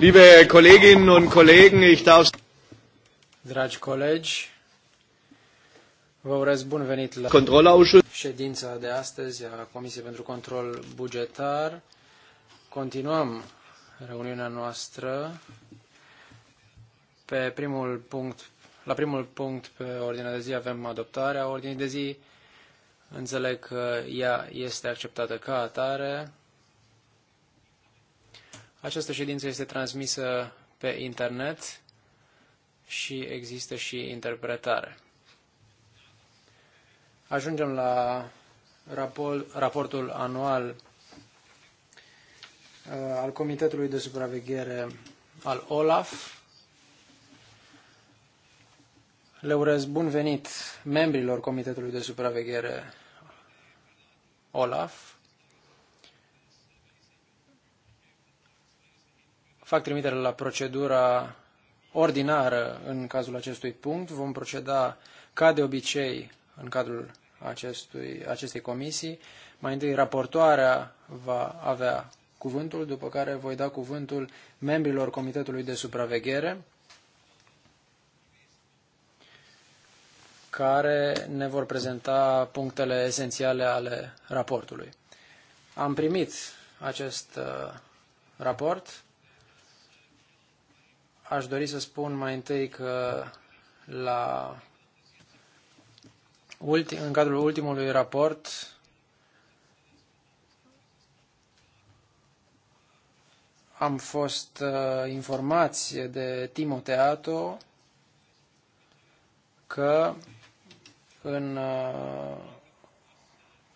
Liebe Kolleginnen und Kollegen, ich darf... Dragi colegi, vă urez bun venit la ședința de astăzi a Comisiei pentru Control Bugetar. Continuăm reuniunea noastră pe primul punct, la primul punct pe ordinea de zi avem adoptarea ordinii de zi. Înțeleg că ea este acceptată ca atare. Această ședință este transmisă pe internet și există și interpretare. Ajungem la raport, raportul anual uh, al Comitetului de Supraveghere al OLAF. Le urez bun venit membrilor Comitetului de Supraveghere OLAF Fac trimitere la procedura ordinară în cazul acestui punct. Vom proceda ca de obicei în cadrul acestui, acestei comisii. Mai întâi raportoarea va avea cuvântul, după care voi da cuvântul membrilor Comitetului de Supraveghere, care ne vor prezenta punctele esențiale ale raportului. Am primit acest uh, raport Aș dori să spun mai întâi că la ulti, în cadrul ultimului raport am fost uh, informați de Timo că în uh,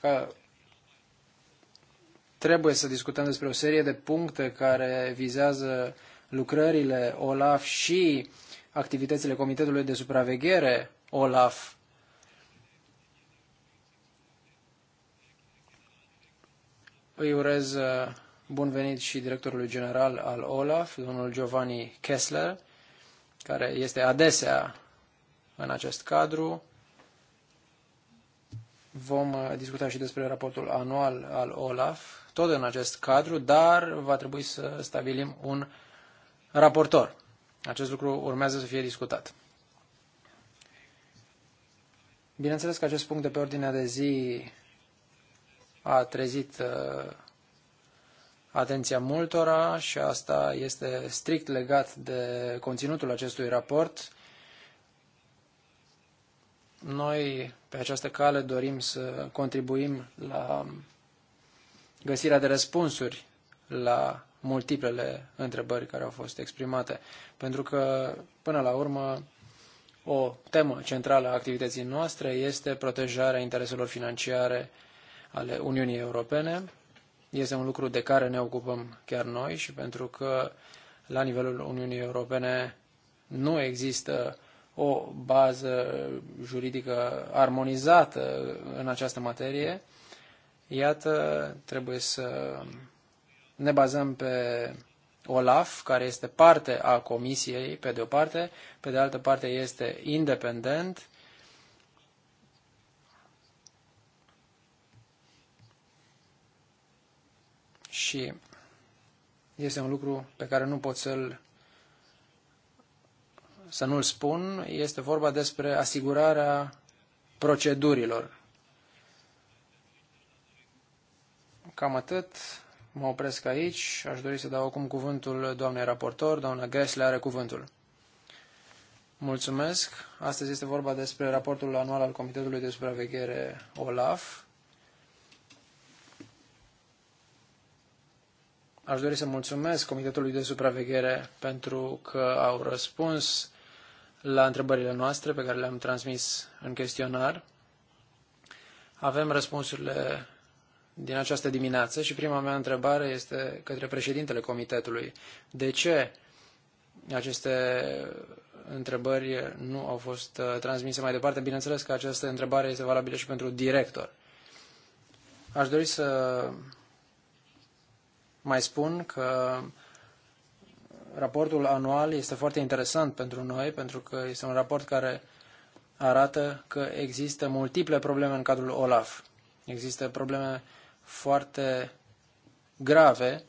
că trebuie să discutăm despre o serie de puncte care vizează lucrările OLAF și activitățile Comitetului de Supraveghere OLAF Îi urez uh, bun venit și directorului general al OLAF, domnul Giovanni Kessler, care este adesea în acest cadru. Vom uh, discuta și despre raportul anual al OLAF, tot în acest cadru, dar va trebui să stabilim un raportor. Acest lucru urmează să fie discutat. Bineînțeles că acest punct de pe ordinea de zi a trezit uh, atenția multora și asta este strict legat de conținutul acestui raport. Noi, pe această cale, dorim să contribuim la găsirea de răspunsuri la multiplele întrebări care au fost exprimate. Pentru că, până la urmă, o temă centrală a activității noastre este protejarea intereselor financiare ale Uniunii Europene. Este un lucru de care ne ocupăm chiar noi și pentru că la nivelul Uniunii Europene nu există o bază juridică armonizată în această materie, iată, trebuie să ne bazăm pe OLAF, care este parte a comisiei, pe de o parte, pe de altă parte este independent. Și este un lucru pe care nu pot să-l să nu-l spun, este vorba despre asigurarea procedurilor. Cam atât. Mă opresc aici. Aș dori să dau acum cuvântul doamnei raportor. Doamna Gresle are cuvântul. Mulțumesc. Astăzi este vorba despre raportul anual al Comitetului de Supraveghere OLAF. Aș dori să mulțumesc Comitetului de Supraveghere pentru că au răspuns la întrebările noastre pe care le-am transmis în chestionar. Avem răspunsurile din această dimineață și prima mea întrebare este către președintele comitetului. De ce aceste întrebări nu au fost uh, transmise mai departe? Bineînțeles că această întrebare este valabilă și pentru director. Aș dori să mai spun că raportul anual este foarte interesant pentru noi, pentru că este un raport care arată că există multiple probleme în cadrul OLAF. Există probleme foarte grave,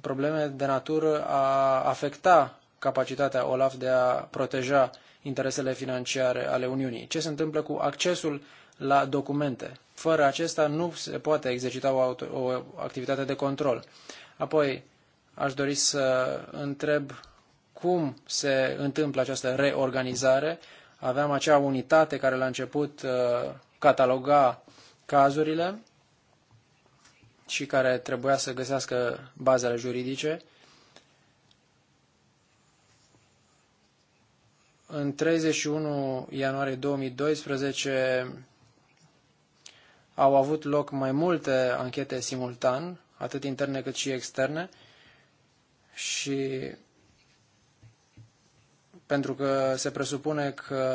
probleme de natură a afecta capacitatea OLAF de a proteja interesele financiare ale Uniunii. Ce se întâmplă cu accesul la documente? Fără acesta nu se poate exercita o, auto, o activitate de control. Apoi, aș dori să întreb cum se întâmplă această reorganizare. Aveam acea unitate care la început uh, cataloga cazurile, și care trebuia să găsească bazele juridice. În 31 ianuarie 2012 au avut loc mai multe anchete simultan, atât interne cât și externe, și pentru că se presupune că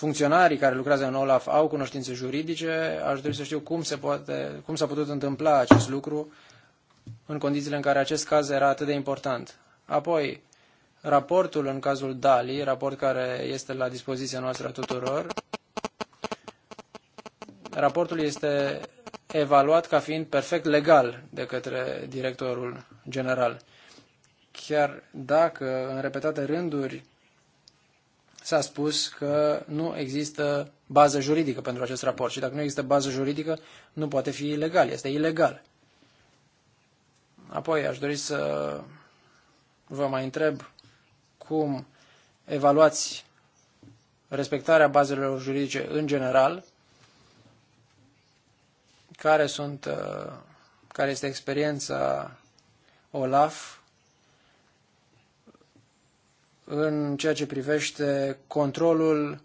funcționarii care lucrează în OLAF au cunoștințe juridice, aș dori să știu cum, se poate, cum s-a putut întâmpla acest lucru în condițiile în care acest caz era atât de important. Apoi, raportul în cazul DALI, raport care este la dispoziția noastră a tuturor, raportul este evaluat ca fiind perfect legal de către directorul general. Chiar dacă în repetate rânduri s-a spus că nu există bază juridică pentru acest raport și dacă nu există bază juridică, nu poate fi legal, este ilegal. Apoi aș dori să vă mai întreb cum evaluați respectarea bazelor juridice în general, care, sunt, uh, care este experiența OLAF în ceea ce privește controlul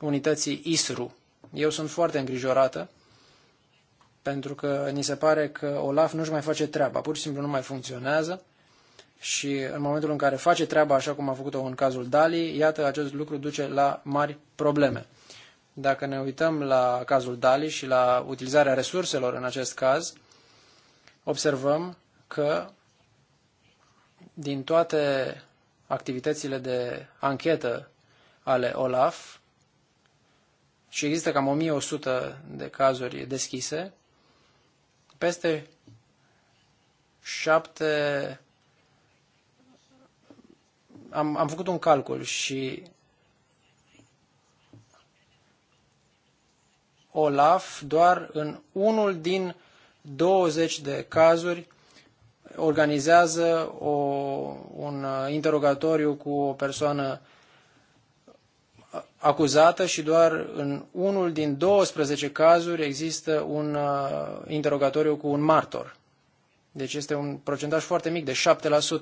unității ISRU. Eu sunt foarte îngrijorată pentru că ni se pare că OLAF nu-și mai face treaba, pur și simplu nu mai funcționează și în momentul în care face treaba așa cum a făcut-o în cazul Dali, iată, acest lucru duce la mari probleme. Dacă ne uităm la cazul Dali și la utilizarea resurselor în acest caz, observăm că din toate activitățile de anchetă ale OLAF și există cam 1100 de cazuri deschise, peste 7 am, am făcut un calcul și Olaf doar în unul din 20 de cazuri organizează o, un uh, interogatoriu cu o persoană uh, acuzată și doar în unul din 12 cazuri există un uh, interogatoriu cu un martor. Deci este un procentaj foarte mic, de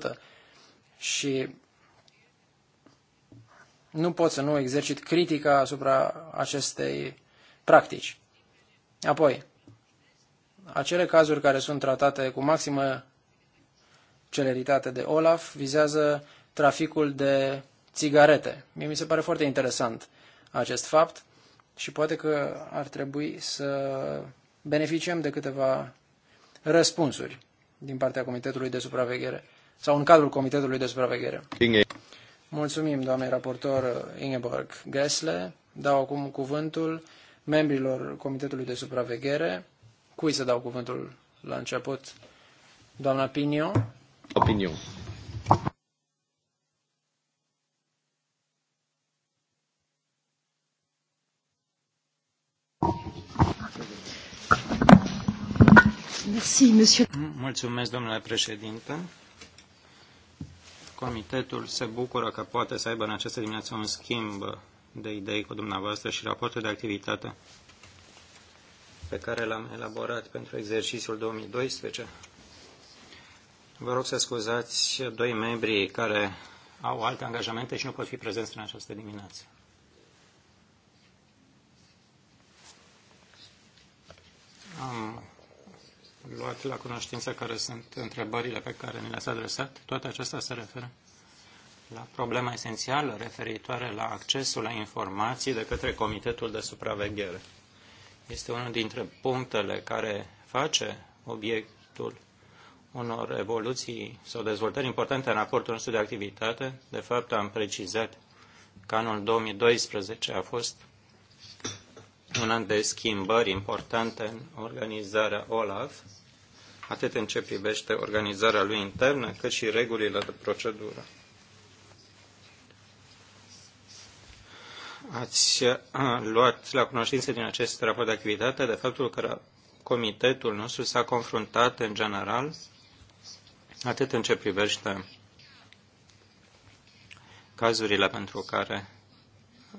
7%. Și nu pot să nu exercit critica asupra acestei practici. Apoi, acele cazuri care sunt tratate cu maximă celeritate de Olaf vizează traficul de țigarete. Mie mi se pare foarte interesant acest fapt și poate că ar trebui să beneficiem de câteva răspunsuri din partea Comitetului de Supraveghere sau în cadrul Comitetului de Supraveghere. Inge. Mulțumim, doamnei raportor Ingeborg Gresle. Dau acum cuvântul membrilor Comitetului de Supraveghere. Cui să dau cuvântul la început? Doamna Pinio opinion. Mulțumesc, domnule președinte. Comitetul se bucură că poate să aibă în această dimineață un schimb de idei cu dumneavoastră și raportul de activitate pe care l-am elaborat pentru exercițiul 2012 Vă rog să scuzați doi membri care au alte angajamente și nu pot fi prezenți în această dimineață. Am luat la cunoștință care sunt întrebările pe care ni le-ați adresat. Toate acestea se referă la problema esențială referitoare la accesul la informații de către Comitetul de Supraveghere. Este unul dintre punctele care face obiectul unor evoluții sau dezvoltări importante în raportul nostru de activitate. De fapt, am precizat că anul 2012 a fost un an de schimbări importante în organizarea OLAF, atât în ce privește organizarea lui internă, cât și regulile de procedură. Ați uh, luat la cunoștință din acest raport de activitate de faptul că comitetul nostru s-a confruntat în general atât în ce privește cazurile pentru care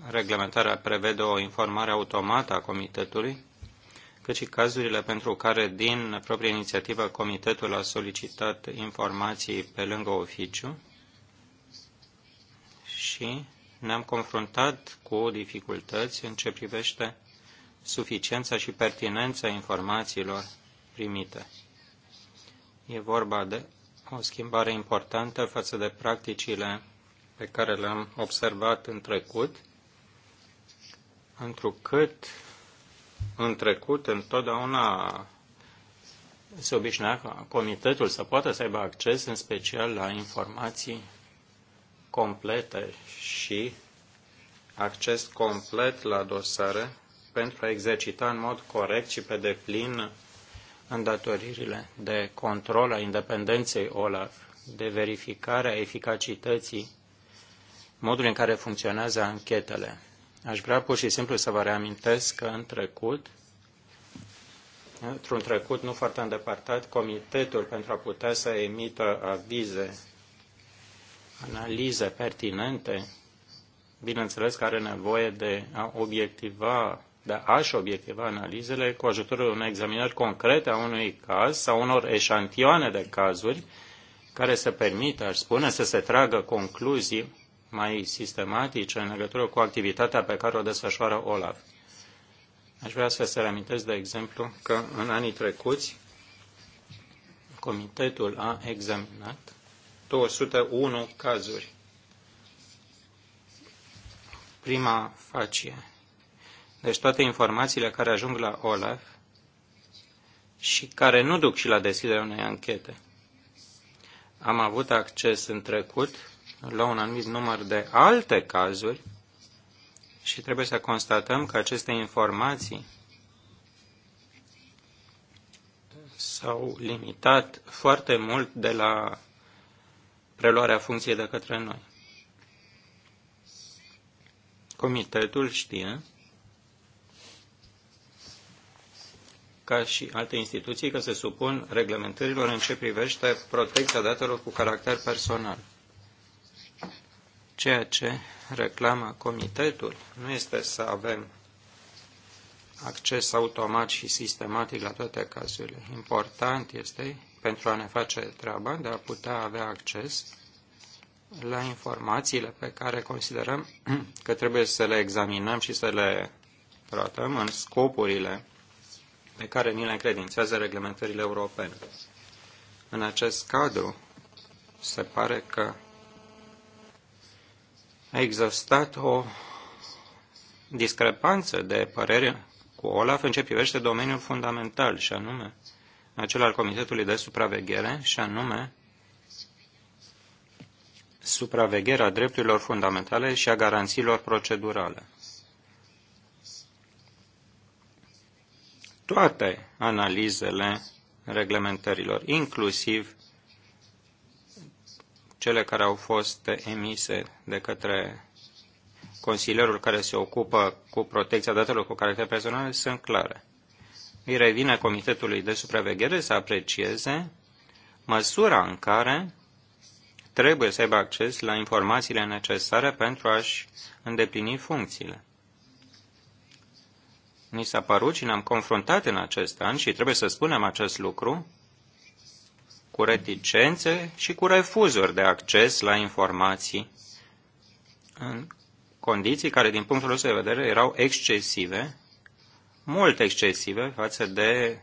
reglementarea prevede o informare automată a comitetului, cât și cazurile pentru care din proprie inițiativă comitetul a solicitat informații pe lângă oficiu și ne-am confruntat cu dificultăți în ce privește suficiența și pertinența informațiilor primite. E vorba de o schimbare importantă față de practicile pe care le-am observat în trecut, întrucât în trecut întotdeauna se obișnuia ca comitetul să poată să aibă acces în special la informații complete și acces complet la dosare pentru a exercita în mod corect și pe deplin îndatoririle de control a independenței OLAF, de verificare a eficacității modului în care funcționează anchetele. Aș vrea pur și simplu să vă reamintesc că în trecut, într-un trecut nu foarte îndepărtat, Comitetul pentru a putea să emită avize, analize pertinente, bineînțeles că are nevoie de a obiectiva dar aș obiectiva analizele cu ajutorul unei examinări concrete a unui caz sau unor eșantioane de cazuri care să permită, aș spune, să se tragă concluzii mai sistematice în legătură cu activitatea pe care o desfășoară OLAF. Aș vrea să se reamintesc, de exemplu, că în anii trecuți Comitetul a examinat 201 cazuri. Prima facie deci toate informațiile care ajung la OLAF și care nu duc și la deschiderea unei anchete. Am avut acces în trecut la un anumit număr de alte cazuri și trebuie să constatăm că aceste informații s-au limitat foarte mult de la preluarea funcției de către noi. Comitetul știe ca și alte instituții, că se supun reglementărilor în ce privește protecția datelor cu caracter personal. Ceea ce reclamă comitetul nu este să avem acces automat și sistematic la toate cazurile. Important este, pentru a ne face treaba, de a putea avea acces la informațiile pe care considerăm că trebuie să le examinăm și să le tratăm în scopurile pe care ni le încredințează reglementările europene. În acest cadru, se pare că a existat o discrepanță de părere cu Olaf în ce privește domeniul fundamental, și anume acel al Comitetului de Supraveghere, și anume supravegherea drepturilor fundamentale și a garanțiilor procedurale. toate analizele reglementărilor, inclusiv cele care au fost emise de către consilierul care se ocupă cu protecția datelor cu caracter personal sunt clare. Îi revine Comitetului de Supraveghere să aprecieze măsura în care trebuie să aibă acces la informațiile necesare pentru a-și îndeplini funcțiile. Ni s-a părut și ne-am confruntat în acest an și trebuie să spunem acest lucru cu reticențe și cu refuzuri de acces la informații în condiții care, din punctul nostru de vedere, erau excesive, mult excesive față de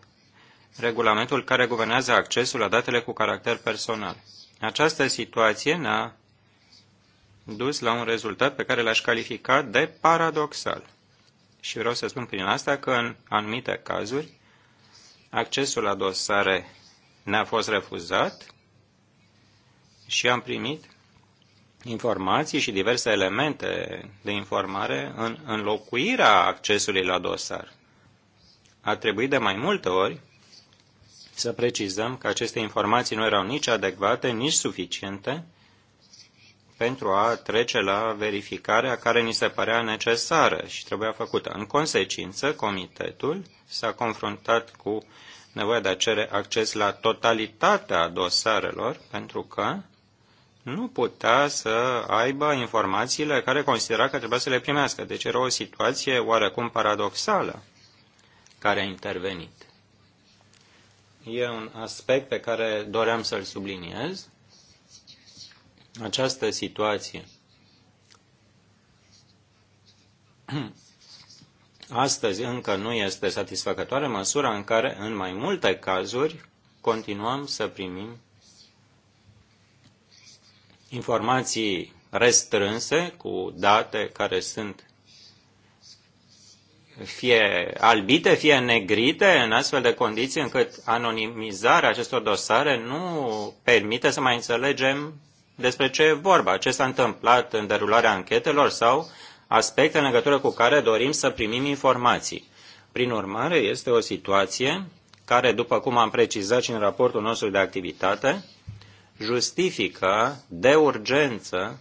regulamentul care guvernează accesul la datele cu caracter personal. Această situație ne-a dus la un rezultat pe care l-aș califica de paradoxal. Și vreau să spun prin asta că în anumite cazuri accesul la dosare ne-a fost refuzat și am primit informații și diverse elemente de informare în înlocuirea accesului la dosar. A trebuit de mai multe ori să precizăm că aceste informații nu erau nici adecvate, nici suficiente pentru a trece la verificarea care ni se părea necesară și trebuia făcută. În consecință, comitetul s-a confruntat cu nevoia de a cere acces la totalitatea dosarelor, pentru că nu putea să aibă informațiile care considera că trebuia să le primească. Deci era o situație oarecum paradoxală care a intervenit. E un aspect pe care doream să-l subliniez această situație astăzi încă nu este satisfăcătoare măsura în care, în mai multe cazuri, continuăm să primim informații restrânse cu date care sunt fie albite, fie negrite, în astfel de condiții încât anonimizarea acestor dosare nu permite să mai înțelegem despre ce e vorba, ce s-a întâmplat în derularea anchetelor sau aspecte în legătură cu care dorim să primim informații. Prin urmare, este o situație care, după cum am precizat și în raportul nostru de activitate, justifică de urgență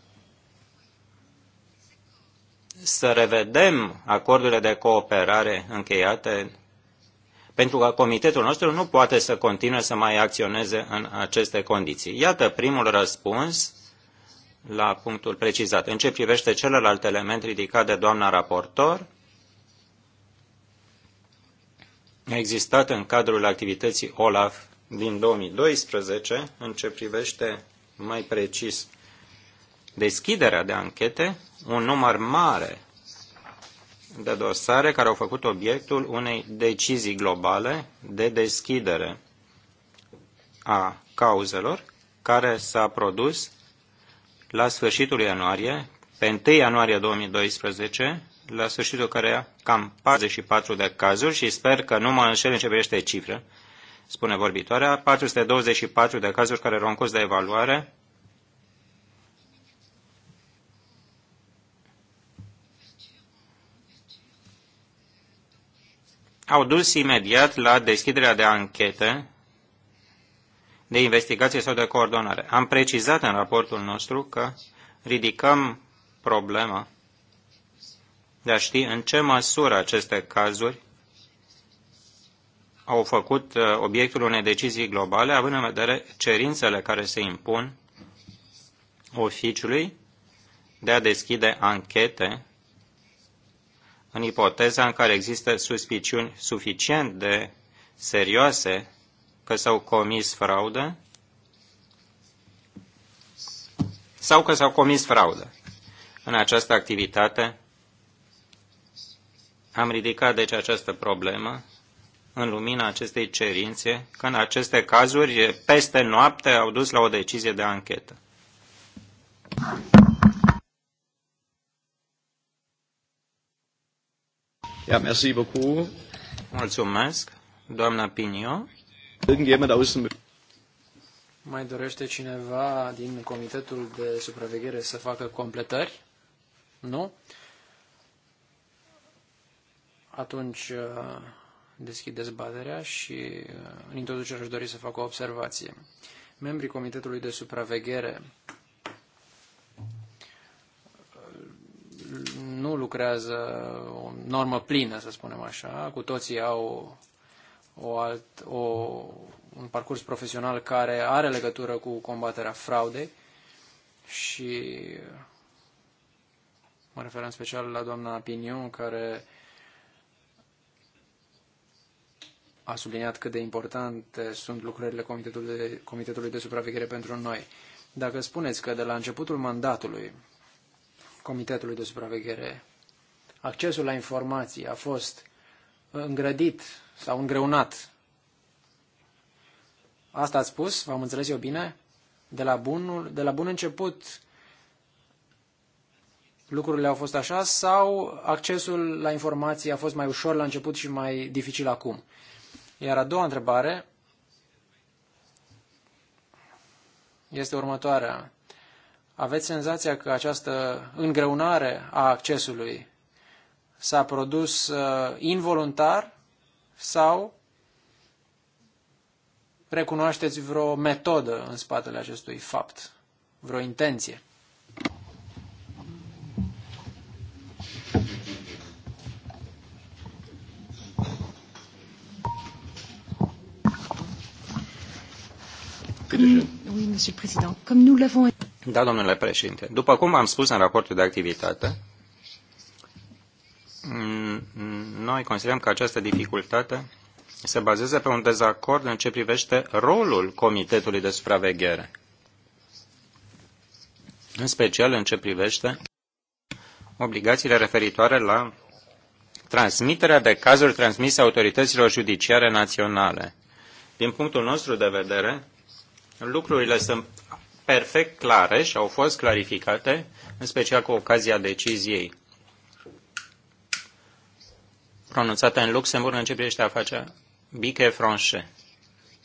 să revedem acordurile de cooperare încheiate pentru că comitetul nostru nu poate să continue să mai acționeze în aceste condiții. Iată primul răspuns la punctul precizat. În ce privește celălalt element ridicat de doamna raportor, a existat în cadrul activității OLAF din 2012, în ce privește mai precis deschiderea de anchete, un număr mare de dosare care au făcut obiectul unei decizii globale de deschidere a cauzelor care s-a produs la sfârșitul ianuarie, pe 1 ianuarie 2012, la sfârșitul a cam 44 de cazuri și sper că nu mă înșel în ce privește cifre, spune vorbitoarea, 424 de cazuri care erau în curs de evaluare, au dus imediat la deschiderea de anchete, de investigație sau de coordonare. Am precizat în raportul nostru că ridicăm problema de a ști în ce măsură aceste cazuri au făcut uh, obiectul unei decizii globale, având în vedere cerințele care se impun oficiului de a deschide anchete în ipoteza în care există suspiciuni suficient de serioase că s-au comis fraudă sau că s-au comis fraudă. În această activitate am ridicat deci această problemă în lumina acestei cerințe, că în aceste cazuri, peste noapte, au dus la o decizie de anchetă. Ja, merci beaucoup. Mulțumesc. Doamna Pinio. Da Mai dorește cineva din Comitetul de Supraveghere să facă completări? Nu? Atunci uh, deschid dezbaterea și uh, în introducere aș dori să fac o observație. Membrii Comitetului de Supraveghere nu lucrează o normă plină, să spunem așa. Cu toții au o alt, o, un parcurs profesional care are legătură cu combaterea fraudei și mă refer în special la doamna Pignon, care a subliniat cât de importante sunt lucrările Comitetului de, Comitetului de Supraveghere pentru noi. Dacă spuneți că de la începutul mandatului Comitetului de Supraveghere. Accesul la informații a fost îngrădit sau îngreunat. Asta ați spus, v-am înțeles eu bine? De la, bunul, de la bun început lucrurile au fost așa sau accesul la informații a fost mai ușor la început și mai dificil acum? Iar a doua întrebare este următoarea aveți senzația că această îngreunare a accesului s-a produs uh, involuntar sau recunoașteți vreo metodă în spatele acestui fapt, vreo intenție? Mm. Oui, Monsieur le Président. Comme nous l'avons da, domnule președinte. După cum am spus în raportul de activitate, noi considerăm că această dificultate se bazează pe un dezacord în ce privește rolul Comitetului de Supraveghere, în special în ce privește obligațiile referitoare la transmiterea de cazuri transmise autorităților judiciare naționale. Din punctul nostru de vedere, lucrurile sunt perfect clare și au fost clarificate, în special cu ocazia deciziei pronunțată în Luxemburg în ce privește afacerea Biche Franche.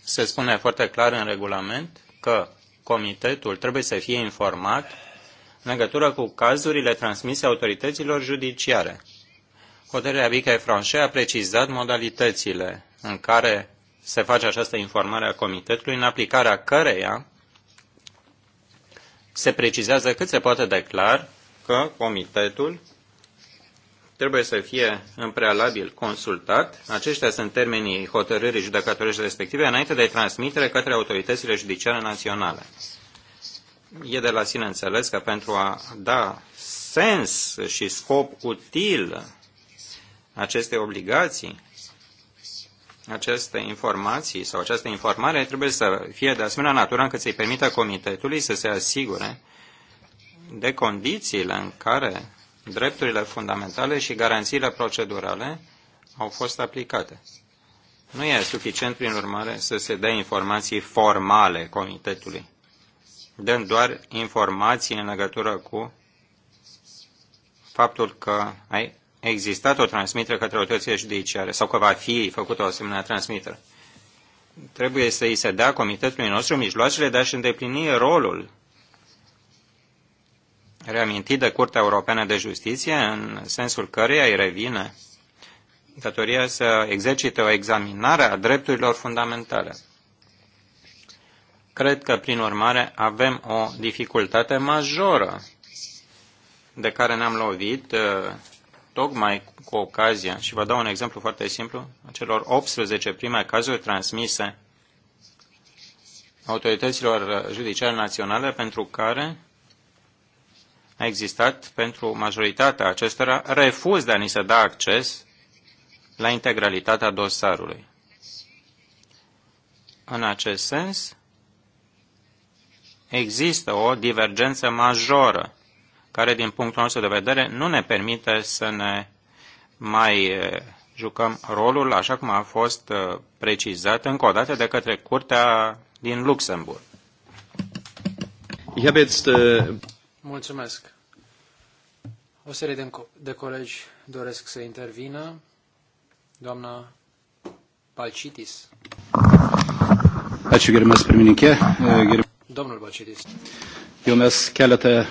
Se spune foarte clar în regulament că comitetul trebuie să fie informat în legătură cu cazurile transmise autorităților judiciare. Hotărârea Biche Franche a precizat modalitățile în care se face această informare a comitetului, în aplicarea căreia se precizează cât se poate de clar că comitetul trebuie să fie în prealabil consultat. Aceștia sunt termenii hotărârii judecătorești respective înainte de transmitere către autoritățile judiciare naționale. E de la sine înțeles că pentru a da sens și scop util aceste obligații, aceste informații sau această informare trebuie să fie de asemenea natură încât să-i permită comitetului să se asigure de condițiile în care drepturile fundamentale și garanțiile procedurale au fost aplicate. Nu e suficient, prin urmare, să se dea informații formale comitetului, dând doar informații în legătură cu faptul că ai existat o transmitere către autoritățile judiciare sau că va fi făcută o asemenea transmitere. Trebuie să îi se dea comitetului nostru mijloacele de a-și îndeplini rolul reamintit de Curtea Europeană de Justiție, în sensul căreia îi revine datoria să exercite o examinare a drepturilor fundamentale. Cred că, prin urmare, avem o dificultate majoră de care ne-am lovit uh, tocmai cu ocazia, și vă dau un exemplu foarte simplu, acelor 18 prime cazuri transmise autorităților judiciare naționale pentru care a existat pentru majoritatea acestora refuz de a ni se da acces la integralitatea dosarului. În acest sens, există o divergență majoră care, din punctul nostru de vedere, nu ne permite să ne mai jucăm rolul așa cum a fost precizat încă o dată de către Curtea din Luxemburg. Mulțumesc. O serie de, de colegi doresc să intervină. Doamna Balcitis. Domnul Balcitis. Jau mes keletą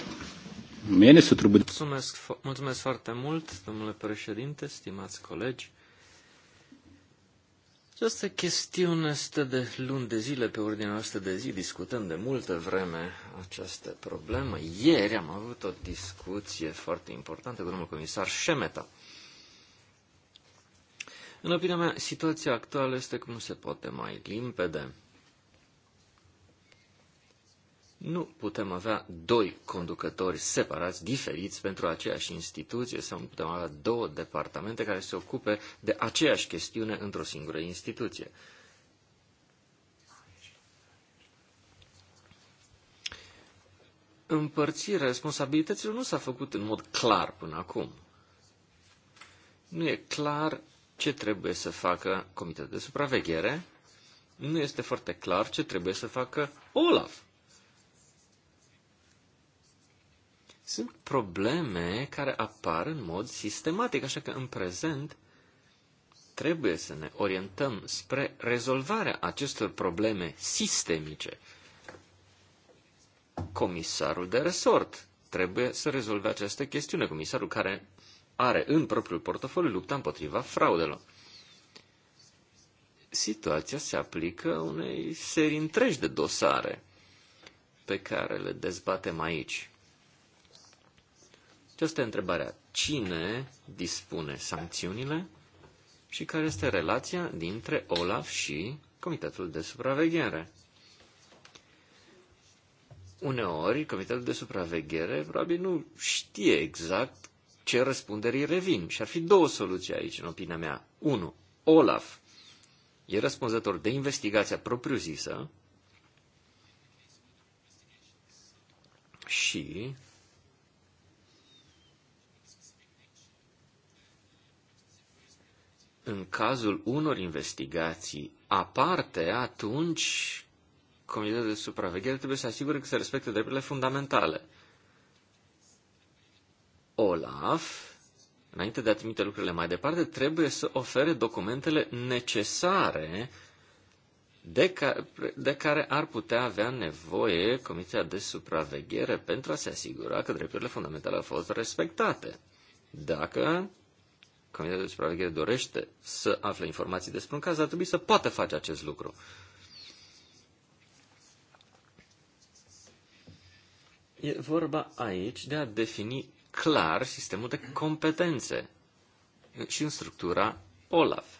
Mulțumesc, mulțumesc foarte mult, domnule președinte, stimați colegi. Această chestiune este de luni de zile pe ordinea noastră de zi. Discutăm de multă vreme această problemă. Ieri am avut o discuție foarte importantă cu domnul comisar Șemeta. În opinia mea, situația actuală este cum se poate mai limpede. Nu putem avea doi conducători separați, diferiți pentru aceeași instituție sau nu putem avea două departamente care se ocupe de aceeași chestiune într-o singură instituție. Împărțirea responsabilităților nu s-a făcut în mod clar până acum. Nu e clar ce trebuie să facă Comitetul de Supraveghere, nu este foarte clar ce trebuie să facă Olaf Sunt probleme care apar în mod sistematic, așa că în prezent trebuie să ne orientăm spre rezolvarea acestor probleme sistemice. Comisarul de resort trebuie să rezolve această chestiune, comisarul care are în propriul portofoliu lupta împotriva fraudelor. Situația se aplică unei serii întregi de dosare pe care le dezbatem aici asta e întrebarea. Cine dispune sancțiunile și care este relația dintre OLAF și Comitetul de Supraveghere? Uneori, Comitetul de Supraveghere probabil nu știe exact ce răspunderii revin. Și ar fi două soluții aici, în opinia mea. Unu, OLAF e răspunzător de investigația propriu-zisă și în cazul unor investigații aparte, atunci Comitetul de Supraveghere trebuie să asigure că se respectă drepturile fundamentale. Olaf, înainte de a trimite lucrurile mai departe, trebuie să ofere documentele necesare de, ca, de care ar putea avea nevoie Comisia de Supraveghere pentru a se asigura că drepturile fundamentale au fost respectate. Dacă Comitetul de Supraveghere dorește să afle informații despre un caz, ar trebui să poată face acest lucru. E vorba aici de a defini clar sistemul de competențe și în structura OLAF.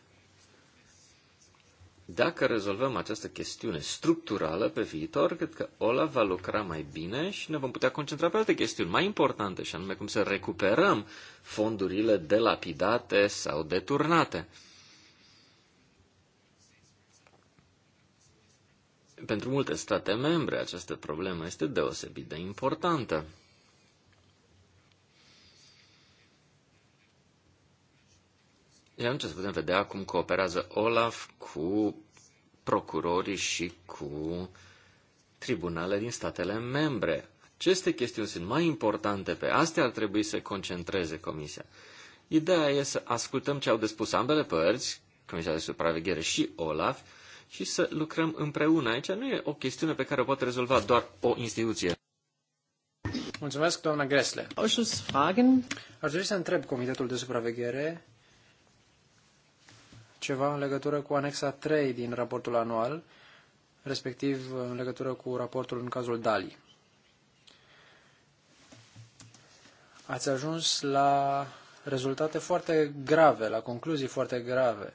Dacă rezolvăm această chestiune structurală pe viitor, cred că OLA va lucra mai bine și ne vom putea concentra pe alte chestiuni mai importante, și anume cum să recuperăm fondurile delapidate sau deturnate. Pentru multe state membre, această problemă este deosebit de importantă. Iar atunci să putem vedea cum cooperează Olaf cu procurorii și cu tribunale din statele membre. Aceste chestiuni sunt mai importante, pe astea ar trebui să concentreze Comisia. Ideea e să ascultăm ce au de spus ambele părți, Comisia de Supraveghere și OLAF, și să lucrăm împreună. Aici nu e o chestiune pe care o poate rezolva doar o instituție. Mulțumesc, doamna Gresle. Aș vrea să întreb Comitetul de Supraveghere ceva în legătură cu anexa 3 din raportul anual, respectiv în legătură cu raportul în cazul Dali. Ați ajuns la rezultate foarte grave, la concluzii foarte grave.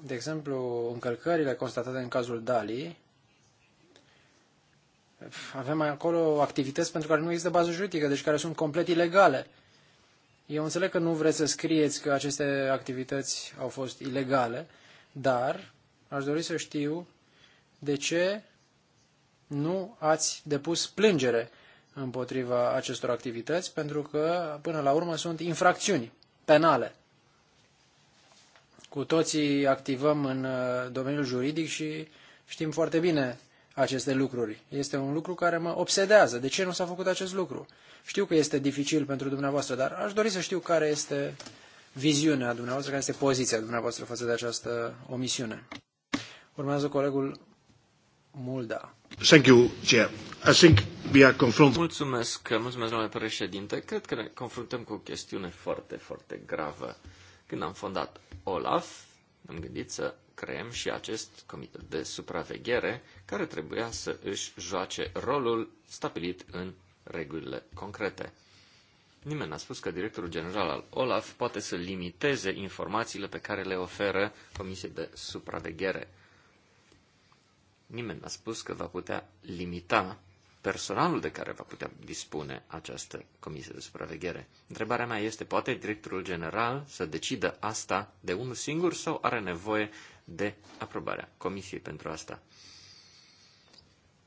De exemplu, încălcările constatate în cazul Dali, avem acolo activități pentru care nu există bază juridică, deci care sunt complet ilegale. Eu înțeleg că nu vreți să scrieți că aceste activități au fost ilegale, dar aș dori să știu de ce nu ați depus plângere împotriva acestor activități, pentru că, până la urmă, sunt infracțiuni penale. Cu toții activăm în uh, domeniul juridic și știm foarte bine aceste lucruri. Este un lucru care mă obsedează. De ce nu s-a făcut acest lucru? Știu că este dificil pentru dumneavoastră, dar aș dori să știu care este viziunea dumneavoastră, care este poziția dumneavoastră față de această omisiune. Urmează colegul Mulda. Thank you, Chair. I think we are confronted... Mulțumesc, mulțumesc, domnule președinte. Cred că ne confruntăm cu o chestiune foarte, foarte gravă. Când am fondat OLAF, am gândit să creăm și acest comitet de supraveghere care trebuia să își joace rolul stabilit în regulile concrete. Nimeni n-a spus că directorul general al OLAF poate să limiteze informațiile pe care le oferă Comisiei de Supraveghere. Nimeni n-a spus că va putea limita personalul de care va putea dispune această comisie de supraveghere. Întrebarea mea este, poate directorul general să decidă asta de unul singur sau are nevoie de aprobarea Comisiei pentru asta.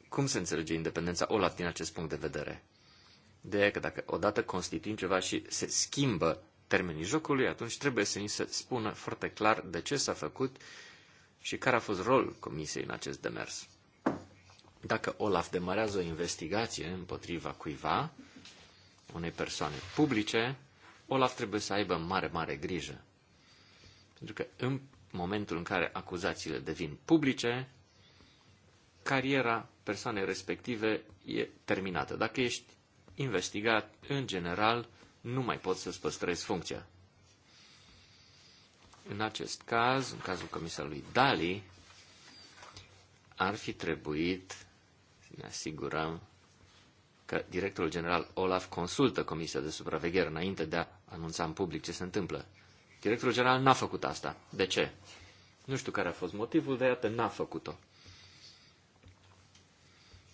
Cum se înțelege independența OLAF din acest punct de vedere? De că dacă odată constituim ceva și se schimbă termenii jocului, atunci trebuie să ni se spună foarte clar de ce s-a făcut și care a fost rolul Comisiei în acest demers. Dacă Olaf demarează o investigație împotriva cuiva, unei persoane publice, Olaf trebuie să aibă mare, mare grijă. Pentru că, în momentul în care acuzațiile devin publice, cariera persoanei respective e terminată. Dacă ești investigat, în general, nu mai poți să-ți păstrezi funcția. În acest caz, în cazul comisarului Dali, ar fi trebuit să ne asigurăm că directorul general Olaf consultă Comisia de Supraveghere înainte de a anunța în public ce se întâmplă. Directorul general n-a făcut asta. De ce? Nu știu care a fost motivul, dar iată, n-a făcut-o.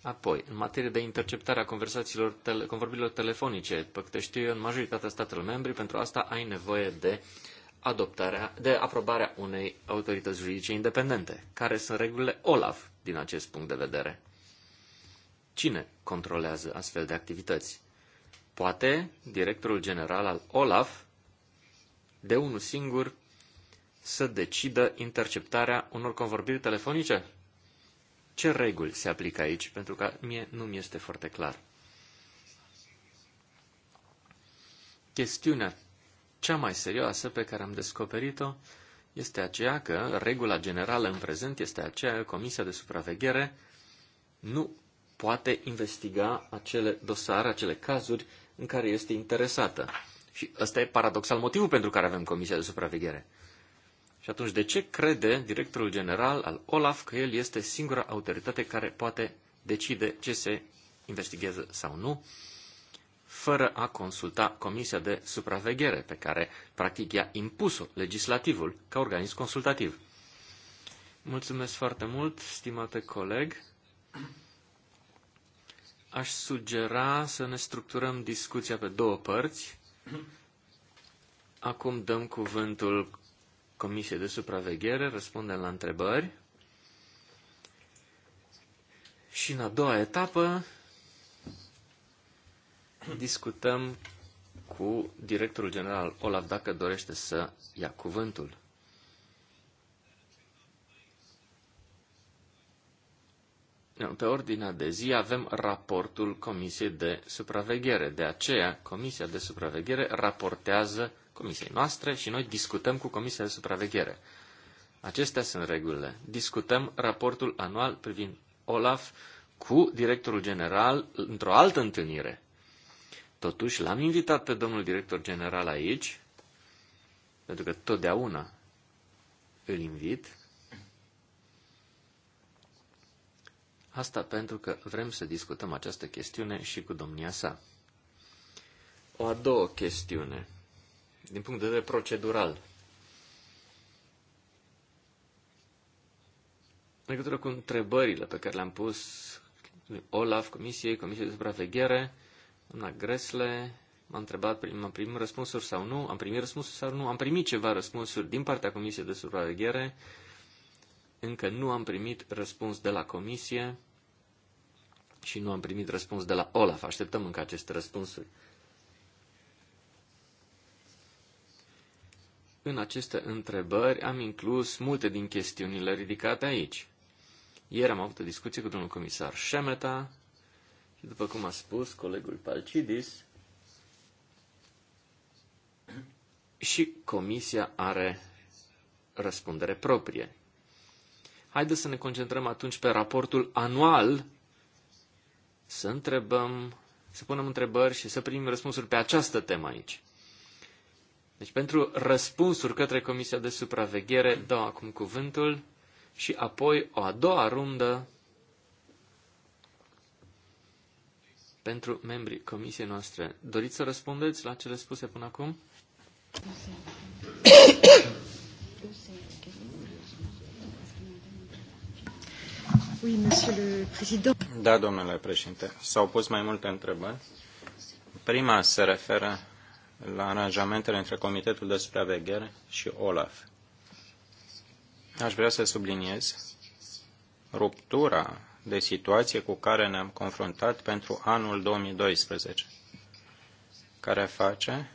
Apoi, în materie de interceptare a conversațiilor, tele, convorbirilor telefonice, pe câte știu eu, în majoritatea statelor membri, pentru asta ai nevoie de adoptarea, de aprobarea unei autorități juridice independente. Care sunt regulile OLAF din acest punct de vedere? Cine controlează astfel de activități? Poate directorul general al OLAF de unul singur să decidă interceptarea unor convorbiri telefonice? Ce reguli se aplică aici? Pentru că mie nu mi este foarte clar. Chestiunea cea mai serioasă pe care am descoperit-o este aceea că regula generală în prezent este aceea că Comisia de Supraveghere nu poate investiga acele dosare, acele cazuri în care este interesată. Și ăsta e paradoxal motivul pentru care avem Comisia de Supraveghere. Și atunci, de ce crede directorul general al OLAF că el este singura autoritate care poate decide ce se investigează sau nu, fără a consulta Comisia de Supraveghere, pe care, practic, i-a impus-o legislativul ca organism consultativ? Mulțumesc foarte mult, stimate coleg. Aș sugera să ne structurăm discuția pe două părți. Acum dăm cuvântul Comisiei de Supraveghere, răspundem la întrebări. Și în a doua etapă discutăm cu directorul general Olaf dacă dorește să ia cuvântul. pe ordinea de zi avem raportul Comisiei de Supraveghere. De aceea, Comisia de Supraveghere raportează Comisiei noastre și noi discutăm cu Comisia de Supraveghere. Acestea sunt regulile. Discutăm raportul anual privind OLAF cu directorul general într-o altă întâlnire. Totuși, l-am invitat pe domnul director general aici, pentru că totdeauna îl invit Asta pentru că vrem să discutăm această chestiune și cu domnia sa. O a doua chestiune, din punct de vedere procedural. În legătură cu întrebările pe care le-am pus Olaf, Comisiei, Comisiei de Supraveghere, doamna Gresle, m-a întrebat, prim, am primit răspunsuri sau nu, am primit răspunsuri sau nu, am primit ceva răspunsuri din partea Comisiei de Supraveghere, încă nu am primit răspuns de la comisie și nu am primit răspuns de la Olaf. Așteptăm încă aceste răspunsuri. În aceste întrebări am inclus multe din chestiunile ridicate aici. Ieri am avut o discuție cu domnul comisar Șemeta și, după cum a spus colegul Palcidis, și comisia are răspundere proprie. Haideți să ne concentrăm atunci pe raportul anual, să întrebăm, să punem întrebări și să primim răspunsuri pe această temă aici. Deci pentru răspunsuri către Comisia de Supraveghere dau acum cuvântul și apoi o a doua rundă pentru membrii comisiei noastre. Doriți să răspundeți la cele spuse până acum? Da, domnule președinte. S-au pus mai multe întrebări. Prima se referă la aranjamentele între Comitetul de Supraveghere și OLAF. Aș vrea să subliniez ruptura de situație cu care ne-am confruntat pentru anul 2012, care face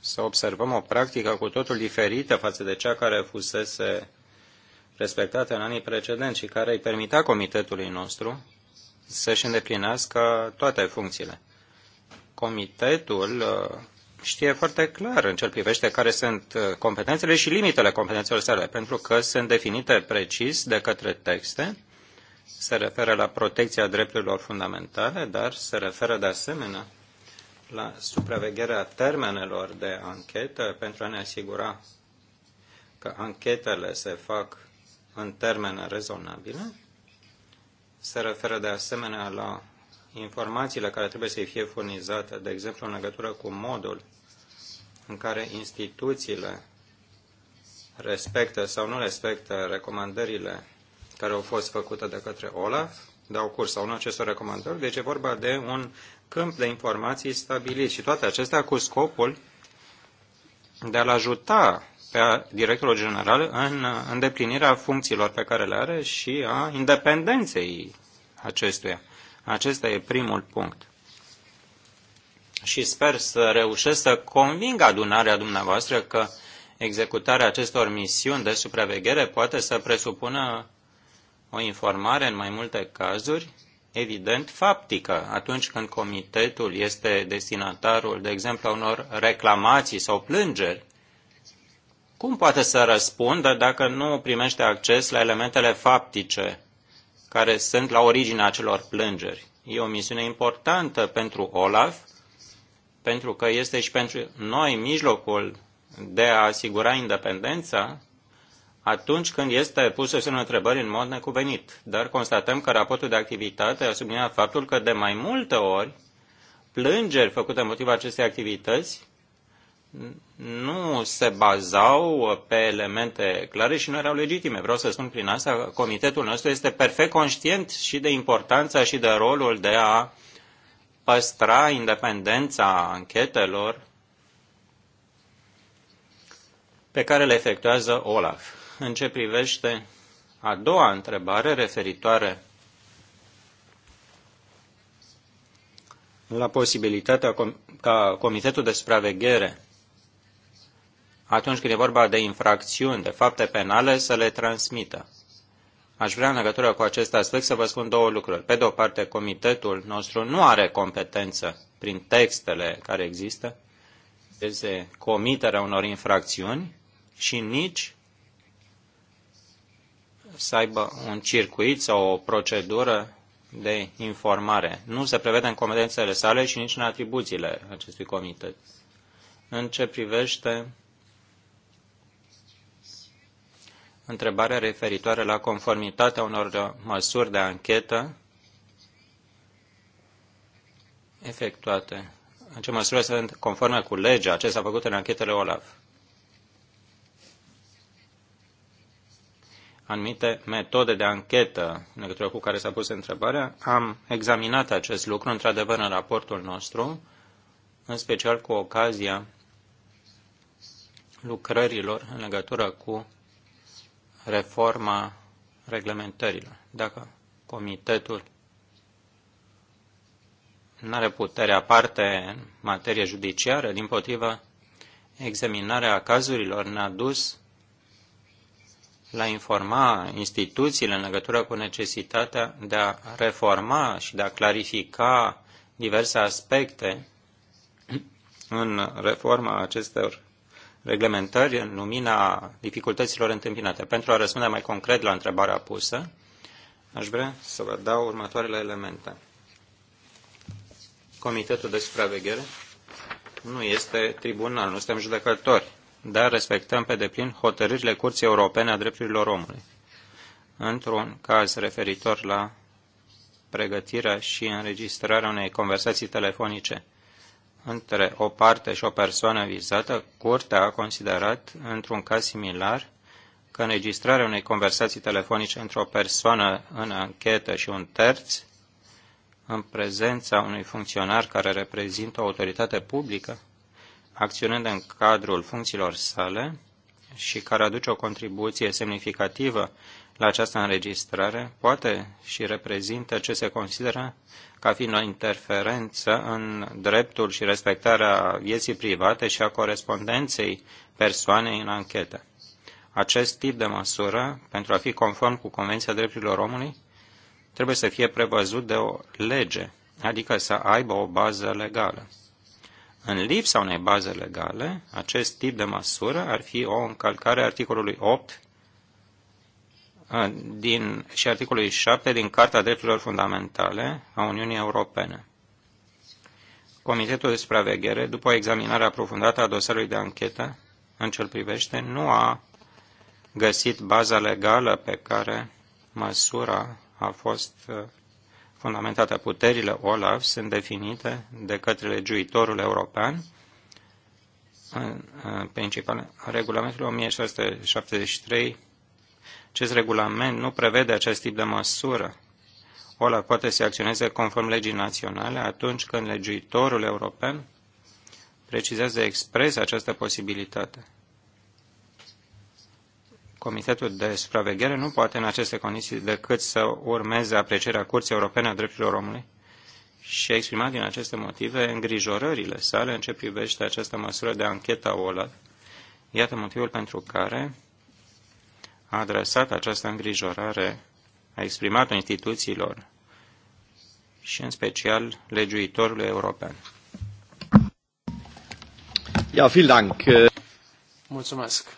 să observăm o practică cu totul diferită față de cea care fusese respectate în anii precedenți și care îi permitea comitetului nostru să-și îndeplinească toate funcțiile. Comitetul uh, știe foarte clar în ce privește care sunt uh, competențele și limitele competențelor sale, pentru că sunt definite precis de către texte, se referă la protecția drepturilor fundamentale, dar se referă de asemenea la supravegherea termenelor de anchetă pentru a ne asigura că anchetele se fac în termene rezonabile. Se referă de asemenea la informațiile care trebuie să fie furnizate, de exemplu în legătură cu modul în care instituțiile respectă sau nu respectă recomandările care au fost făcute de către OLAF, dau curs sau nu acestor recomandări. Deci e vorba de un câmp de informații stabilit și toate acestea cu scopul de a-l ajuta pe directorul general în uh, îndeplinirea funcțiilor pe care le are și a independenței acestuia. Acesta e primul punct. Și sper să reușesc să conving adunarea dumneavoastră că executarea acestor misiuni de supraveghere poate să presupună o informare în mai multe cazuri, evident faptică, atunci când comitetul este destinatarul, de exemplu, a unor reclamații sau plângeri cum poate să răspundă dacă nu primește acces la elementele faptice care sunt la originea acelor plângeri? E o misiune importantă pentru Olaf, pentru că este și pentru noi mijlocul de a asigura independența atunci când este pusă în întrebări în mod necuvenit. Dar constatăm că raportul de activitate a subliniat faptul că de mai multe ori plângeri făcute motivul acestei activități nu se bazau pe elemente clare și nu erau legitime. Vreau să spun prin asta că comitetul nostru este perfect conștient și de importanța și de rolul de a păstra independența anchetelor pe care le efectuează Olaf. În ce privește a doua întrebare referitoare la posibilitatea ca Comitetul de Supraveghere atunci când e vorba de infracțiuni, de fapte penale, să le transmită. Aș vrea în legătură cu acest aspect să vă spun două lucruri. Pe de o parte, comitetul nostru nu are competență prin textele care există, este comiterea unor infracțiuni și nici să aibă un circuit sau o procedură de informare. Nu se prevede în competențele sale și nici în atribuțiile acestui comitet. În ce privește întrebarea referitoare la conformitatea unor măsuri de anchetă efectuate. În ce măsură sunt conforme cu legea ce s-a făcut în anchetele OLAF? anumite metode de anchetă în legătură cu care s-a pus întrebarea. Am examinat acest lucru, într-adevăr, în raportul nostru, în special cu ocazia lucrărilor în legătură cu reforma reglementărilor. Dacă comitetul nu are putere aparte în materie judiciară, din potrivă, examinarea cazurilor ne-a dus la informa instituțiile în legătură cu necesitatea de a reforma și de a clarifica diverse aspecte în reforma acestor reglementări în lumina dificultăților întâmpinate. Pentru a răspunde mai concret la întrebarea pusă, aș vrea să vă dau următoarele elemente. Comitetul de supraveghere nu este tribunal, nu suntem judecători, dar respectăm pe deplin hotărârile Curții Europene a Drepturilor Omului. Într-un caz referitor la pregătirea și înregistrarea unei conversații telefonice între o parte și o persoană vizată, curtea a considerat, într-un caz similar, că înregistrarea unei conversații telefonice între o persoană în anchetă și un terț, în prezența unui funcționar care reprezintă o autoritate publică, acționând în cadrul funcțiilor sale și care aduce o contribuție semnificativă la această înregistrare poate și reprezintă ce se consideră ca fiind o interferență în dreptul și respectarea vieții private și a corespondenței persoanei în anchetă. Acest tip de măsură, pentru a fi conform cu Convenția Drepturilor Omului, trebuie să fie prevăzut de o lege, adică să aibă o bază legală. În lipsa unei baze legale, acest tip de măsură ar fi o încălcare a articolului 8 din, și articolului 7 din Carta Drepturilor Fundamentale a Uniunii Europene. Comitetul de supraveghere, după examinarea aprofundată a dosarului de anchetă în ce privește, nu a găsit baza legală pe care măsura a fost uh, fundamentată. Puterile OLAF sunt definite de către legiuitorul european în uh, principal regulamentul 1673 acest regulament nu prevede acest tip de măsură. OLAF poate să acționeze conform legii naționale atunci când legiuitorul european precizează expres această posibilitate. Comitetul de supraveghere nu poate în aceste condiții decât să urmeze aprecierea Curții Europene a Drepturilor Omului și a exprimat din aceste motive îngrijorările sale în ce privește această măsură de anchetă a OLAF. Iată motivul pentru care a adresat această îngrijorare, a exprimat-o instituțiilor și în special legiuitorului european. Ja, vielen Dank. Mulțumesc.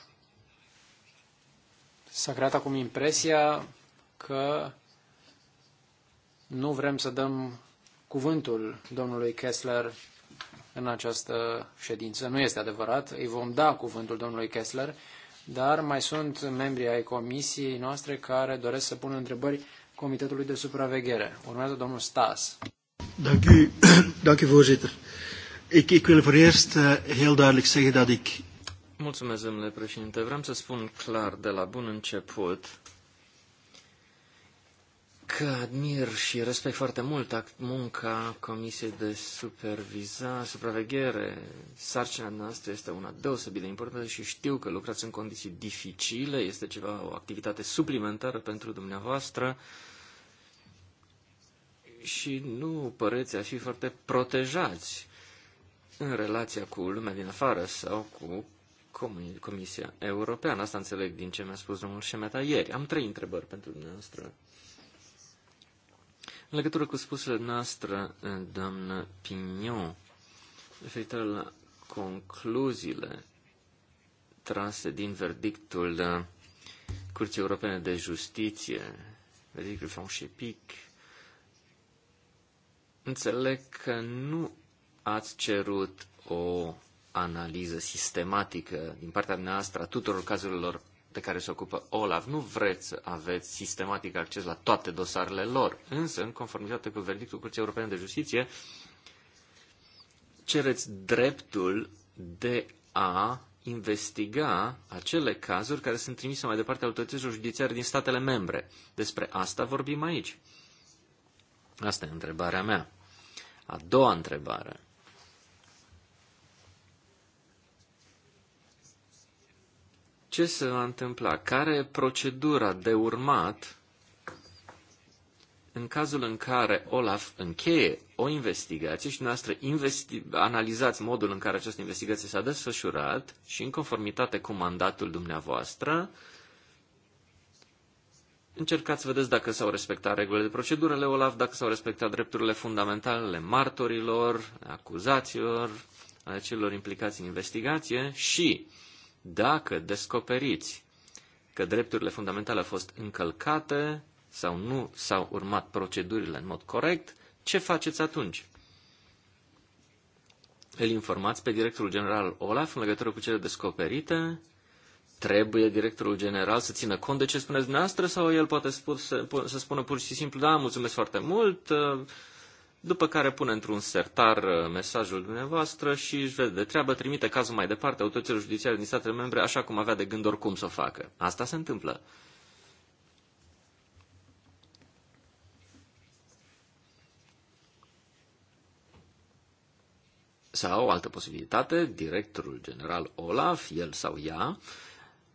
S-a creat acum impresia că nu vrem să dăm cuvântul domnului Kessler în această ședință. Nu este adevărat. Îi vom da cuvântul domnului Kessler dar mai sunt membri ai comisiei noastre care doresc să pună întrebări Comitetului de Supraveghere. Urmează domnul Stas. Dank u, dank u voorzitter. Ik, ik wil voor eerst uh, heel duidelijk zeggen dat ik... Mulțumesc, domnule președinte. Vreau să spun clar de la bun început că admir și respect foarte mult munca Comisiei de Supervizare, Supraveghere. Sarcina noastră este una deosebit de importantă și știu că lucrați în condiții dificile, este ceva, o activitate suplimentară pentru dumneavoastră și nu păreți a fi foarte protejați în relația cu lumea din afară sau cu Comisia Europeană. Asta înțeleg din ce mi-a spus domnul Șemeta ieri. Am trei întrebări pentru dumneavoastră. În legătură cu spusele noastre, eh, doamnă Pignon, referitor la concluziile trase din verdictul eh, Curții Europene de Justiție, verdictul Franchepic, înțeleg că nu ați cerut o analiză sistematică din partea noastră a tuturor cazurilor de care se ocupă Olaf, nu vreți să aveți sistematic acces la toate dosarele lor, însă, în conformitate cu verdictul Curții Europene de Justiție, cereți dreptul de a investiga acele cazuri care sunt trimise mai departe autorităților judiciare din statele membre. Despre asta vorbim aici. Asta e întrebarea mea. A doua întrebare. ce se va întâmpla? Care e procedura de urmat în cazul în care Olaf încheie o investigație și noastră investi- analizați modul în care această investigație s-a desfășurat și în conformitate cu mandatul dumneavoastră, încercați să vedeți dacă s-au respectat regulile de le OLAF, dacă s-au respectat drepturile fundamentale martorilor, acuzațiilor, ale celor implicați în investigație și dacă descoperiți că drepturile fundamentale au fost încălcate sau nu s-au urmat procedurile în mod corect, ce faceți atunci? Îl informați pe directorul general Olaf în legătură cu cele descoperite? Trebuie directorul general să țină cont de ce spuneți dumneavoastră sau el poate spus, să spună pur și simplu, da, mulțumesc foarte mult, după care pune într-un sertar uh, mesajul dumneavoastră și își vede de treabă, trimite cazul mai departe autorităților judiciare din statele membre, așa cum avea de gând oricum să o facă. Asta se întâmplă. Sau, altă posibilitate, directorul general Olaf, el sau ea,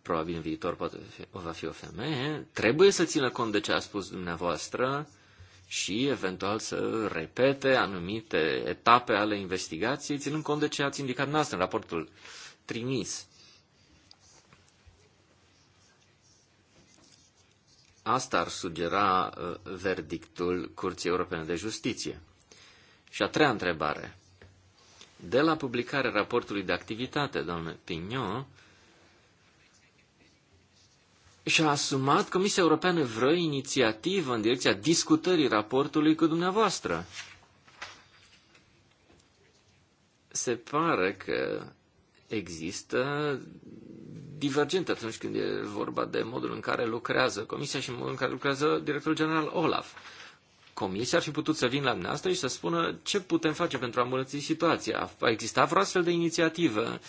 probabil în viitor poate fi, va fi o femeie, trebuie să țină cont de ce a spus dumneavoastră, și eventual să repete anumite etape ale investigației, ținând cont de ce ați indicat noastră în raportul trimis. Asta ar sugera uh, verdictul Curții Europene de Justiție. Și a treia întrebare. De la publicarea raportului de activitate, domnule Pignon, și-a asumat, Comisia Europeană vreo inițiativă în direcția discutării raportului cu dumneavoastră. Se pare că există divergente atunci când e vorba de modul în care lucrează Comisia și modul în care lucrează directorul general Olaf. Comisia ar fi putut să vină la dumneavoastră și să spună ce putem face pentru a îmbunătăți situația. A existat vreo astfel de inițiativă,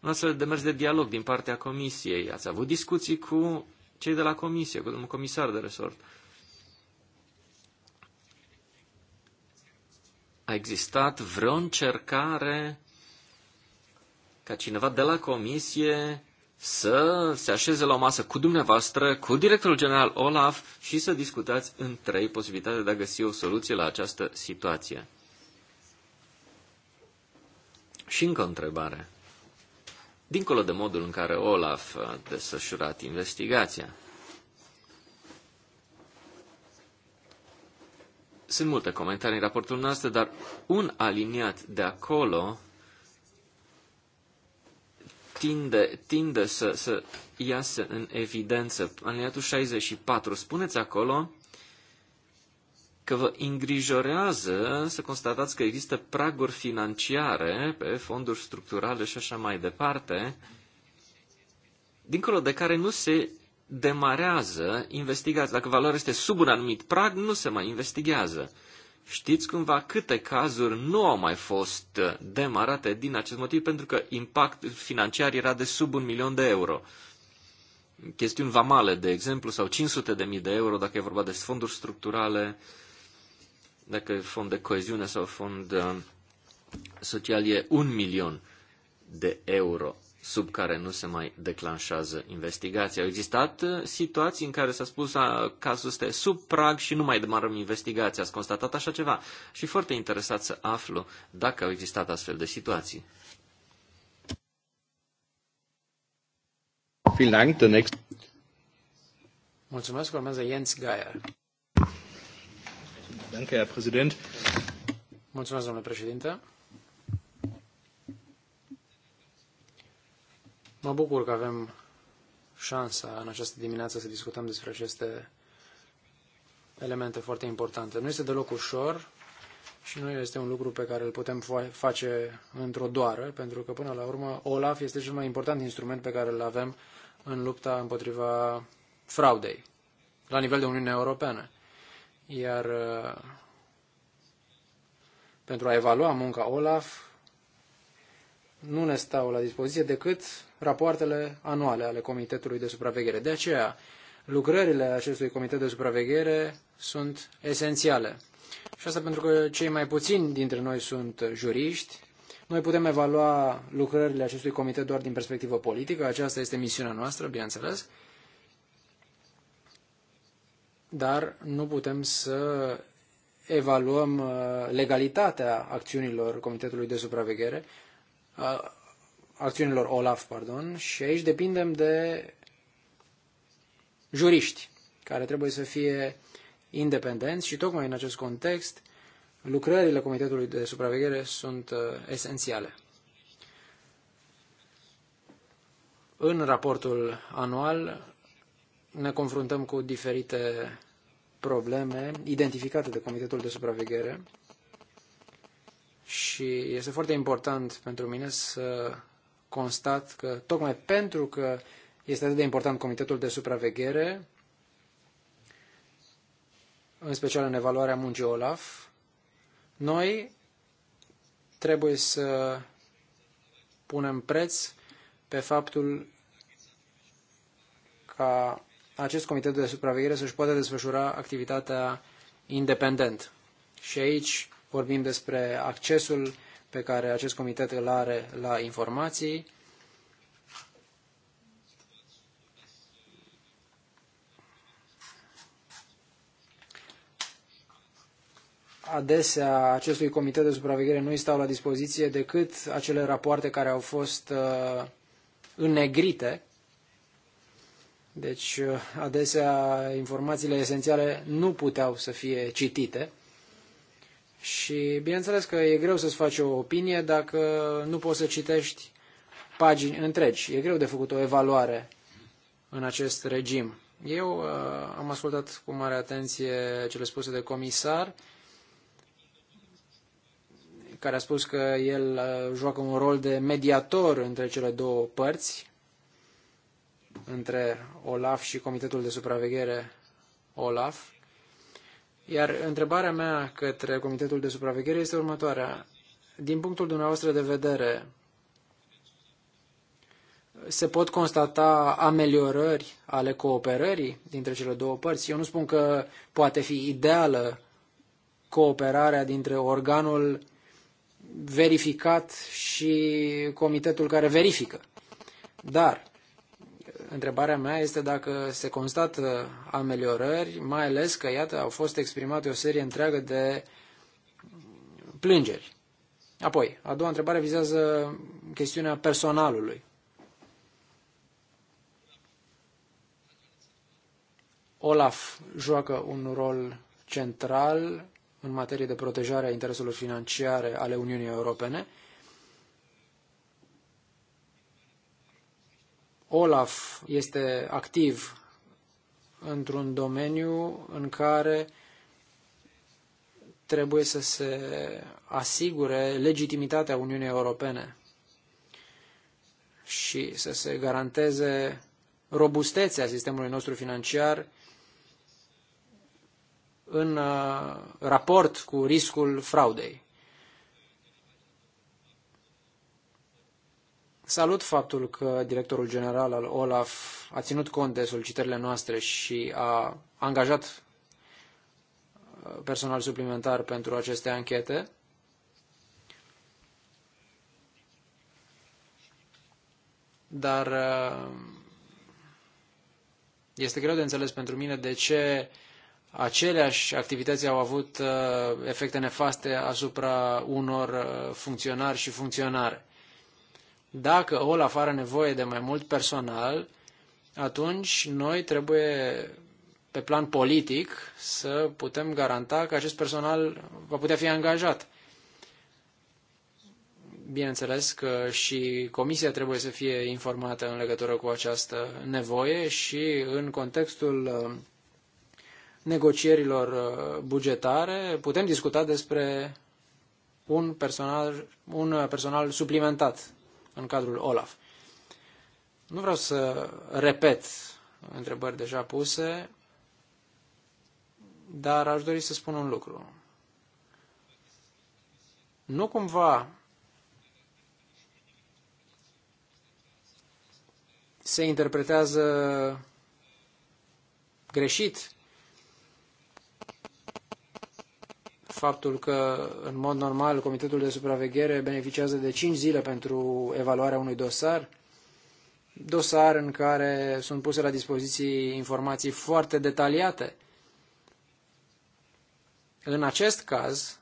un astfel de mers de dialog din partea Comisiei. Ați avut discuții cu cei de la comisie, cu domnul comisar de resort. A existat vreo încercare ca cineva de la comisie să se așeze la o masă cu dumneavoastră, cu directorul general Olaf și să discutați în trei posibilitatea de a găsi o soluție la această situație. Și încă o întrebare dincolo de modul în care Olaf a desfășurat investigația. Sunt multe comentarii în raportul nostru, dar un aliniat de acolo tinde, tinde să, să iasă în evidență. Aliniatul 64, spuneți acolo că vă îngrijorează să constatați că există praguri financiare pe fonduri structurale și așa mai departe, dincolo de care nu se demarează investigația. Dacă valoarea este sub un anumit prag, nu se mai investigează. Știți cumva câte cazuri nu au mai fost demarate din acest motiv, pentru că impactul financiar era de sub un milion de euro. Chestiuni vamale, de exemplu, sau 500 de mii de euro, dacă e vorba de fonduri structurale, dacă e fond de coeziune sau fond uh, social, e un milion de euro sub care nu se mai declanșează investigația. Au existat uh, situații în care s-a spus că cazul este sub prag și nu mai demarăm investigația. Ați constatat așa ceva? Și foarte interesat să aflu dacă au existat astfel de situații. Mulțumesc, urmează Jens Geier. Danke, Herr Präsident. Mulțumesc, domnule președinte. Mă bucur că avem șansa în această dimineață să discutăm despre aceste elemente foarte importante. Nu este deloc ușor și nu este un lucru pe care îl putem face într-o doară, pentru că până la urmă OLAF este cel mai important instrument pe care îl avem în lupta împotriva fraudei, la nivel de Uniunea Europeană. Iar uh, pentru a evalua munca OLAF, nu ne stau la dispoziție decât rapoartele anuale ale Comitetului de Supraveghere. De aceea, lucrările acestui Comitet de Supraveghere sunt esențiale. Și asta pentru că cei mai puțini dintre noi sunt juriști. Noi putem evalua lucrările acestui comitet doar din perspectivă politică, aceasta este misiunea noastră, bineînțeles, dar nu putem să evaluăm uh, legalitatea acțiunilor Comitetului de Supraveghere, uh, acțiunilor OLAF, pardon, și aici depindem de juriști care trebuie să fie independenți și tocmai în acest context lucrările Comitetului de Supraveghere sunt uh, esențiale. În raportul anual ne confruntăm cu diferite probleme identificate de Comitetul de Supraveghere și este foarte important pentru mine să constat că, tocmai pentru că este atât de important Comitetul de Supraveghere, în special în evaluarea muncii OLAF, noi trebuie să punem preț pe faptul ca acest comitet de supraveghere să-și poată desfășura activitatea independent. Și aici vorbim despre accesul pe care acest comitet îl are la informații, adesea acestui comitet de supraveghere nu îi stau la dispoziție decât acele rapoarte care au fost uh, înnegrite deci, uh, adesea, informațiile esențiale nu puteau să fie citite. Și, bineînțeles că e greu să-ți faci o opinie dacă nu poți să citești pagini întregi. E greu de făcut o evaluare în acest regim. Eu uh, am ascultat cu mare atenție cele spuse de comisar, care a spus că el uh, joacă un rol de mediator între cele două părți, între OLAF și Comitetul de Supraveghere OLAF. Iar întrebarea mea către Comitetul de Supraveghere este următoarea. Din punctul dumneavoastră de vedere, se pot constata ameliorări ale cooperării dintre cele două părți. Eu nu spun că poate fi ideală cooperarea dintre organul verificat și comitetul care verifică. Dar întrebarea mea este dacă se constată ameliorări, mai ales că, iată, au fost exprimate o serie întreagă de plângeri. Apoi, a doua întrebare vizează chestiunea personalului. Olaf joacă un rol central în materie de protejare a intereselor financiare ale Uniunii Europene Olaf este activ într-un domeniu în care trebuie să se asigure legitimitatea Uniunii Europene și să se garanteze robustețea sistemului nostru financiar în uh, raport cu riscul fraudei. Salut faptul că directorul general al OLAF a ținut cont de solicitările noastre și a angajat uh, personal suplimentar pentru aceste anchete. Dar uh, este greu de înțeles pentru mine de ce aceleași activități au avut uh, efecte nefaste asupra unor funcționari și funcționare. Dacă Olaf are nevoie de mai mult personal, atunci noi trebuie, pe plan politic, să putem garanta că acest personal va putea fi angajat. Bineînțeles că și comisia trebuie să fie informată în legătură cu această nevoie și în contextul uh, negocierilor uh, bugetare putem discuta despre un personal, un personal suplimentat în cadrul OLAF. Nu vreau să repet întrebări deja puse, dar aș dori să spun un lucru. Nu cumva se interpretează greșit faptul că, în mod normal, Comitetul de Supraveghere beneficiază de 5 zile pentru evaluarea unui dosar, dosar în care sunt puse la dispoziție informații foarte detaliate. În acest caz,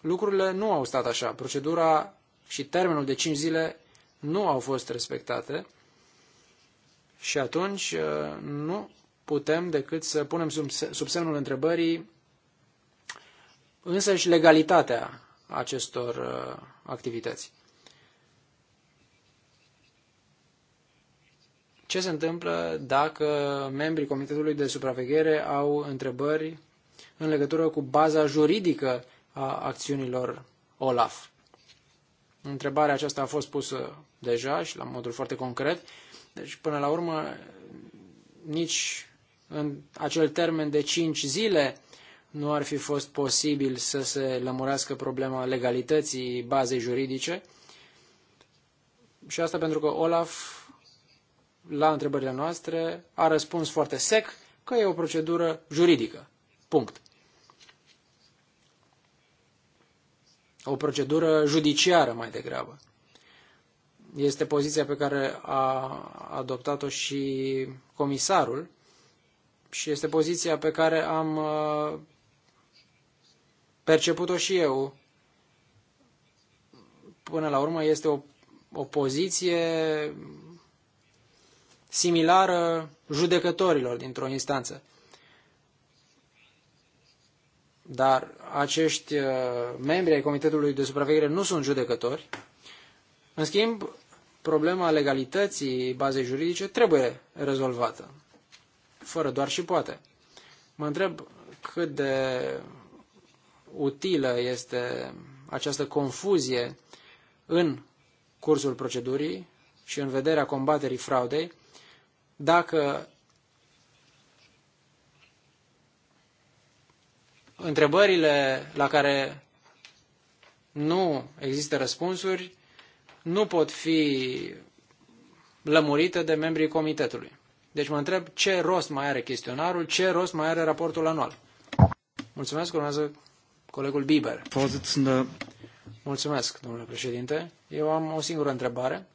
lucrurile nu au stat așa. Procedura și termenul de 5 zile nu au fost respectate și atunci uh, nu putem decât să punem sub semnul întrebării însă și legalitatea acestor uh, activități. Ce se întâmplă dacă membrii Comitetului de Supraveghere au întrebări în legătură cu baza juridică a acțiunilor OLAF? Întrebarea aceasta a fost pusă deja și la modul foarte concret. Deci, până la urmă, nici în acel termen de 5 zile nu ar fi fost posibil să se lămurească problema legalității bazei juridice. Și asta pentru că Olaf, la întrebările noastre, a răspuns foarte sec că e o procedură juridică. Punct. O procedură judiciară mai degrabă. Este poziția pe care a adoptat-o și comisarul și este poziția pe care am uh, perceput-o și eu. Până la urmă este o, o poziție similară judecătorilor dintr-o instanță. Dar acești uh, membri ai Comitetului de Supraveghere nu sunt judecători. În schimb, problema legalității bazei juridice trebuie rezolvată. Fără doar și poate. Mă întreb cât de utilă este această confuzie în cursul procedurii și în vederea combaterii fraudei, dacă întrebările la care nu există răspunsuri nu pot fi lămurite de membrii comitetului. Deci mă întreb ce rost mai are chestionarul, ce rost mai are raportul anual. Mulțumesc, urmează Colegul Bieber. Mulțumesc, domnule președinte. Eu am o singură întrebare.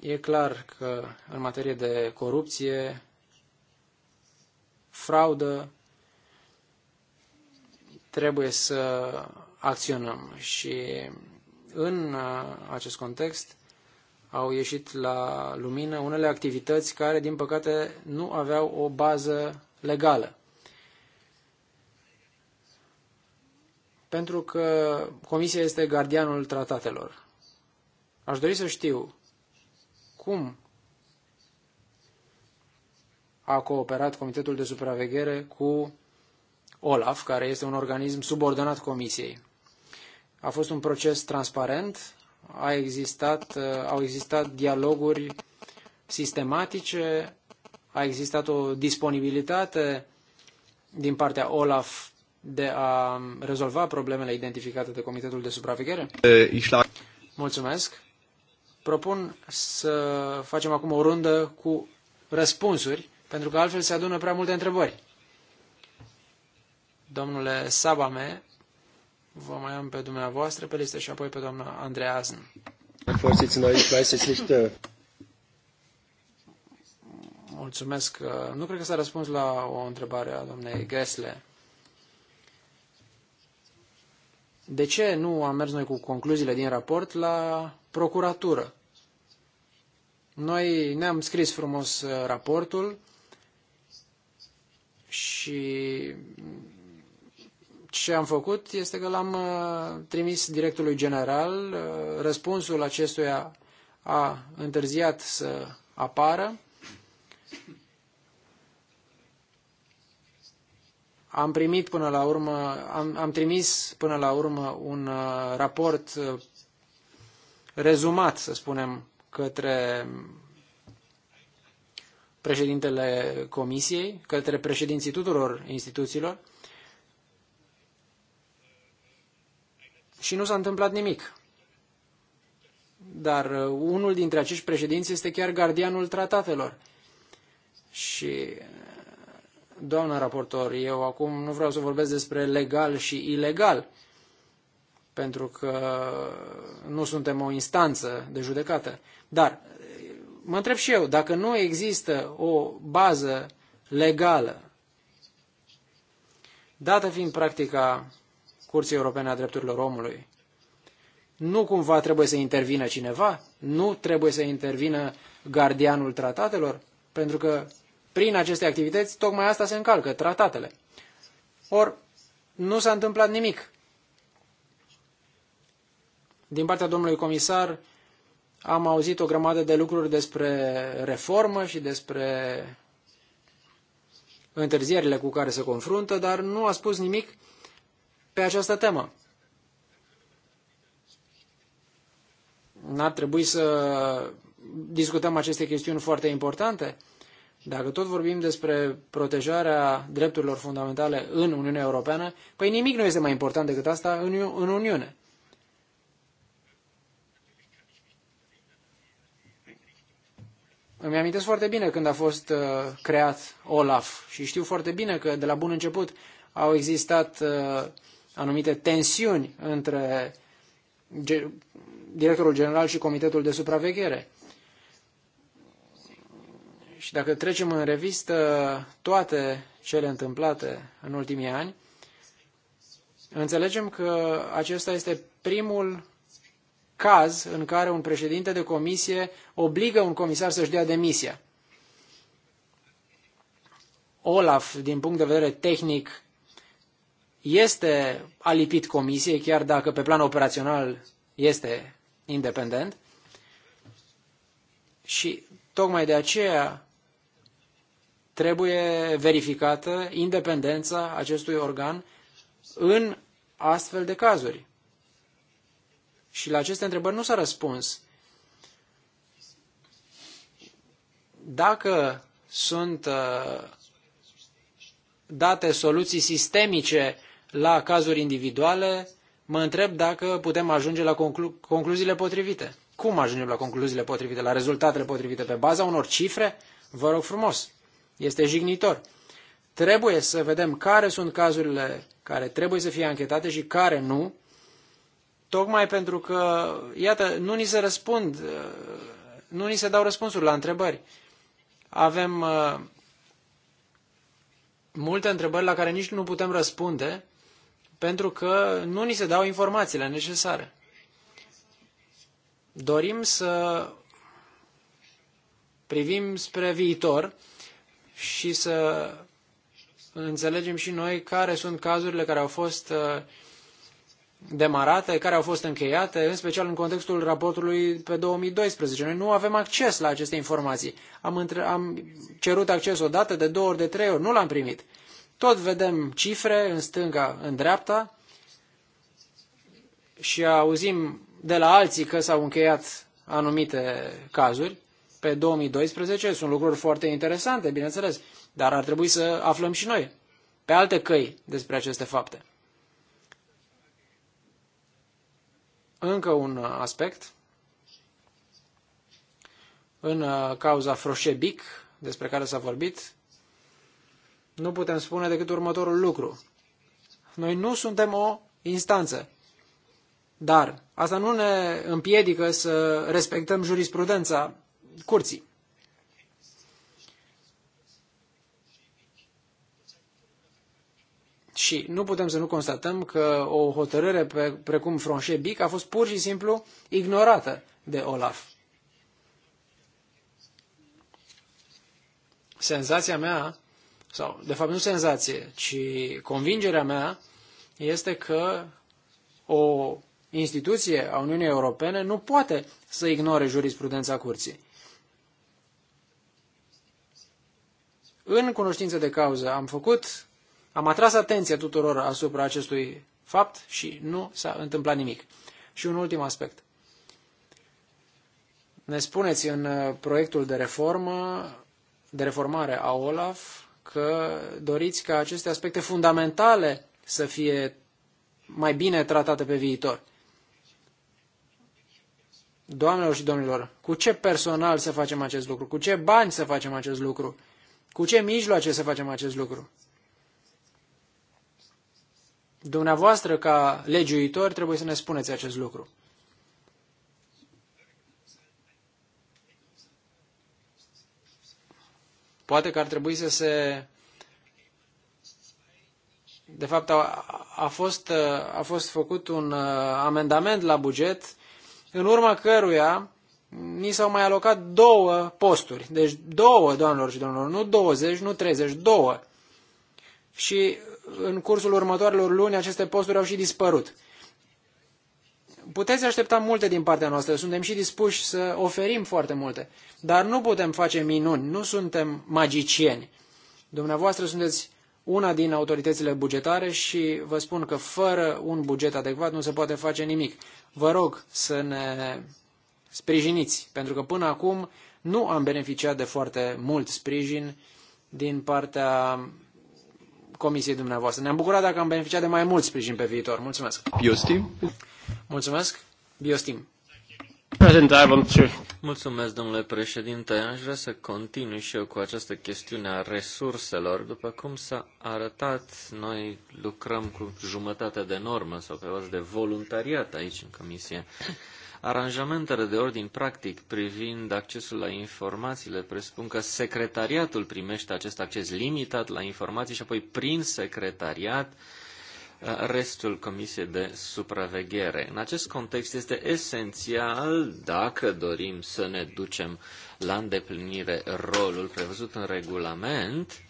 E clar că în materie de corupție, fraudă, trebuie să acționăm și în uh, acest context au ieșit la lumină unele activități care, din păcate, nu aveau o bază legală. Pentru că Comisia este gardianul tratatelor. Aș dori să știu cum a cooperat Comitetul de Supraveghere cu OLAF, care este un organism subordonat Comisiei. A fost un proces transparent, a existat, uh, au existat dialoguri sistematice, a existat o disponibilitate din partea OLAF de a rezolva problemele identificate de Comitetul de Supraveghere? Mulțumesc. Propun să facem acum o rundă cu răspunsuri, pentru că altfel se adună prea multe întrebări. Domnule Sabame, Vă mai am pe dumneavoastră pe listă și apoi pe doamna Andreasen. Mulțumesc. Nu cred că s-a răspuns la o întrebare a doamnei Gresle. De ce nu am mers noi cu concluziile din raport la procuratură? Noi ne-am scris frumos uh, raportul și ce am făcut este că l-am uh, trimis directului general. Uh, răspunsul acestuia a întârziat să apară. Am primit până la urmă, am, am trimis până la urmă un uh, raport rezumat, să spunem, către președintele comisiei, către președinții tuturor instituțiilor. și nu s-a întâmplat nimic. Dar uh, unul dintre acești președinți este chiar gardianul tratatelor. Și, uh, doamna raportor, eu acum nu vreau să vorbesc despre legal și ilegal, pentru că nu suntem o instanță de judecată. Dar uh, mă întreb și eu, dacă nu există o bază legală, dată fiind practica Curții Europene a Drepturilor Omului. Nu cumva trebuie să intervină cineva? Nu trebuie să intervină gardianul tratatelor? Pentru că prin aceste activități tocmai asta se încalcă, tratatele. Or, nu s-a întâmplat nimic. Din partea domnului comisar am auzit o grămadă de lucruri despre reformă și despre întârzierile cu care se confruntă, dar nu a spus nimic pe această temă. N-ar trebui să discutăm aceste chestiuni foarte importante. Dacă tot vorbim despre protejarea drepturilor fundamentale în Uniunea Europeană, păi nimic nu este mai important decât asta în, Uniune. Îmi amintesc foarte bine când a fost uh, creat Olaf și știu foarte bine că de la bun început au existat uh, anumite tensiuni între directorul general și comitetul de supraveghere. Și dacă trecem în revistă toate cele întâmplate în ultimii ani, înțelegem că acesta este primul caz în care un președinte de comisie obligă un comisar să-și dea demisia. Olaf, din punct de vedere tehnic, este alipit comisiei, chiar dacă pe plan operațional este independent. Și tocmai de aceea trebuie verificată independența acestui organ în astfel de cazuri. Și la aceste întrebări nu s-a răspuns. Dacă sunt uh, date soluții sistemice la cazuri individuale, mă întreb dacă putem ajunge la conclu- concluziile potrivite. Cum ajungem la concluziile potrivite, la rezultatele potrivite? Pe baza unor cifre? Vă rog frumos, este jignitor. Trebuie să vedem care sunt cazurile care trebuie să fie anchetate și care nu, tocmai pentru că, iată, nu ni se răspund, nu ni se dau răspunsuri la întrebări. Avem uh, multe întrebări la care nici nu putem răspunde pentru că nu ni se dau informațiile necesare. Dorim să privim spre viitor și să înțelegem și noi care sunt cazurile care au fost uh, demarate, care au fost încheiate, în special în contextul raportului pe 2012. Noi nu avem acces la aceste informații. Am, între... am cerut acces o dată, de două ori, de trei ori, nu l-am primit. Tot vedem cifre în stânga, în dreapta și auzim de la alții că s-au încheiat anumite cazuri pe 2012. Sunt lucruri foarte interesante, bineînțeles, dar ar trebui să aflăm și noi pe alte căi despre aceste fapte. Încă un aspect. În uh, cauza Froșebic, despre care s-a vorbit, nu putem spune decât următorul lucru. Noi nu suntem o instanță, dar asta nu ne împiedică să respectăm jurisprudența curții. Și nu putem să nu constatăm că o hotărâre pe, precum Franche Bic a fost pur și simplu ignorată de Olaf. Senzația mea sau de fapt nu senzație, ci convingerea mea este că o instituție a Uniunii Europene nu poate să ignore jurisprudența curții. În cunoștință de cauză am făcut, am atras atenția tuturor asupra acestui fapt și nu s-a întâmplat nimic. Și un ultim aspect. Ne spuneți în proiectul de reformă, de reformare a OLAF, că doriți ca aceste aspecte fundamentale să fie mai bine tratate pe viitor. Doamnelor și domnilor, cu ce personal să facem acest lucru? Cu ce bani să facem acest lucru? Cu ce mijloace să facem acest lucru? Dumneavoastră, ca legiuitor, trebuie să ne spuneți acest lucru. Poate că ar trebui să se de fapt, a, a, fost, a fost făcut un uh, amendament la buget, în urma căruia ni s-au mai alocat două posturi. Deci două, doamnelor și domnilor, nu 20, nu 30, două. Și în cursul următoarelor luni aceste posturi au și dispărut puteți aștepta multe din partea noastră, suntem și dispuși să oferim foarte multe, dar nu putem face minuni, nu suntem magicieni. Dumneavoastră sunteți una din autoritățile bugetare și vă spun că fără un buget adecvat nu se poate face nimic. Vă rog să ne sprijiniți, pentru că până acum nu am beneficiat de foarte mult sprijin din partea comisiei dumneavoastră. Ne-am bucurat dacă am beneficiat de mai mult sprijin pe viitor. Mulțumesc! Justin? Mulțumesc. Biostim. Mulțumesc, domnule președinte. Aș vrea să continui și eu cu această chestiune a resurselor. După cum s-a arătat, noi lucrăm cu jumătate de normă sau pe bază de voluntariat aici în comisie. Aranjamentele de ordin practic privind accesul la informațiile presupun că secretariatul primește acest acces limitat la informații și apoi prin secretariat uh, restul Comisiei de Supraveghere. În acest context este esențial, dacă dorim să ne ducem la îndeplinire rolul prevăzut în regulament,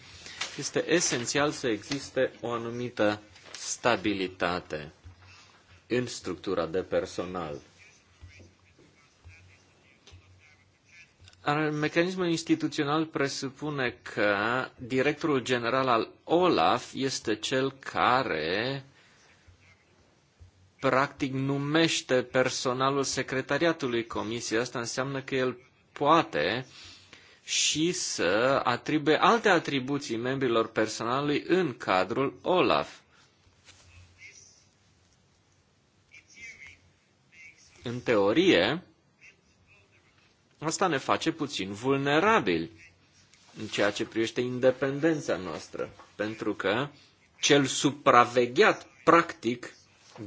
este esențial să existe o anumită stabilitate în structura de personal. Mecanismul instituțional presupune că directorul general al OLAF este cel care practic numește personalul secretariatului comisiei. Asta înseamnă că el poate și să atribuie alte atribuții membrilor personalului în cadrul OLAF. În teorie, Asta ne face puțin vulnerabili în ceea ce privește independența noastră, pentru că cel supravegheat, practic,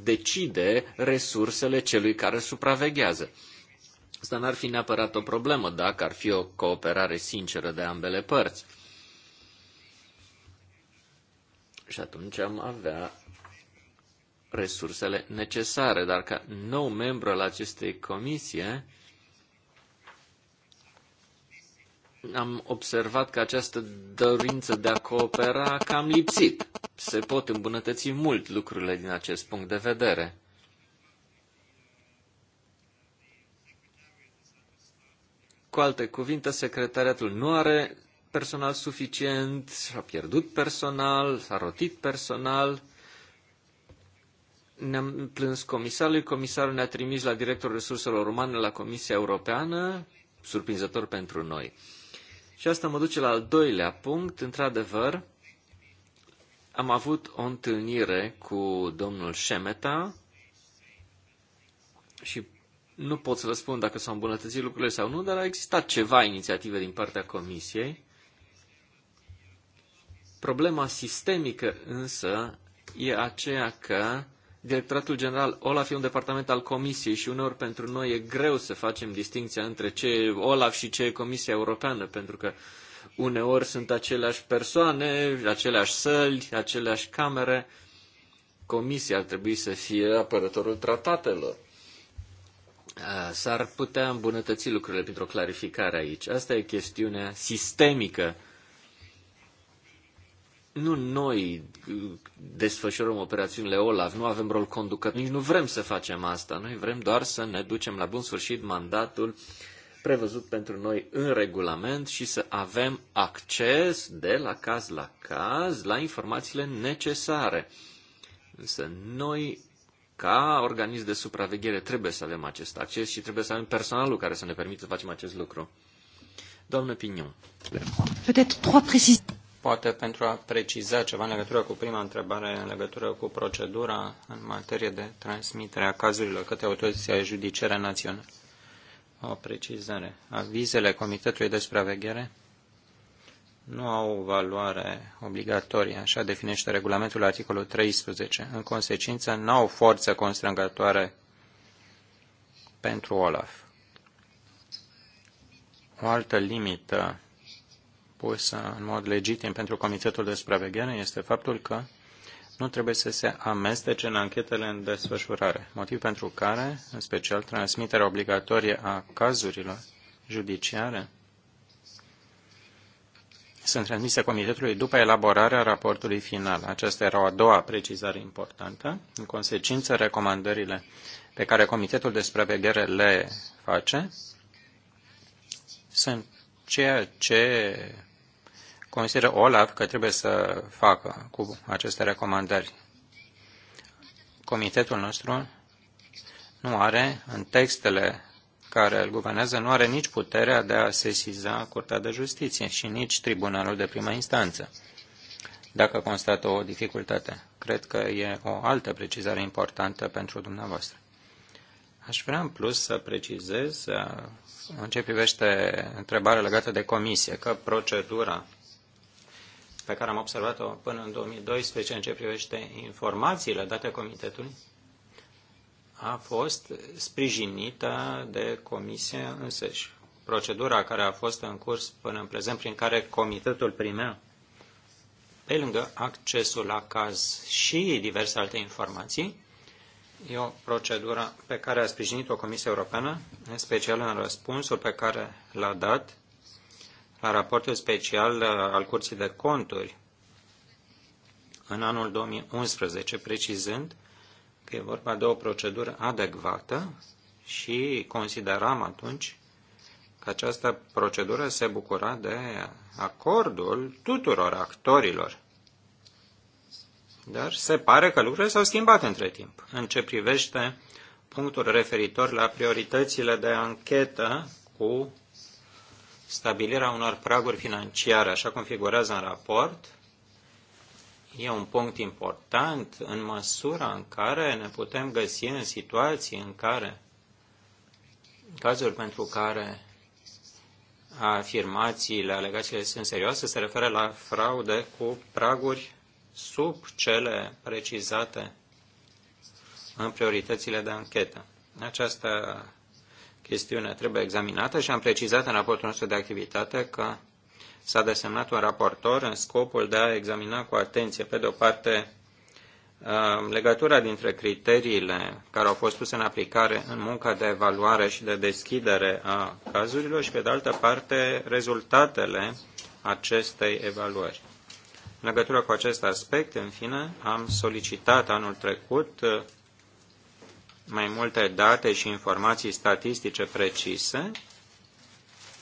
decide resursele celui care supraveghează. Asta n-ar fi neapărat o problemă dacă ar fi o cooperare sinceră de ambele părți. Și atunci am avea resursele necesare, dar ca nou membru al acestei comisie, am observat că această dorință de a coopera cam lipsit. Se pot îmbunătăți mult lucrurile din acest punct de vedere. Cu alte cuvinte, secretariatul nu are personal suficient, s a pierdut personal, s-a rotit personal. Ne-am plâns comisarului, comisarul ne-a trimis la directorul resurselor umane la Comisia Europeană, surprinzător pentru noi. Și asta mă duce la al doilea punct. Într-adevăr, am avut o întâlnire cu domnul Șemeta și nu pot să vă spun dacă s-au îmbunătățit lucrurile sau nu, dar a existat ceva inițiative din partea Comisiei. Problema sistemică însă e aceea că Directoratul General OLAF e un departament al Comisiei și uneori pentru noi e greu să facem distinția între ce e OLAF și ce e Comisia Europeană, pentru că uneori sunt aceleași persoane, aceleași săli, aceleași camere. Comisia ar trebui să fie apărătorul tratatelor. S-ar putea îmbunătăți lucrurile printr-o clarificare aici. Asta e chestiunea sistemică nu noi uh, desfășurăm operațiunile OLAF, nu avem rol conducător, nici nu vrem să facem asta. Noi vrem doar să ne ducem la bun sfârșit mandatul prevăzut pentru noi în regulament și să avem acces de la caz la caz la informațiile necesare. Însă noi, ca organism de supraveghere, trebuie să avem acest acces și trebuie să avem personalul care să ne permită să facem acest lucru. Doamnă Pignon. Peut-être trois précisions Poate pentru a preciza ceva în legătură cu prima întrebare, în legătură cu procedura în materie de transmitere a cazurilor către autoritatea judiciară națională. O precizare. Avizele Comitetului de Supraveghere nu au valoare obligatorie, așa definește regulamentul articolul 13. În consecință, nu au forță constrângătoare pentru OLAF. O altă limită pusă în mod legitim pentru Comitetul de Supraveghere este faptul că nu trebuie să se amestece în anchetele în desfășurare, motiv pentru care, în special, transmiterea obligatorie a cazurilor judiciare sunt transmise comitetului după elaborarea raportului final. Aceasta era o a doua precizare importantă. În consecință, recomandările pe care comitetul de supraveghere le face sunt ceea ce consideră OLAF că trebuie să facă cu aceste recomandări. Comitetul nostru nu are, în textele care îl guvernează, nu are nici puterea de a sesiza Curtea de Justiție și nici Tribunalul de Primă Instanță, dacă constată o dificultate. Cred că e o altă precizare importantă pentru dumneavoastră. Aș vrea în plus să precizez în ce privește întrebarea legată de comisie, că procedura pe care am observat-o până în 2012 în ce privește informațiile date Comitetului a fost sprijinită de Comisie însăși. Procedura care a fost în curs până în prezent, prin care Comitetul primea, pe lângă accesul la caz și diverse alte informații, E o procedură pe care a sprijinit-o Comisia Europeană, în special în răspunsul pe care l-a dat la raportul special uh, al Curții de Conturi în anul 2011, precizând că e vorba de o procedură adecvată și consideram atunci că această procedură se bucura de acordul tuturor actorilor. Dar se pare că lucrurile s-au schimbat între timp. În ce privește punctul referitor la prioritățile de anchetă cu Stabilirea unor praguri financiare, așa cum figurează în raport, e un punct important în măsura în care ne putem găsi în situații în care, în cazuri pentru care afirmațiile, alegațiile sunt serioase, se referă la fraude cu praguri sub cele precizate în prioritățile de anchetă. Aceasta chestiune trebuie examinată și am precizat în raportul nostru de activitate că s-a desemnat un raportor în scopul de a examina cu atenție, pe de o parte, uh, legătura dintre criteriile care au fost puse în aplicare în munca de evaluare și de deschidere a cazurilor și, pe de altă parte, rezultatele acestei evaluări. În legătură cu acest aspect, în fine, am solicitat anul trecut uh, mai multe date și informații statistice precise,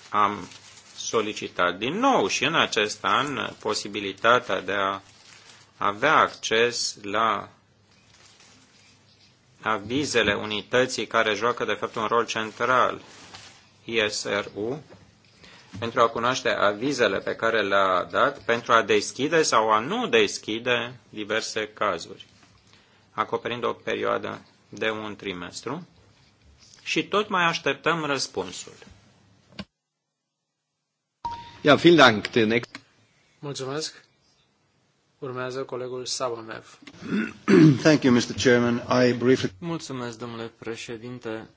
am solicitat din nou și în acest an posibilitatea de a avea acces la avizele unității care joacă de fapt un rol central, ISRU, pentru a cunoaște avizele pe care le-a dat, pentru a deschide sau a nu deschide diverse cazuri, acoperind o perioadă de un trimestru și tot mai așteptăm răspunsul. Ja, vielen Dank. Mulțumesc. Urmează colegul Sabamev. Thank you, Mr. Chairman. I briefly... Mulțumesc, domnule președinte.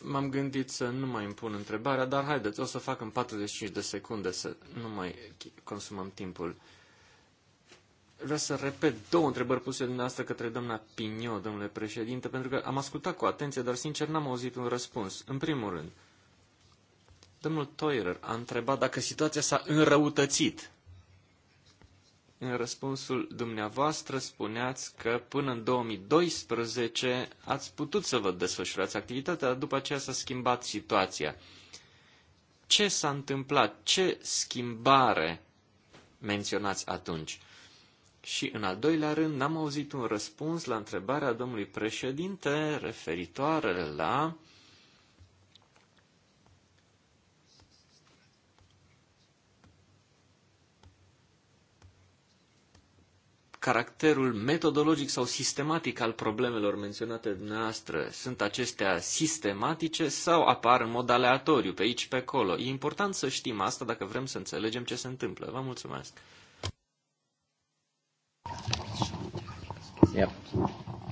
M-am gândit să nu mai impun întrebarea, dar haideți, o să fac în 45 de secunde să nu mai consumăm timpul. Uh, Vreau să repet două întrebări puse dumneavoastră către doamna Pinio, domnule președinte, pentru că am ascultat cu atenție, dar sincer n-am auzit un răspuns. În primul rând, domnul Toirer a întrebat dacă situația s-a înrăutățit. În răspunsul dumneavoastră spuneați că până în 2012 ați putut să vă desfășurați activitatea, dar după aceea s-a schimbat situația. Ce s-a întâmplat? Ce schimbare menționați atunci? Și în al doilea rând, n-am auzit un răspuns la întrebarea domnului președinte referitoare la caracterul metodologic sau sistematic al problemelor menționate de dumneavoastră. Sunt acestea sistematice sau apar în mod aleatoriu, pe aici, pe acolo? E important să știm asta dacă vrem să înțelegem ce se întâmplă. Vă mulțumesc! Yep.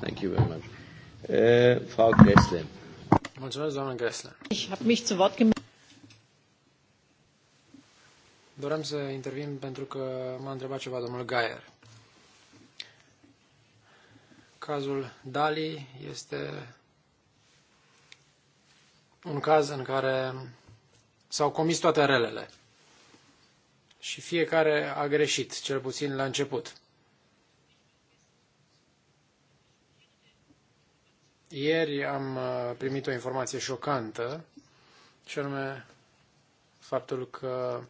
Thank you very much. Uh, Frau Gressle. Mulțumesc, Gressle. Ich habe mich zu Wort gemeldet. Doream să intervin pentru că m-a întrebat ceva domnul Gaier. Cazul Dali este un caz în care s-au comis toate relele și fiecare a greșit, cel puțin la început. Ieri am uh, primit o informație șocantă, și anume faptul că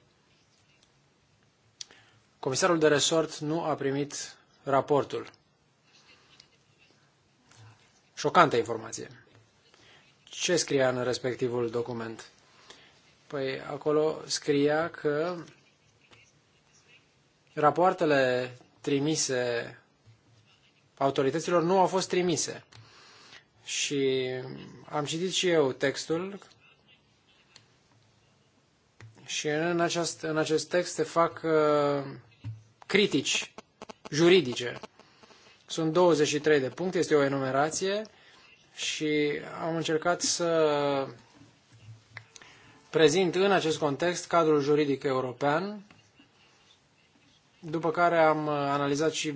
comisarul de resort nu a primit raportul. Șocantă informație. Ce scria în respectivul document? Păi acolo scria că rapoartele trimise autorităților nu au fost trimise. Și am citit și eu textul și în, aceast, în acest text se fac uh, critici juridice. Sunt 23 de puncte, este o enumerație și am încercat să prezint în acest context cadrul juridic european, după care am analizat și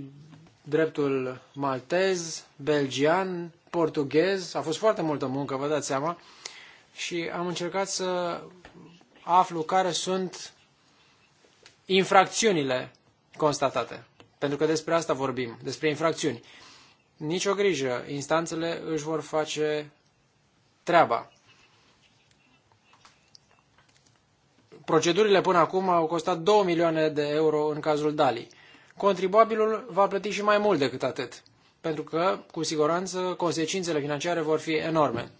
dreptul maltez, belgian, portughez. A fost foarte multă muncă, vă dați seama. Și am încercat să aflu care sunt infracțiunile constatate. Pentru că despre asta vorbim, despre infracțiuni. Nici o grijă, instanțele își vor face treaba. Procedurile până acum au costat 2 milioane de euro în cazul Dali. Contribuabilul va plăti și mai mult decât atât pentru că, cu siguranță, consecințele financiare vor fi enorme.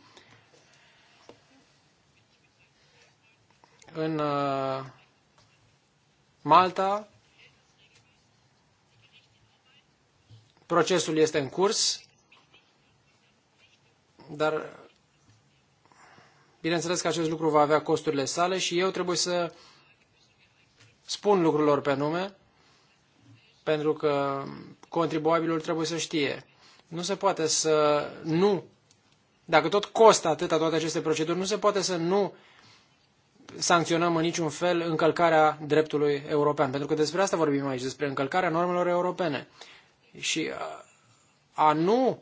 În uh, Malta, procesul este în curs, dar bineînțeles că acest lucru va avea costurile sale și eu trebuie să spun lucrurilor pe nume, pentru că contribuabilul trebuie să știe. Nu se poate să nu, dacă tot costă atâta toate aceste proceduri, nu se poate să nu sancționăm în niciun fel încălcarea dreptului european. Pentru că despre asta vorbim aici, despre încălcarea normelor europene. Și a nu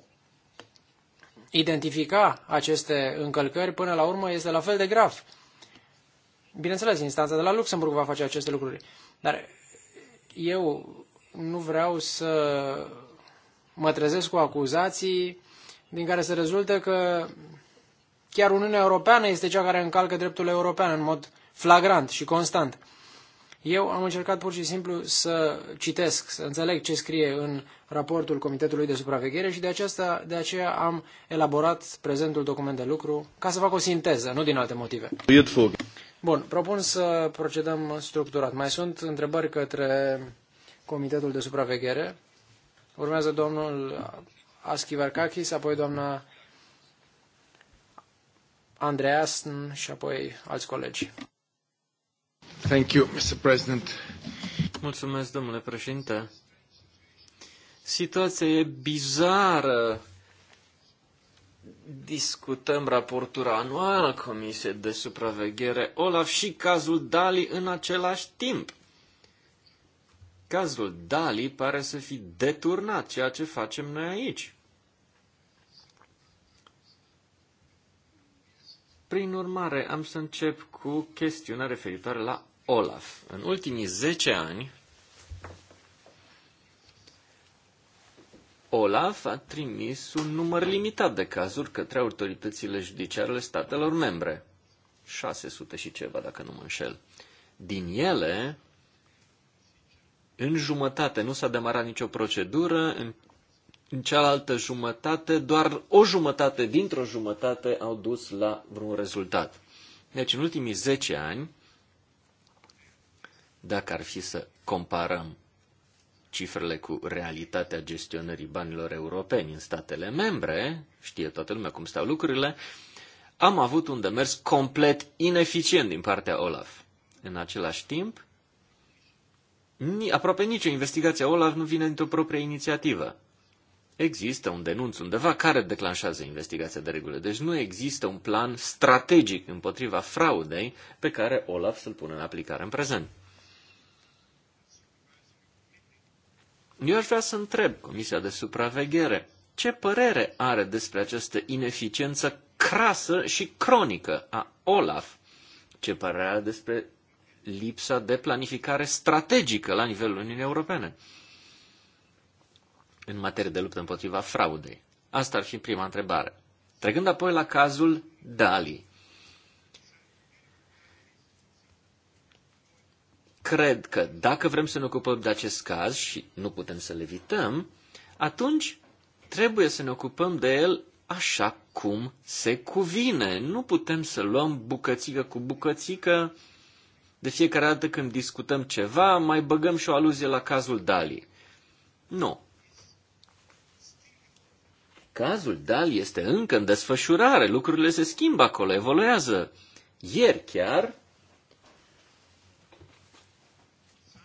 identifica aceste încălcări până la urmă este la fel de grav. Bineînțeles, instanța de la Luxemburg va face aceste lucruri. Dar eu nu vreau să mă trezesc cu acuzații din care se rezultă că chiar Uniunea Europeană este cea care încalcă dreptul european în mod flagrant și constant. Eu am încercat pur și simplu să citesc, să înțeleg ce scrie în raportul Comitetului de Supraveghere și de, aceasta, de aceea am elaborat prezentul document de lucru ca să fac o sinteză, nu din alte motive. Bun, propun să procedăm structurat. Mai sunt întrebări către Comitetul de Supraveghere. Urmează domnul Varkakis, apoi doamna Andreas și apoi alți colegi. Thank you, Mr. President. Mulțumesc, domnule președinte. Situația e bizară. Discutăm raportura anuală Comisiei de Supraveghere Olaf și cazul Dali în același timp. Cazul Dali pare să fi deturnat ceea ce facem noi aici. Prin urmare, am să încep cu chestiunea referitoare la Olaf. În ultimii 10 ani, Olaf a trimis un număr limitat de cazuri către autoritățile ale statelor membre. 600 și ceva, dacă nu mă înșel. Din ele, în jumătate nu s-a demarat nicio procedură, în, în cealaltă jumătate doar o jumătate dintr-o jumătate au dus la vreun rezultat. Deci în ultimii 10 ani, dacă ar fi să comparăm cifrele cu realitatea gestionării banilor europeni în statele membre, știe toată lumea cum stau lucrurile, am avut un demers complet ineficient din partea Olaf. În același timp, Ni, aproape nicio investigație a OLAF nu vine dintr-o proprie inițiativă. Există un denunț undeva care declanșează investigația de regulă. Deci nu există un plan strategic împotriva fraudei pe care OLAF să-l pună în aplicare în prezent. Eu aș vrea să întreb Comisia de Supraveghere ce părere are despre această ineficiență crasă și cronică a OLAF? Ce părere are despre lipsa de planificare strategică la nivelul Uniunii Europene în materie de luptă împotriva fraudei. Asta ar fi prima întrebare. Trecând apoi la cazul Dali. Cred că dacă vrem să ne ocupăm de acest caz și nu putem să-l evităm, atunci trebuie să ne ocupăm de el așa cum se cuvine. Nu putem să luăm bucățică cu bucățică de fiecare dată când discutăm ceva, mai băgăm și o aluzie la cazul Dali. Nu. Cazul Dali este încă în desfășurare, lucrurile se schimbă acolo, evoluează. Ieri chiar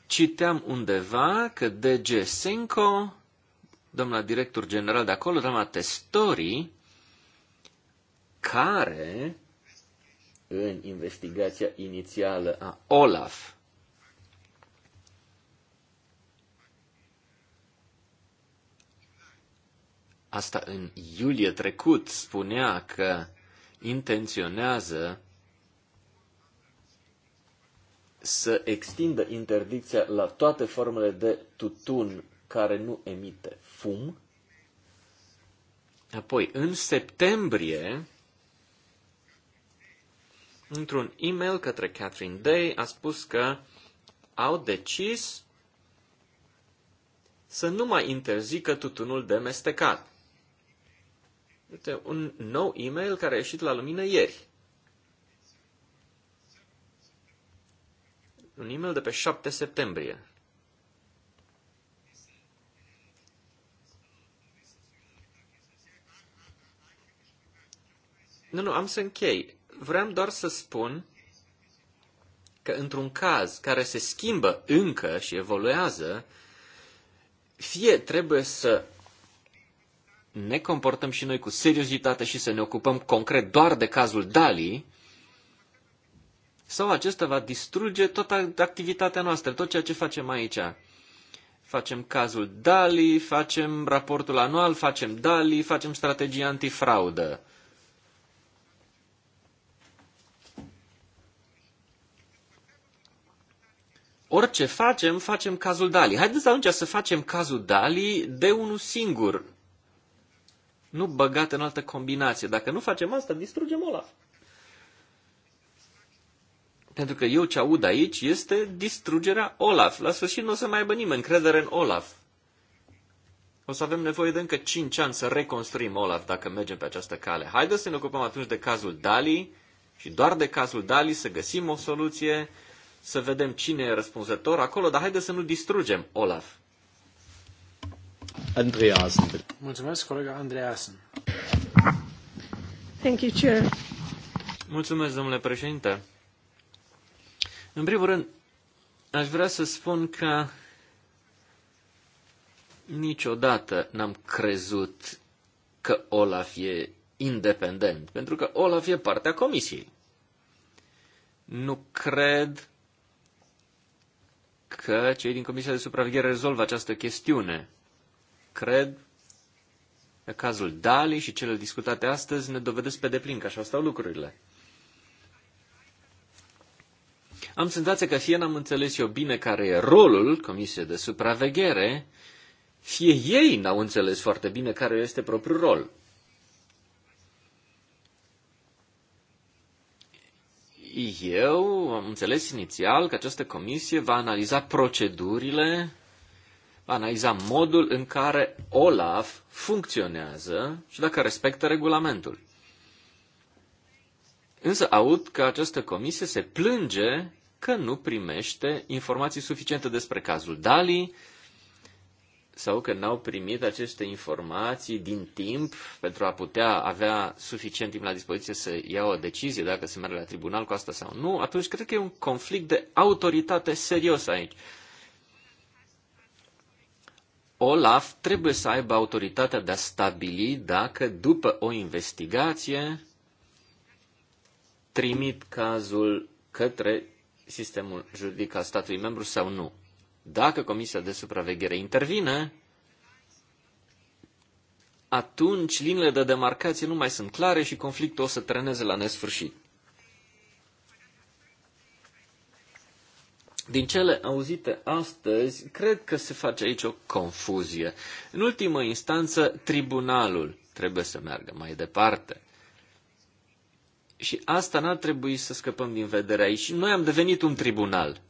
citeam undeva că DG Senko, doamna director general de acolo, doamna Testori, care în investigația inițială a Olaf. Asta în iulie trecut spunea că intenționează să extindă interdicția la toate formele de tutun care nu emite fum. Apoi, în septembrie, într-un e-mail către Catherine Day, a spus că au decis să nu mai interzică tutunul de mestecat. Uite, un nou e-mail care a ieșit la lumină ieri. Un e-mail de pe 7 septembrie. Nu, nu, am să închei vreau doar să spun că într-un caz care se schimbă încă și evoluează, fie trebuie să ne comportăm și noi cu seriozitate și să ne ocupăm concret doar de cazul Dali, sau acesta va distruge toată activitatea noastră, tot ceea ce facem aici. Facem cazul Dali, facem raportul anual, facem Dali, facem strategia antifraudă. orice facem, facem cazul Dali. Haideți atunci să facem cazul Dali de unul singur. Nu băgat în altă combinație. Dacă nu facem asta, distrugem Olaf. Pentru că eu ce aud aici este distrugerea Olaf. La sfârșit nu o să mai aibă nimeni încredere în Olaf. O să avem nevoie de încă 5 ani să reconstruim Olaf dacă mergem pe această cale. Haideți să ne ocupăm atunci de cazul Dali și doar de cazul Dali să găsim o soluție să vedem cine e răspunzător acolo, dar haideți să nu distrugem Olaf. Andreasen. Mulțumesc, colega Andreasen. Thank you, Chair. Mulțumesc, domnule președinte. În primul rând, aș vrea să spun că niciodată n-am crezut că Olaf e independent, pentru că Olaf e partea comisiei. Nu cred că cei din Comisia de Supraveghere rezolvă această chestiune. Cred că cazul Dali și cele discutate astăzi ne dovedesc pe deplin că așa stau lucrurile. Am senzația că fie n-am înțeles eu bine care e rolul Comisiei de Supraveghere, fie ei n-au înțeles foarte bine care este propriul rol. eu am înțeles inițial că această comisie va analiza procedurile, va analiza modul în care OLAF funcționează și dacă respectă regulamentul. Însă aud că această comisie se plânge că nu primește informații suficiente despre cazul Dali, sau că n-au primit aceste informații din timp pentru a putea avea suficient timp la dispoziție să ia o decizie dacă se merge la tribunal cu asta sau nu, atunci cred că e un conflict de autoritate serios aici. Olaf trebuie să aibă autoritatea de a stabili dacă după o investigație trimit cazul către sistemul juridic al statului membru sau nu. Dacă Comisia de Supraveghere intervine, atunci liniile de demarcație nu mai sunt clare și conflictul o să treneze la nesfârșit. Din cele auzite astăzi, cred că se face aici o confuzie. În ultimă instanță, tribunalul trebuie să meargă mai departe. Și asta n-ar trebui să scăpăm din vedere aici. Noi am devenit un tribunal.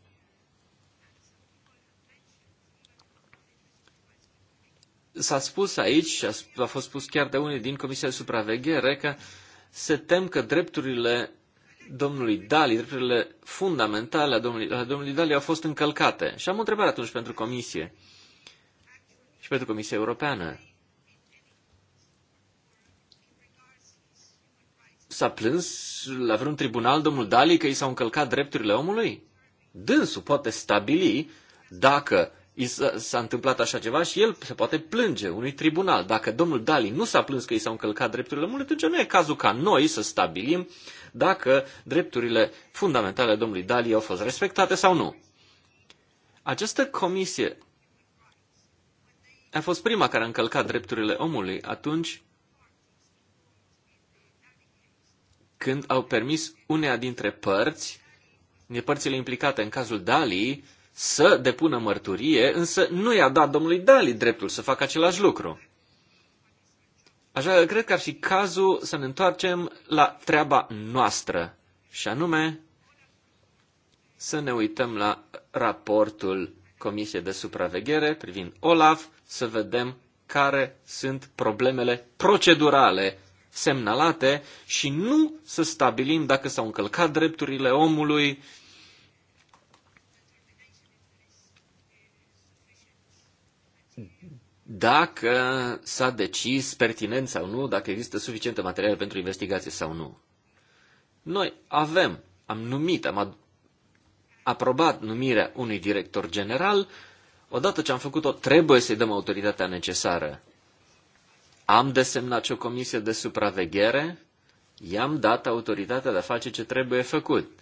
S-a spus aici, și a fost spus chiar de unii din Comisia de Supraveghere, că se tem că drepturile domnului Dali, drepturile fundamentale ale domnului, ale domnului Dali au fost încălcate. Și am întrebat atunci pentru Comisie și pentru Comisia Europeană. S-a plâns la vreun tribunal domnul Dali că i s-au încălcat drepturile omului? Dânsul poate stabili dacă s-a întâmplat așa ceva și el se poate plânge unui tribunal. Dacă domnul Dali nu s-a plâns că i s-au încălcat drepturile omului, atunci nu e cazul ca noi să stabilim dacă drepturile fundamentale domnului Dali au fost respectate sau nu. Această comisie a fost prima care a încălcat drepturile omului atunci când au permis unea dintre părți, dintre părțile implicate în cazul Dali, să depună mărturie, însă nu i-a dat domnului Dali dreptul să facă același lucru. Așa că cred că ar fi cazul să ne întoarcem la treaba noastră, și anume să ne uităm la raportul Comisiei de Supraveghere privind OLAF, să vedem care sunt problemele procedurale semnalate și nu să stabilim dacă s-au încălcat drepturile omului, uh, dacă s-a decis pertinent sau nu, dacă există suficientă materiale pentru investigație sau nu. Noi avem, am numit, am aprobat numirea unui director general, odată ce am făcut-o, trebuie să-i dăm autoritatea necesară. Am desemnat și o comisie de supraveghere, i-am dat autoritatea de a face ce trebuie făcut.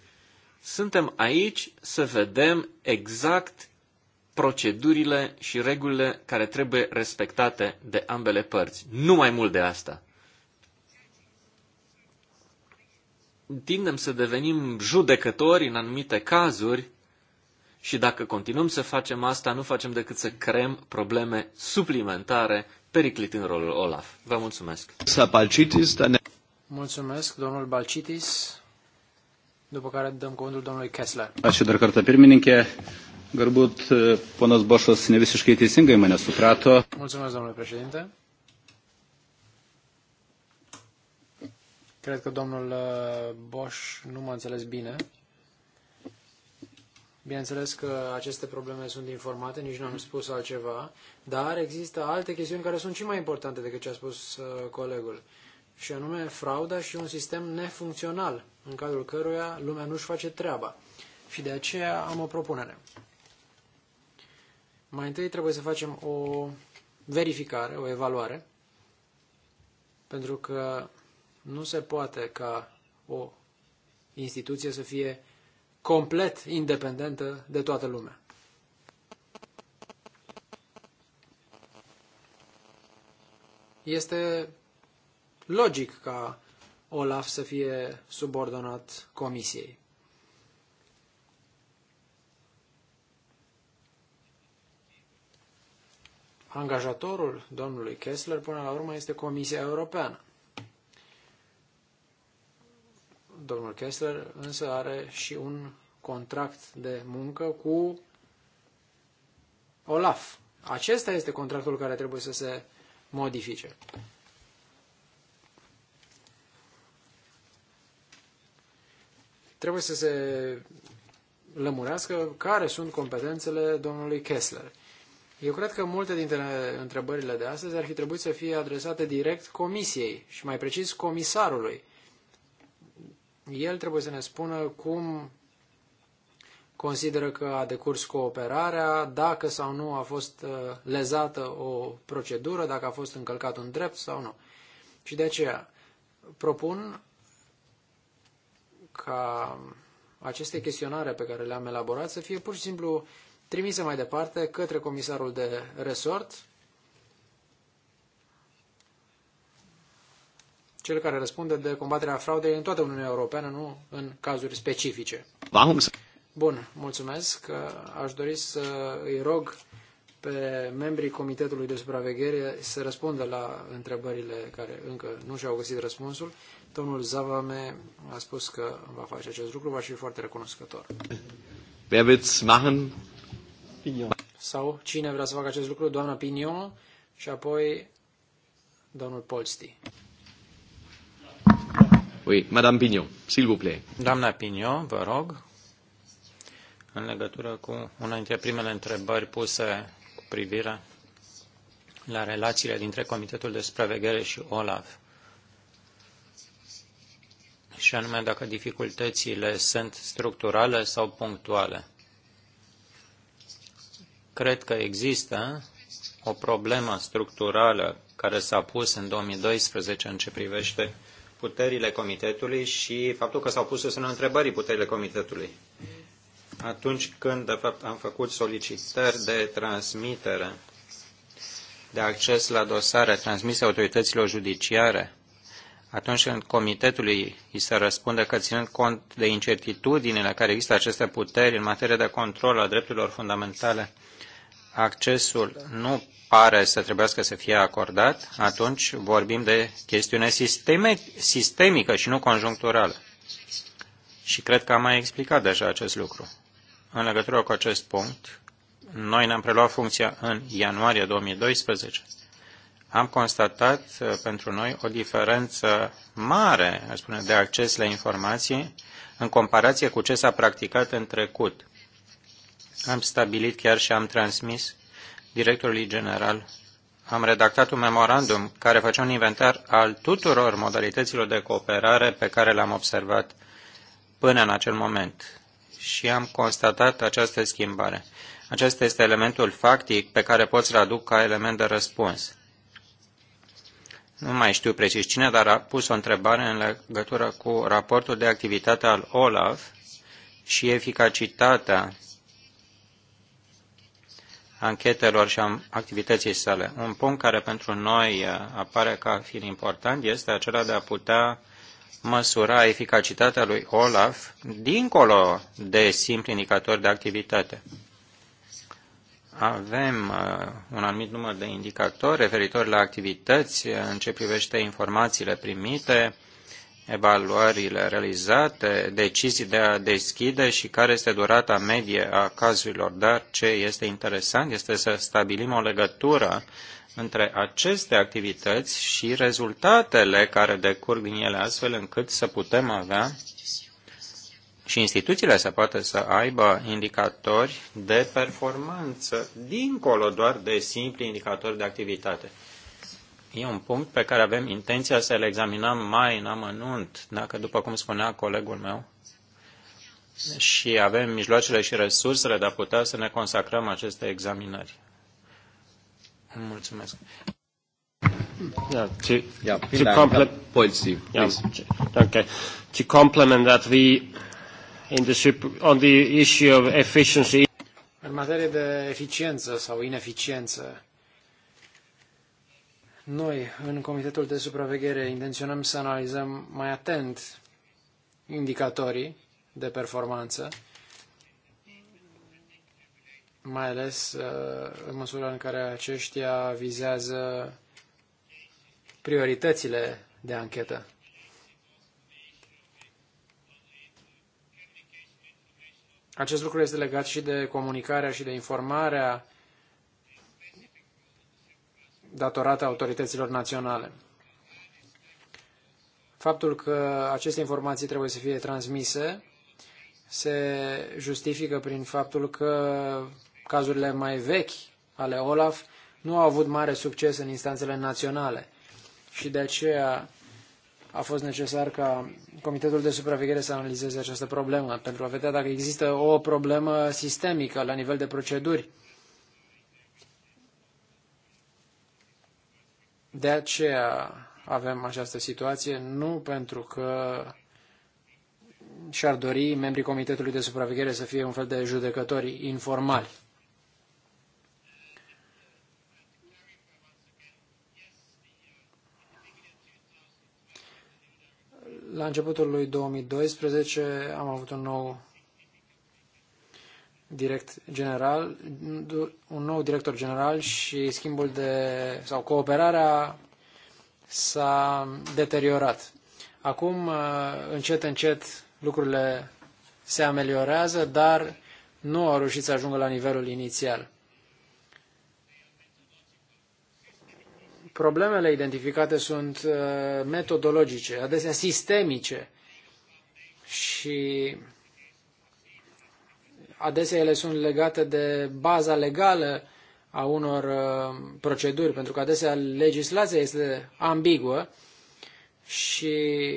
Suntem aici să vedem exact procedurile și regulile care trebuie respectate de ambele părți. Nu mai mult de asta. Tindem să devenim judecători în anumite cazuri și dacă continuăm să facem asta, nu facem decât să creăm probleme suplimentare, periclit în rolul Olaf. Vă mulțumesc. Mulțumesc, domnul Balcitis. După care dăm cuvântul domnului Kessler. Ačiū dar kartą Galbūt ponas Bošas nevisiškai teisingai mane suprato. Mulțumesc, domnule președinte. Cred că domnul Bosch nu m-a înțeles bine. Bineînțeles că aceste probleme sunt informate, nici nu am spus altceva, dar există alte chestiuni care sunt și mai importante decât ce a spus colegul, și anume frauda și un sistem nefuncțional, în cadrul căruia lumea nu-și face treaba. Și de aceea am o propunere. Mai întâi trebuie să facem o verificare, o evaluare, pentru că nu se poate ca o instituție să fie complet independentă de toată lumea. Este logic ca Olaf să fie subordonat comisiei. angajatorul domnului Kessler până la urmă este Comisia Europeană. Domnul Kessler însă are și un contract de muncă cu Olaf. Acesta este contractul care trebuie să se modifice. Trebuie să se lămurească care sunt competențele domnului Kessler. Eu cred că multe dintre întrebările de astăzi ar fi trebuit să fie adresate direct comisiei și mai precis comisarului. El trebuie să ne spună cum consideră că a decurs cooperarea, dacă sau nu a fost uh, lezată o procedură, dacă a fost încălcat un drept sau nu. Și de aceea propun ca aceste chestionare pe care le-am elaborat să fie pur și simplu trimise mai departe către comisarul de resort, cel care răspunde de combaterea fraudei în toată Uniunea Europeană, nu în cazuri specifice. Bun, mulțumesc. Aș dori să îi rog pe membrii Comitetului de Supraveghere să răspundă la întrebările care încă nu și-au găsit răspunsul. Domnul Zavame a spus că va face acest lucru, va fi foarte recunoscător. Wer wird's machen, Pignon. Sau cine vrea să facă acest lucru? Doamna Pignon și apoi domnul Polsti. Oui, Madame Pignon, s'il vous plaît. Doamna Pignon, vă rog, în legătură cu una dintre primele întrebări puse cu privire la relațiile dintre Comitetul de Supraveghere și OLAF. Și anume dacă dificultățile sunt structurale sau punctuale. Cred că există o problemă structurală care s-a pus în 2012 în ce privește puterile comitetului și faptul că s-au pus să semnul întrebării puterile comitetului. Atunci când, de fapt, am făcut solicitări de transmitere, de acces la dosare transmise autorităților judiciare, atunci când comitetului îi se răspunde că, ținând cont de incertitudinile care există aceste puteri în materie de control a drepturilor fundamentale, accesul nu pare să trebuiască să fie acordat, atunci vorbim de chestiune sisteme, sistemică și nu conjuncturală. Și cred că am mai explicat deja acest lucru. În legătură cu acest punct, noi ne-am preluat funcția în ianuarie 2012. Am constatat uh, pentru noi o diferență mare, aș spune, de acces la informații în comparație cu ce s-a practicat în trecut. Am stabilit chiar și am transmis directorului general. Am redactat un memorandum care face un inventar al tuturor modalităților de cooperare pe care le-am observat până în acel moment și am constatat această schimbare. Acesta este elementul factic pe care pot să-l aduc ca element de răspuns. Nu mai știu precis cine, dar a pus o întrebare în legătură cu raportul de activitate al OLAF și eficacitatea anchetelor și a activității sale. Un punct care pentru noi uh, apare ca fiind important este acela de a putea măsura eficacitatea lui Olaf dincolo de simpli indicatori de activitate. Avem uh, un anumit număr de indicatori referitor la activități uh, în ce privește informațiile primite, evaluările realizate, decizii de a deschide și care este durata medie a cazurilor. Dar ce este interesant este să stabilim o legătură între aceste activități și rezultatele care decurg din ele, astfel încât să putem avea și instituțiile să poată să aibă indicatori de performanță, dincolo doar de simpli indicatori de activitate. E un punct pe care avem intenția să-l examinăm mai în amănunt, dacă, după cum spunea colegul meu, și avem mijloacele și resursele de a putea să ne consacrăm aceste examinări. Mulțumesc. Yeah, to, yeah, to complement yeah, okay. To complement that, we in the on the issue of efficiency. În materie de eficiență sau ineficiență, noi, în Comitetul de Supraveghere, intenționăm să analizăm mai atent indicatorii de performanță, mai ales uh, în măsura în care aceștia vizează prioritățile de anchetă. Acest lucru este legat și de comunicarea și de informarea datorate autorităților naționale. Faptul că aceste informații trebuie să fie transmise se justifică prin faptul că cazurile mai vechi ale Olaf nu au avut mare succes în instanțele naționale și de aceea a fost necesar ca Comitetul de Supraveghere să analizeze această problemă pentru a vedea dacă există o problemă sistemică la nivel de proceduri De aceea avem această situație, nu pentru că și-ar dori membrii Comitetului de Supraveghere să fie un fel de judecători informali. La începutul lui 2012 am avut un nou direct general, un nou director general și schimbul de, sau cooperarea s-a deteriorat. Acum, uh, încet, încet, lucrurile se ameliorează, dar nu au reușit să ajungă la nivelul inițial. Problemele identificate sunt uh, metodologice, adesea sistemice și Adesea ele sunt legate de baza legală a unor uh, proceduri, pentru că adesea legislația este ambiguă și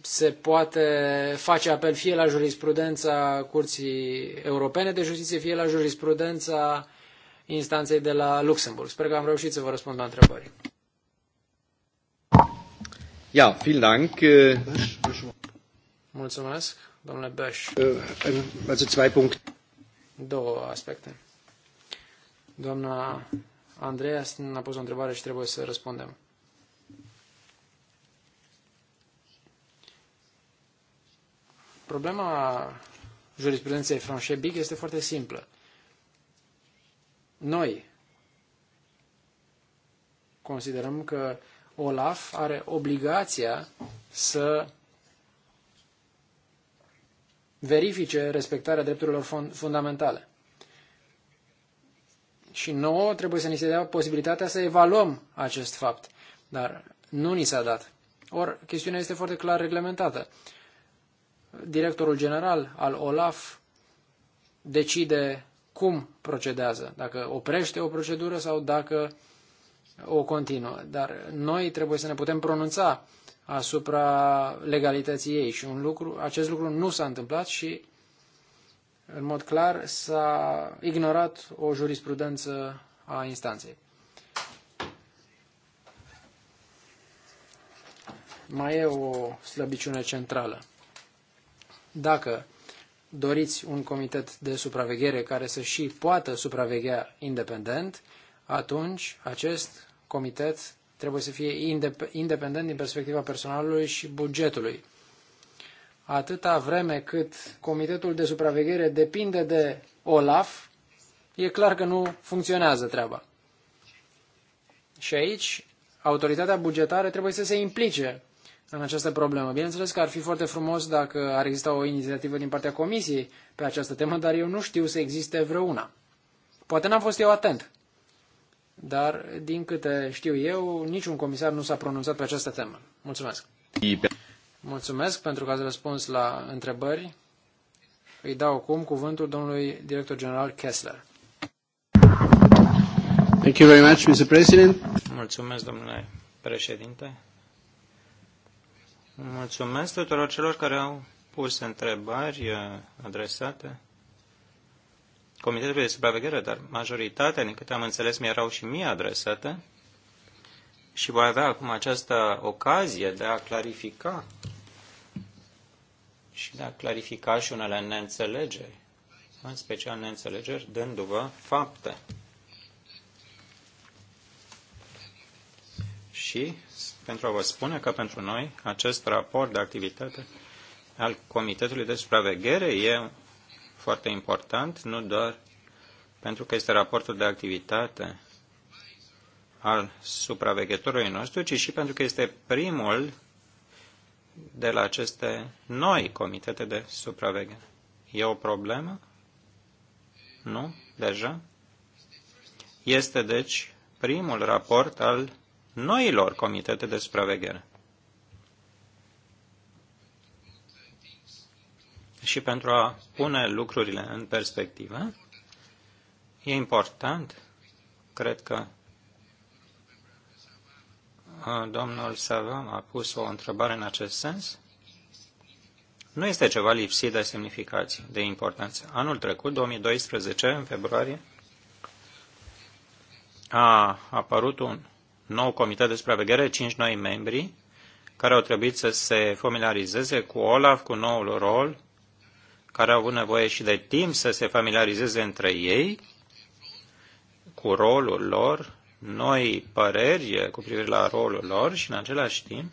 se poate face apel fie la jurisprudența Curții Europene de Justiție, fie la jurisprudența instanței de la Luxemburg. Sper că am reușit să vă răspund la întrebări. Ja, vielen Dank. Äh, Mulțumesc, domnule Bösch. Äh, also zwei Punkte. Două aspecte. Doamna Andreea ne-a pus o întrebare și trebuie să răspundem. Problema jurisprudenței Franchet Big este foarte simplă. Noi considerăm că Olaf are obligația să verifice respectarea drepturilor fundamentale. Și nouă trebuie să ni se dea posibilitatea să evaluăm acest fapt, dar nu ni s-a dat. Or, chestiunea este foarte clar reglementată. Directorul general al OLAF decide cum procedează, dacă oprește o procedură sau dacă o continuă, dar noi trebuie să ne putem pronunța asupra legalității ei și un lucru, acest lucru nu s-a întâmplat și în mod clar s-a ignorat o jurisprudență a instanței. Mai e o slăbiciune centrală. Dacă doriți un comitet de supraveghere care să și poată supraveghea independent, atunci acest comitet trebuie să fie independent din perspectiva personalului și bugetului. Atâta vreme cât comitetul de supraveghere depinde de OLAF, e clar că nu funcționează treaba. Și aici, autoritatea bugetară trebuie să se implice în această problemă. Bineînțeles că ar fi foarte frumos dacă ar exista o inițiativă din partea Comisiei pe această temă, dar eu nu știu să existe vreuna. Poate n-am fost eu atent dar, din câte știu eu, niciun comisar nu s-a pronunțat pe această temă. Mulțumesc! Mulțumesc pentru că ați răspuns la întrebări. Îi dau acum cuvântul domnului director general Kessler. Thank you very much, Mr. President. Mulțumesc, domnule președinte. Mulțumesc tuturor celor care au pus întrebări eh, adresate. Comitetului de Supraveghere, dar majoritatea, din câte am înțeles, mi-erau și mie adresate și voi avea acum această ocazie de a clarifica și de a clarifica și unele neînțelegeri, în special neînțelegeri, dându-vă fapte. Și pentru a vă spune că pentru noi acest raport de activitate al Comitetului de Supraveghere e foarte important, nu doar pentru că este raportul de activitate al supraveghetorului nostru, ci și pentru că este primul de la aceste noi comitete de supraveghere. E o problemă? Nu? Deja? Este, deci, primul raport al noilor comitete de supraveghere. și pentru a pune lucrurile în perspectivă, e important, cred că uh, domnul Savam a pus o întrebare în acest sens, nu este ceva lipsit de semnificație, de importanță. Anul trecut, 2012, în februarie, a apărut un nou comitet de supraveghere, cinci noi membri, care au trebuit să se familiarizeze cu Olaf, cu noul rol, care au nevoie și de timp să se familiarizeze între ei cu rolul lor, noi păreri cu privire la rolul lor și în același timp,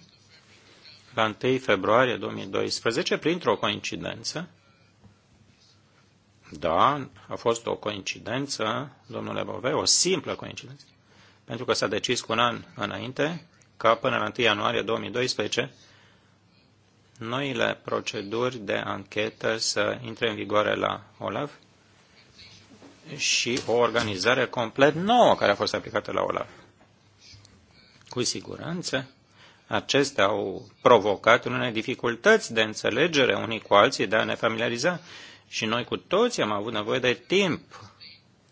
la 1 februarie 2012, printr-o coincidență, da, a fost o coincidență, domnule Bove, o simplă coincidență, pentru că s-a decis cu un an înainte ca până la 1 ianuarie 2012 noile proceduri de anchetă să intre în vigoare la OLAF și o organizare complet nouă care a fost aplicată la OLAF. Cu siguranță, acestea au provocat unele dificultăți de înțelegere unii cu alții, de a ne familiariza. Și noi cu toți am avut nevoie de timp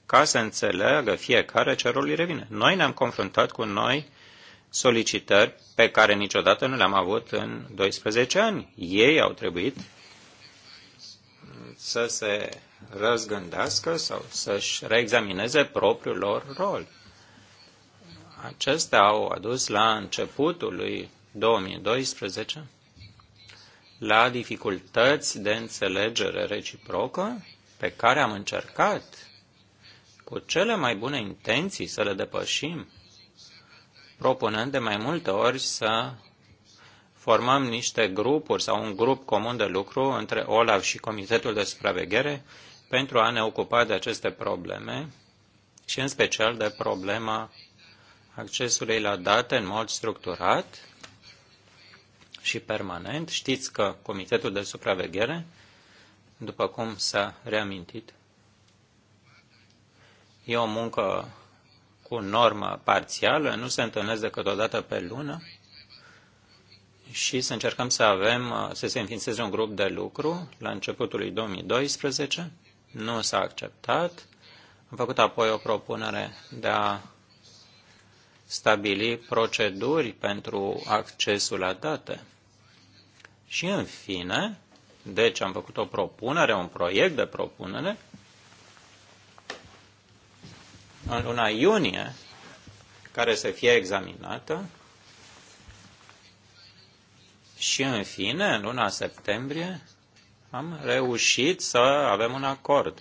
ca să înțeleagă fiecare ce rol îi revine. Noi ne-am confruntat cu noi solicitări pe care niciodată nu le-am avut în 12 ani. Ei au trebuit să se răzgândească sau să-și reexamineze propriul lor rol. Acestea au adus la începutul lui 2012 la dificultăți de înțelegere reciprocă pe care am încercat cu cele mai bune intenții să le depășim propunând de mai multe ori să formăm niște grupuri sau un grup comun de lucru între OLAF și Comitetul de Supraveghere pentru a ne ocupa de aceste probleme și în special de problema accesului la date în mod structurat și permanent. Știți că Comitetul de Supraveghere, după cum s-a reamintit, e o muncă cu normă parțială, nu se întâlnesc decât o dată pe lună și să încercăm să avem, uh, să se înființeze un grup de lucru la începutul lui 2012. Nu s-a acceptat. Am făcut apoi o propunere de a stabili proceduri pentru accesul la date. Și în fine, deci am făcut o propunere, un proiect de propunere în luna iunie, care să fie examinată și, în fine, în luna septembrie, am reușit să avem un acord.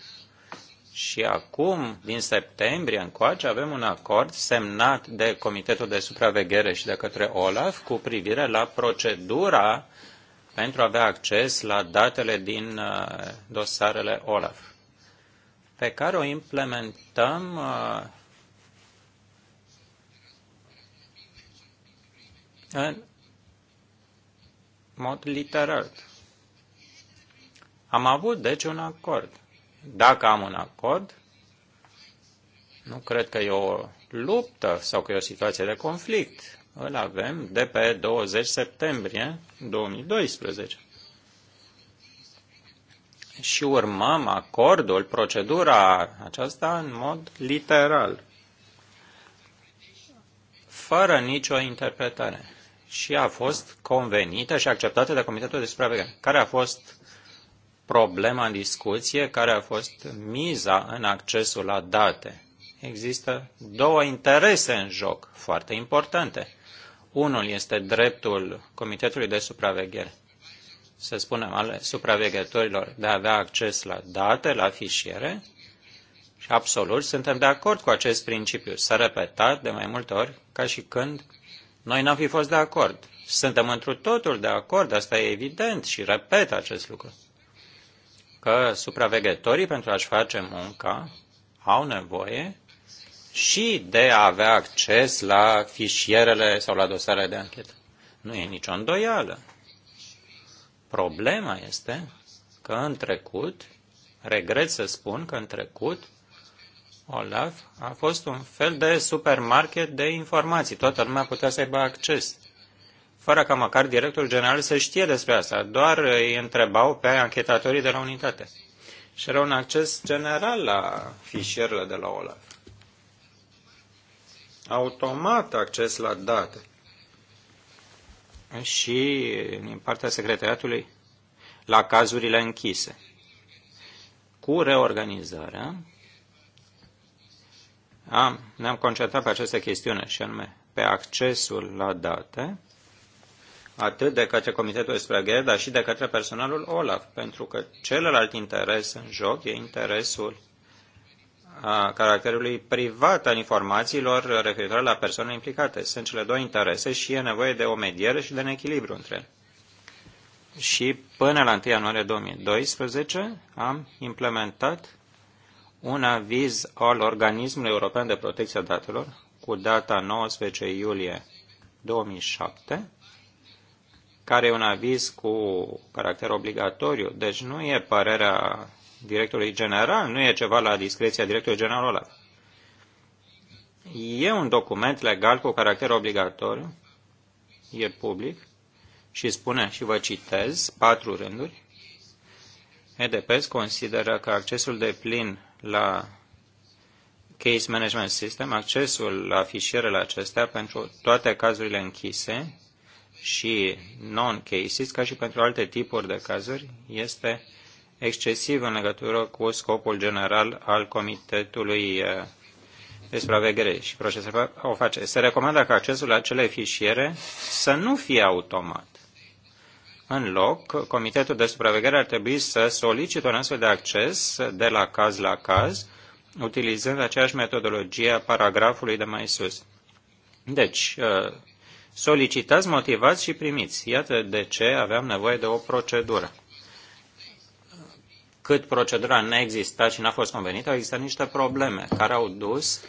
Și acum, din septembrie încoace, avem un acord semnat de Comitetul de Supraveghere și de către OLAF cu privire la procedura pentru a avea acces la datele din uh, dosarele OLAF pe care o implementăm uh, în mod literal. Am avut, deci, un acord. Dacă am un acord, nu cred că e o luptă sau că e o situație de conflict. Îl avem de pe 20 septembrie 2012 și urmăm acordul, procedura aceasta în mod literal, fără nicio interpretare. Și a fost convenită și acceptată de Comitetul de Supraveghere. Care a fost problema în discuție, care a fost miza în accesul la date. Există două interese în joc foarte importante. Unul este dreptul Comitetului de Supraveghere să spunem, ale supraveghetorilor de a avea acces la date, la fișiere și absolut suntem de acord cu acest principiu. S-a repetat de mai multe ori ca și când noi n-am fi fost de acord. Suntem întru totul de acord, asta e evident și repet acest lucru. Că supraveghetorii pentru a-și face munca au nevoie și de a avea acces la fișierele sau la dosarele de anchetă. Nu e nicio îndoială. Problema este că în trecut, regret să spun că în trecut, Olaf a fost un fel de supermarket de informații. Toată lumea putea să aibă acces. Fără ca măcar directorul general să știe despre asta, doar îi întrebau pe anchetatorii de la unitate. Și era un acces general la fișierele de la Olaf. Automat acces la date și din partea secretariatului la cazurile închise. Cu reorganizarea am, ne-am concentrat pe această chestiune și anume pe accesul la date atât de către Comitetul de dar și de către personalul OLAF, pentru că celălalt interes în joc e interesul a caracterului privat al informațiilor referitoare la persoanele implicate. Sunt cele două interese și e nevoie de o mediere și de un echilibru între ele. Și până la 1 ianuarie 2012 am implementat un aviz al Organismului European de Protecție a Datelor cu data 19 iulie 2007, care e un aviz cu caracter obligatoriu, deci nu e părerea directorului general, nu e ceva la discreția directorului general Olaf. E un document legal cu caracter obligatoriu, e public și spune, și vă citez, patru rânduri, EDPS consideră că accesul de plin la Case Management System, accesul la fișierele acestea pentru toate cazurile închise și non-cases, ca și pentru alte tipuri de cazuri, este excesiv în legătură cu scopul general al Comitetului eh, de supraveghere și procesare o face. Se recomandă ca accesul la acele fișiere să nu fie automat. În loc, Comitetul de supraveghere ar trebui să solicite un astfel de acces de la caz la caz, utilizând aceeași metodologie a paragrafului de mai sus. Deci, eh, solicitați, motivați și primiți. Iată de ce aveam nevoie de o procedură cât procedura n-a existat și n-a fost convenită, au existat niște probleme care au dus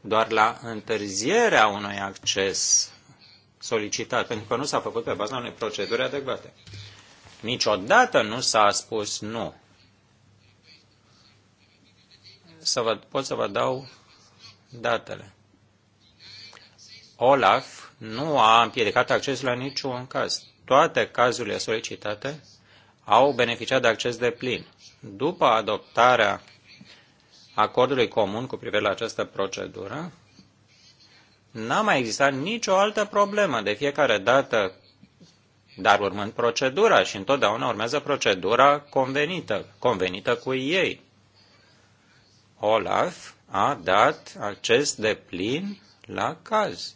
doar la întârzierea unui acces solicitat, pentru că nu s-a făcut pe baza unei proceduri adecvate. Niciodată nu s-a spus nu. Să vă, pot să vă dau datele. Olaf nu a împiedicat accesul la niciun caz. Toate cazurile solicitate au beneficiat de acces de plin. După adoptarea acordului comun cu privire la această procedură, n-a mai existat nicio altă problemă. De fiecare dată, dar urmând procedura și întotdeauna urmează procedura convenită, convenită cu ei. Olaf a dat acces de plin la caz,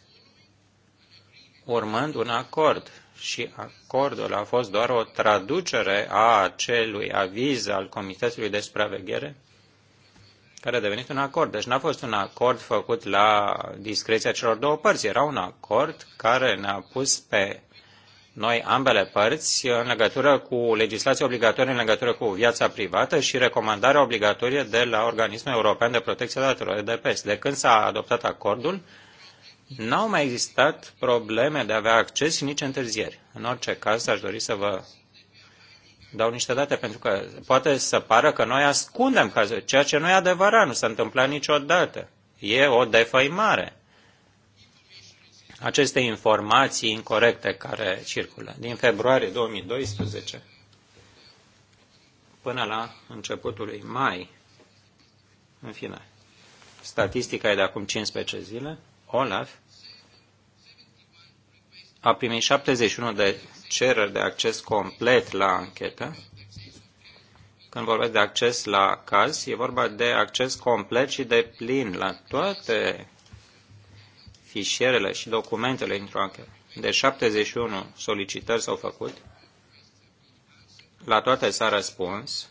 urmând un acord și acordul a fost doar o traducere a acelui aviz al Comitetului de Supraveghere care a devenit un acord. Deci n-a fost un acord făcut la discreția celor două părți. Era un acord care ne-a pus pe noi ambele părți în legătură cu legislația obligatorie în legătură cu viața privată și recomandarea obligatorie de la Organismul European de Protecție a Datelor, EDPS. De când s-a adoptat acordul, n-au mai existat probleme de a avea acces și nici întârzieri. În orice caz, aș dori să vă dau niște date, pentru că poate să pară că noi ascundem cazul, ceea ce nu e adevărat, nu s-a întâmplat niciodată. E o defăimare. Aceste informații incorrecte care circulă din februarie 2012 până la începutul lui mai, în fine, statistica e de acum 15 zile, Olaf a primit 71 de cereri de acces complet la anchetă. Când vorbesc de acces la caz, e vorba de acces complet și de plin la toate fișierele și documentele într-o anchetă. De 71 solicitări s-au făcut, la toate s-a răspuns,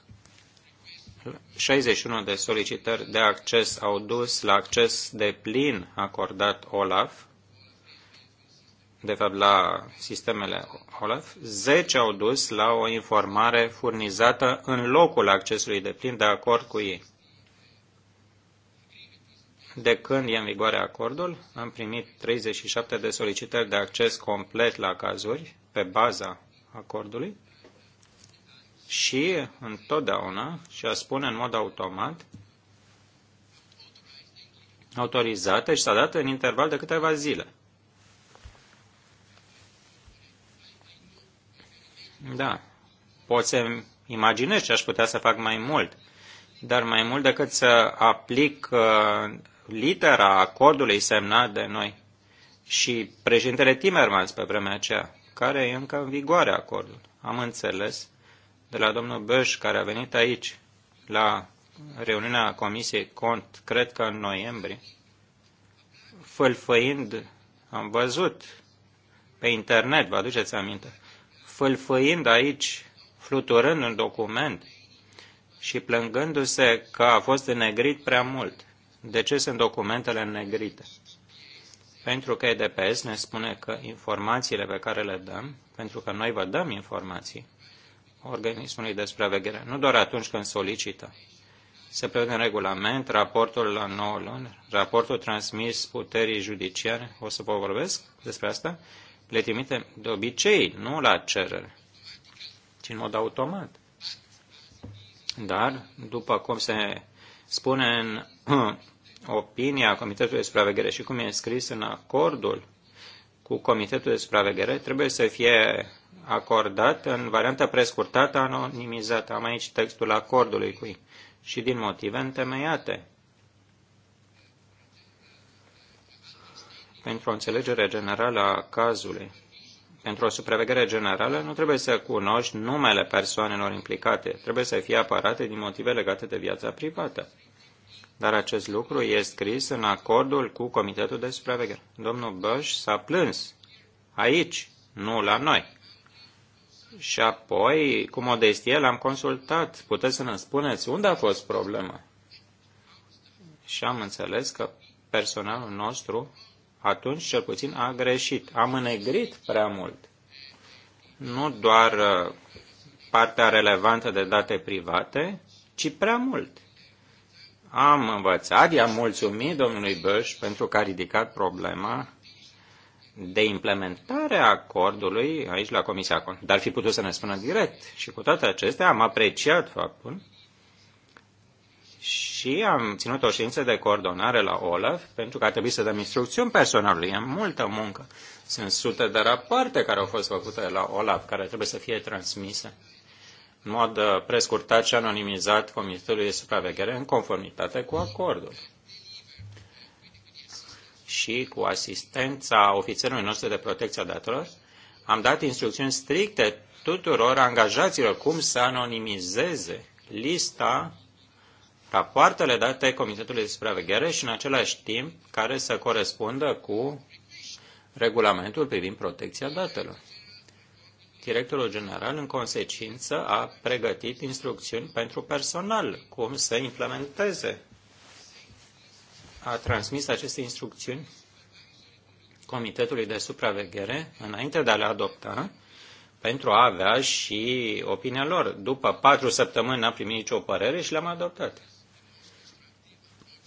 61 de solicitări de acces au dus la acces de plin acordat OLAF, de fapt la sistemele OLAF, 10 au dus la o informare furnizată în locul accesului de plin de acord cu ei. De când e în vigoare acordul, am primit 37 de solicitări de acces complet la cazuri pe baza acordului și întotdeauna, și a spune în mod automat, autorizate și s-a dat în interval de câteva zile. Da, pot să imaginez ce aș putea să fac mai mult, dar mai mult decât să aplic uh, litera acordului semnat de noi și președintele Timmermans pe vremea aceea, care e încă în vigoare acordul. Am înțeles de la domnul Băș, care a venit aici la reuniunea Comisiei Cont, cred că în noiembrie, fâlfăind, am văzut pe internet, vă aduceți aminte, fâlfâind aici, fluturând un document și plângându-se că a fost înnegrit prea mult. De ce sunt documentele înnegrite? Pentru că EDPS ne spune că informațiile pe care le dăm, pentru că noi vă dăm informații organismului de supraveghere, nu doar atunci când solicită. Se prevede în regulament raportul la 9 luni, raportul transmis puterii judiciare, o să vă vorbesc despre asta, le trimite de obicei, nu la cerere, ci în mod automat. Dar, după cum se spune în opinia Comitetului de Supraveghere și cum e scris în acordul cu Comitetul de Supraveghere, trebuie să fie acordat în varianta prescurtată anonimizată. Am aici textul acordului cu ei și din motive întemeiate pentru o înțelegere generală a cazului, pentru o supraveghere generală, nu trebuie să cunoști numele persoanelor implicate, trebuie să fie aparate din motive legate de viața privată. Dar acest lucru e scris în acordul cu Comitetul de Supraveghere. Domnul Băș s-a plâns aici, nu la noi. Și apoi, cu modestie, l-am consultat. Puteți să ne spuneți unde a fost problema? Și am înțeles că personalul nostru atunci cel puțin a greșit, a mânegrit prea mult. Nu doar uh, partea relevantă de date private, ci prea mult. Am învățat, i-am mulțumit domnului Băș pentru că a ridicat problema de implementare a acordului aici la Comisia Dar fi putut să ne spună direct. Și cu toate acestea am apreciat faptul și am ținut o ședință de coordonare la OLAF pentru că a trebuit să dăm instrucțiuni personalului. E multă muncă. Sunt sute de rapoarte care au fost făcute la OLAF care trebuie să fie transmise în mod uh, prescurtat și anonimizat Comitetului de Supraveghere în conformitate cu acordul și cu asistența ofițerului nostru de protecție a datelor, am dat instrucțiuni stricte tuturor angajaților cum să anonimizeze lista rapoartele date Comitetului de Supraveghere și în același timp care să corespundă cu regulamentul privind protecția datelor. Directorul general, în consecință, a pregătit instrucțiuni pentru personal cum să implementeze. A transmis aceste instrucțiuni Comitetului de Supraveghere înainte de a le adopta pentru a avea și opinia lor. După patru săptămâni n-a primit nicio părere și le-am adoptat.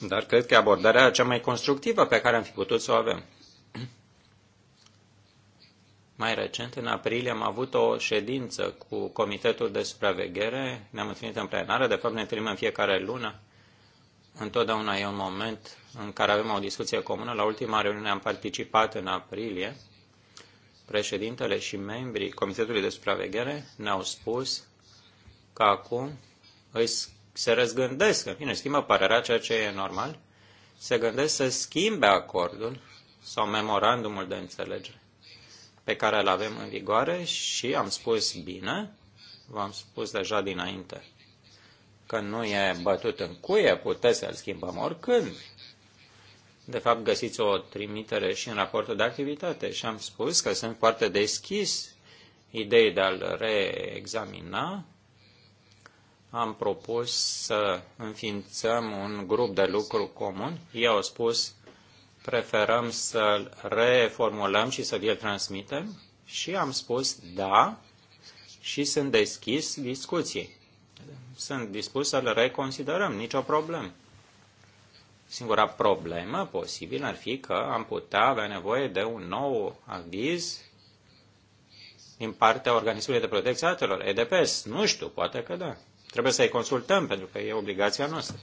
Dar cred că abordarea cea mai constructivă pe care am fi putut să o avem. Mai recent, în aprilie, am avut o ședință cu Comitetul de Supraveghere. Ne-am întâlnit în plenară. De fapt, ne întâlnim în fiecare lună. Întotdeauna e un moment în care avem o discuție comună. La ultima reuniune am participat în aprilie. Președintele și membrii Comitetului de Supraveghere ne-au spus că acum îi se răzgândesc, în fine, schimbă părerea, ceea ce e normal, se gândesc să schimbe acordul sau memorandumul de înțelegere pe care îl avem în vigoare și am spus bine, v-am spus deja dinainte, că nu e bătut în cuie, puteți să-l schimbăm oricând. De fapt, găsiți o trimitere și în raportul de activitate și am spus că sunt foarte deschis idei de a-l reexamina am propus să înființăm un grup de lucru comun. Ei au spus, preferăm să-l reformulăm și să-l transmitem și am spus da și sunt deschis discuției. Sunt dispus să-l reconsiderăm, nicio problemă. Singura problemă posibilă ar fi că am putea avea nevoie de un nou aviz din partea organismului de protecție a datelor, EDPS. Nu știu, poate că da. Trebuie să-i consultăm, pentru că e obligația noastră.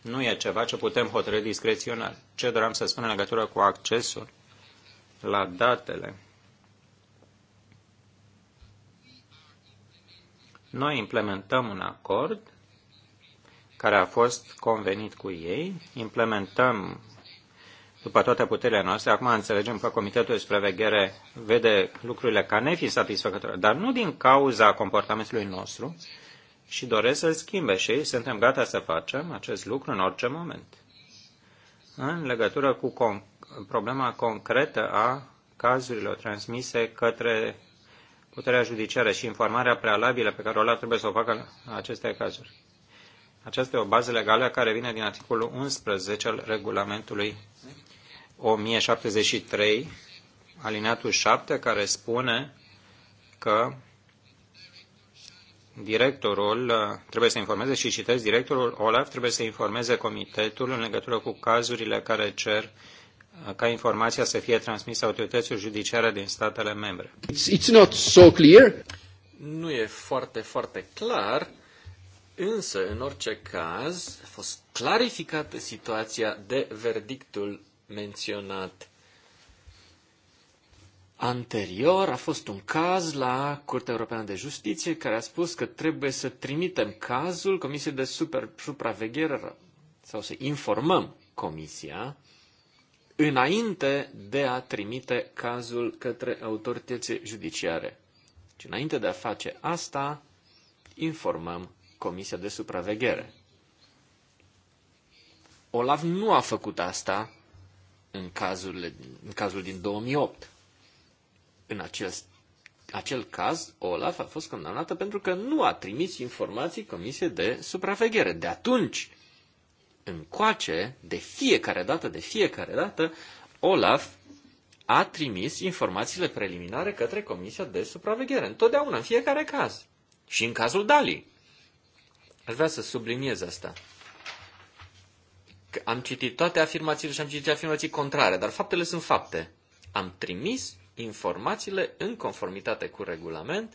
Nu e ceva ce putem hotărâi discreționar. Ce doream să spun în legătură cu accesul la datele? Noi implementăm un acord care a fost convenit cu ei, implementăm după toate puterile noastre. Acum înțelegem că Comitetul de Supraveghere vede lucrurile ca nefiind satisfăcătoare, dar nu din cauza comportamentului nostru, și doresc să-l schimbe și suntem gata să facem acest lucru în orice moment. În legătură cu con- problema concretă a cazurilor transmise către puterea judiciară și informarea prealabilă pe care o trebuie să o facă în aceste cazuri. Aceasta e o bază legală care vine din articolul 11 al regulamentului 1073, alineatul 7, care spune că directorul uh, trebuie să informeze și citesc, directorul OLAF trebuie să informeze comitetul în legătură cu cazurile care cer uh, ca informația să fie transmisă autorităților judiciare din statele membre. It's not so clear. Nu e foarte, foarte clar, însă, în orice caz, a fost clarificată situația de verdictul menționat Anterior a fost un caz la Curtea Europeană de Justiție care a spus că trebuie să trimitem cazul Comisiei de super, Supraveghere sau să informăm Comisia înainte de a trimite cazul către autorități judiciare. Și deci, înainte de a face asta, informăm Comisia de Supraveghere. Olaf nu a făcut asta în, cazurile, în cazul din 2008. În acest, acel caz, Olaf a fost condamnată pentru că nu a trimis informații Comisiei de Supraveghere. De atunci încoace, de fiecare dată, de fiecare dată, Olaf a trimis informațiile preliminare către Comisia de Supraveghere. Întotdeauna, în fiecare caz. Și în cazul Dali. Aș vrea să subliniez asta. Că am citit toate afirmațiile și am citit afirmații contrare, dar faptele sunt fapte. Am trimis informațiile în conformitate cu regulament,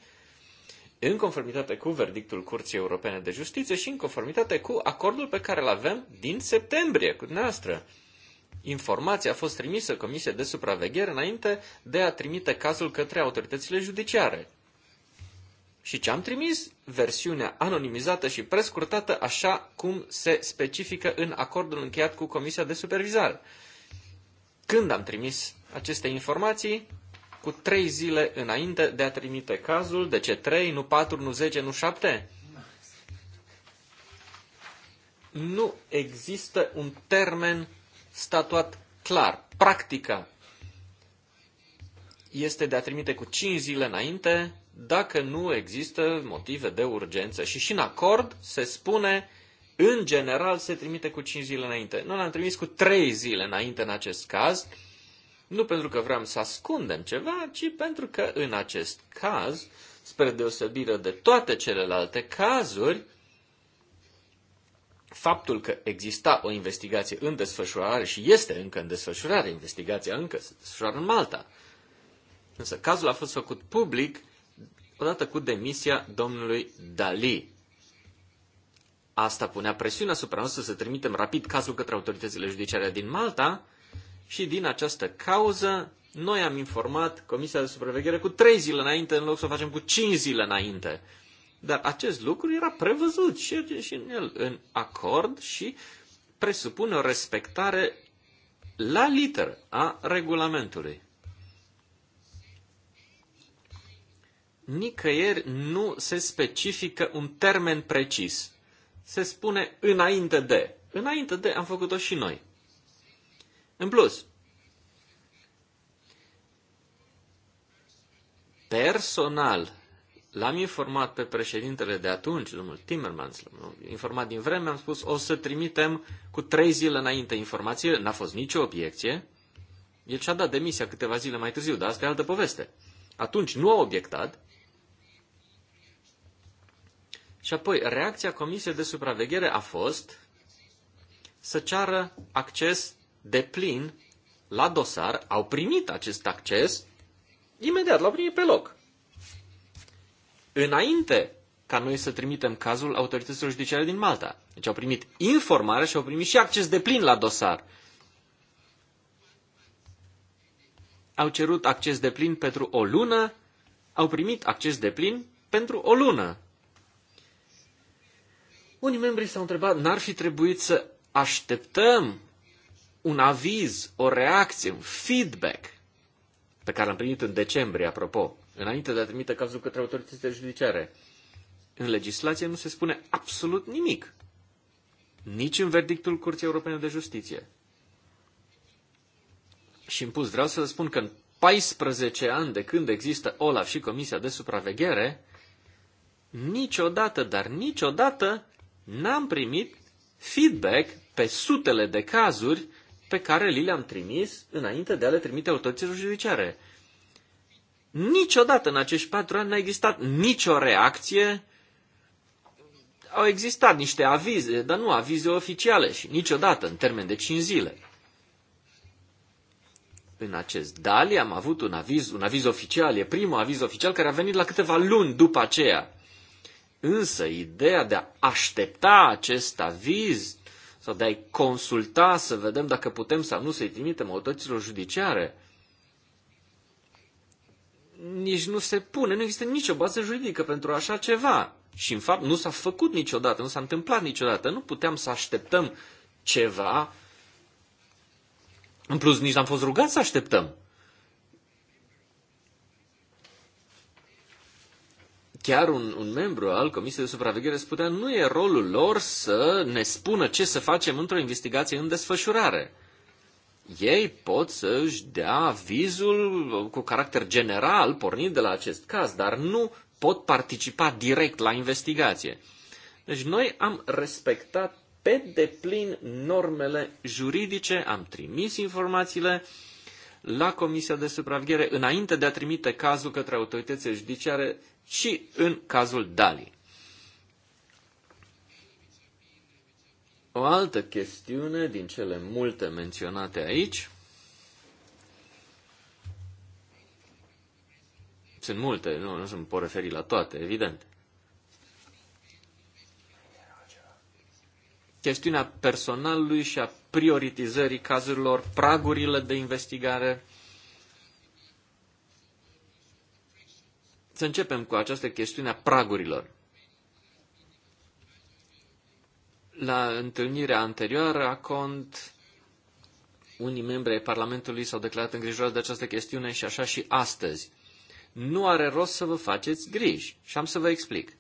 în conformitate cu verdictul Curții Europene de Justiție și în conformitate cu acordul pe care îl avem din septembrie cu dumneavoastră. Informația a fost trimisă Comisiei de Supraveghere înainte de a trimite cazul către autoritățile judiciare. Și ce am trimis? Versiunea anonimizată și prescurtată așa cum se specifică în acordul încheiat cu Comisia de Supervizare. Când am trimis aceste informații? cu trei zile înainte de a trimite cazul. De ce trei, nu patru, nu zece, nu șapte? Nu există un termen statuat clar. Practica este de a trimite cu cinci zile înainte dacă nu există motive de urgență. Și și în acord se spune, în general, se trimite cu cinci zile înainte. Noi l-am trimis cu trei zile înainte în acest caz, nu pentru că vrem să ascundem ceva, ci pentru că în acest caz, spre deosebire de toate celelalte cazuri, faptul că exista o investigație în desfășurare și este încă în desfășurare, investigația încă se desfășoară în Malta. Însă cazul a fost făcut public odată cu demisia domnului Dali. Asta punea presiune asupra noastră să trimitem rapid cazul către autoritățile judiciare din Malta și din această cauză, noi am informat Comisia de Supraveghere cu trei zile înainte, în loc să o facem cu cinci zile înainte. Dar acest lucru era prevăzut și, și în el, în acord și presupune o respectare la literă a regulamentului. Nicăieri nu se specifică un termen precis. Se spune înainte de. Înainte de am făcut-o și noi. În plus, personal, l-am informat pe președintele de atunci, domnul Timmermans, informat din vreme, am spus o să trimitem cu trei zile înainte informație, n-a fost nicio obiecție. El și-a dat demisia câteva zile mai târziu, dar asta e altă poveste. Atunci nu a obiectat. Și apoi, reacția Comisiei de Supraveghere a fost să ceară acces de plin la dosar, au primit acest acces imediat, l-au primit pe loc. Înainte ca noi să trimitem cazul autorităților judiciare din Malta. Deci au primit informare și au primit și acces de plin la dosar. Au cerut acces de plin pentru o lună, au primit acces de plin pentru o lună. Unii membri s-au întrebat, n-ar fi trebuit să așteptăm un aviz, o reacție, un feedback pe care l-am primit în decembrie, apropo, înainte de a trimite cazul către autoritățile judiciare. În legislație nu se spune absolut nimic. Nici în verdictul Curții Europene de Justiție. Și în plus vreau să spun că în 14 ani de când există OLAF și Comisia de Supraveghere, niciodată, dar niciodată n-am primit feedback pe sutele de cazuri pe care li le-am trimis înainte de a le trimite autorităților judiciare. Niciodată în acești patru ani n-a existat nicio reacție. Au existat niște avize, dar nu avize oficiale și niciodată în termen de cinci zile. În acest DALI am avut un aviz, un aviz oficial, e primul aviz oficial care a venit la câteva luni după aceea. Însă ideea de a aștepta acest aviz sau de a-i consulta să vedem dacă putem sau nu să-i trimitem autorităților judiciare, nici nu se pune, nu există nicio bază juridică pentru așa ceva. Și, în fapt, nu s-a făcut niciodată, nu s-a întâmplat niciodată. Nu puteam să așteptăm ceva. În plus, nici n-am fost rugat să așteptăm. chiar un, un membru al Comisiei de Supraveghere spunea, nu e rolul lor să ne spună ce să facem într-o investigație în desfășurare. Ei pot să și dea vizul cu caracter general, pornind de la acest caz, dar nu pot participa direct la investigație. Deci noi am respectat pe deplin normele juridice, am trimis informațiile la Comisia de Supraveghere înainte de a trimite cazul către autoritățile judiciare și în cazul Dali. O altă chestiune din cele multe menționate aici, sunt multe, nu, nu sunt pot referi la toate, evident. Chestiunea personalului și a prioritizării cazurilor, pragurile de investigare, Să începem cu această chestiune a pragurilor. La întâlnirea anterioară a cont, unii membri ai Parlamentului s-au declarat îngrijorați de această chestiune și așa și astăzi. Nu are rost să vă faceți griji și am să vă explic.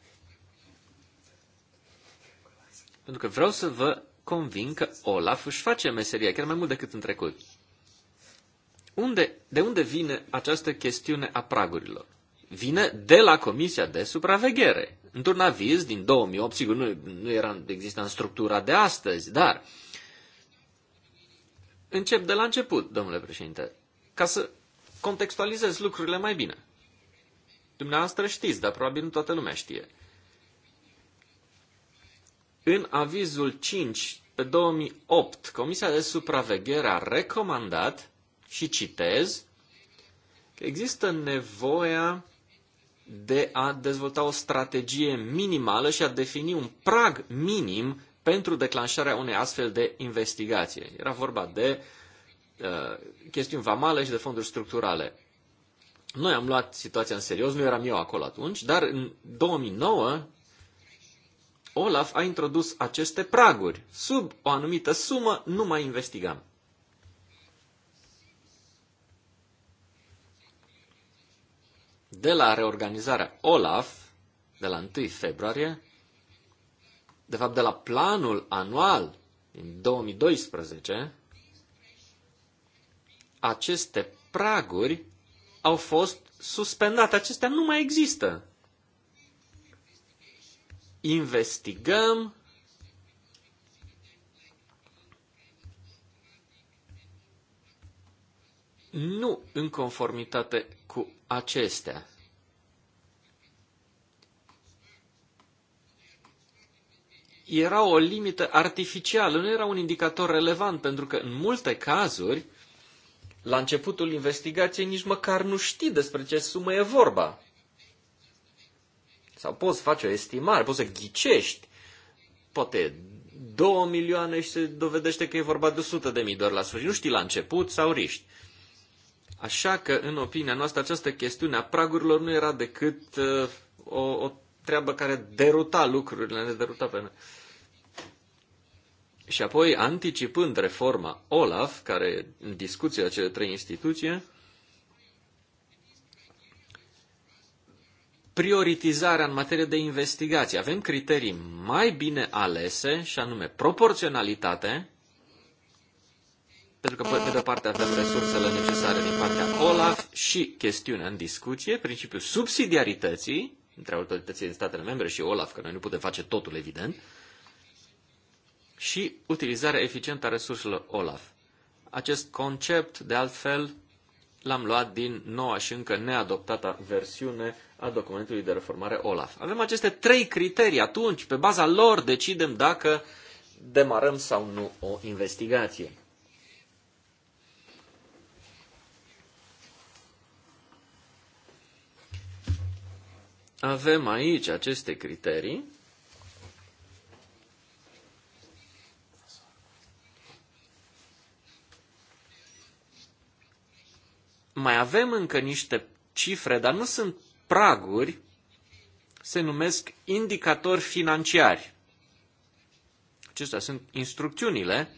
Pentru că vreau să vă convin că Olaf își face meseria, chiar mai mult decât în trecut. Unde, de unde vine această chestiune a pragurilor? vine de la Comisia de Supraveghere. Într-un aviz din 2008, sigur, nu, nu era, exista în structura de astăzi, dar încep de la început, domnule președinte, ca să contextualizez lucrurile mai bine. Dumneavoastră știți, dar probabil nu toată lumea știe. În avizul 5 pe 2008, Comisia de Supraveghere a recomandat, și citez, că există nevoia de a dezvolta o strategie minimală și a defini un prag minim pentru declanșarea unei astfel de investigație. Era vorba de uh, chestiuni vamale și de fonduri structurale. Noi am luat situația în serios, nu eram eu acolo atunci, dar în 2009 Olaf a introdus aceste praguri. Sub o anumită sumă nu mai investigam. de la reorganizarea OLAF, de la 1 februarie, de fapt de la planul anual din 2012, aceste praguri au fost suspendate. Acestea nu mai există. Investigăm în conformitate cu acestea. Era o limită artificială, nu era un indicator relevant, pentru că în multe cazuri, la începutul investigației, nici măcar nu știi despre ce sumă e vorba. Sau poți face o estimare, poți să ghicești. Poate 2 milioane și se dovedește că e vorba de 100 de mii doar la sfârșit. Nu știi la început sau riști. Așa că, în opinia noastră, această chestiune a pragurilor nu era decât uh, o, o treabă care deruta lucrurile, ne deruta pe noi. Și apoi, anticipând reforma OLAF, care în discuție cele trei instituții, prioritizarea în materie de investigație. Avem criterii mai bine alese, și anume proporționalitate, pentru că, pe de-o parte, avem resursele necesare din partea OLAF și chestiunea în discuție, principiul subsidiarității între autoritățile din statele membre și OLAF, că noi nu putem face totul, evident, și utilizarea eficientă a resurselor OLAF. Acest concept, de altfel, l-am luat din noua și încă neadoptată versiune a documentului de reformare OLAF. Avem aceste trei criterii, atunci, pe baza lor decidem dacă demarăm sau nu o investigație. Avem aici aceste criterii. Mai avem încă niște cifre, dar nu sunt praguri, se numesc indicatori financiari. Acestea sunt instrucțiunile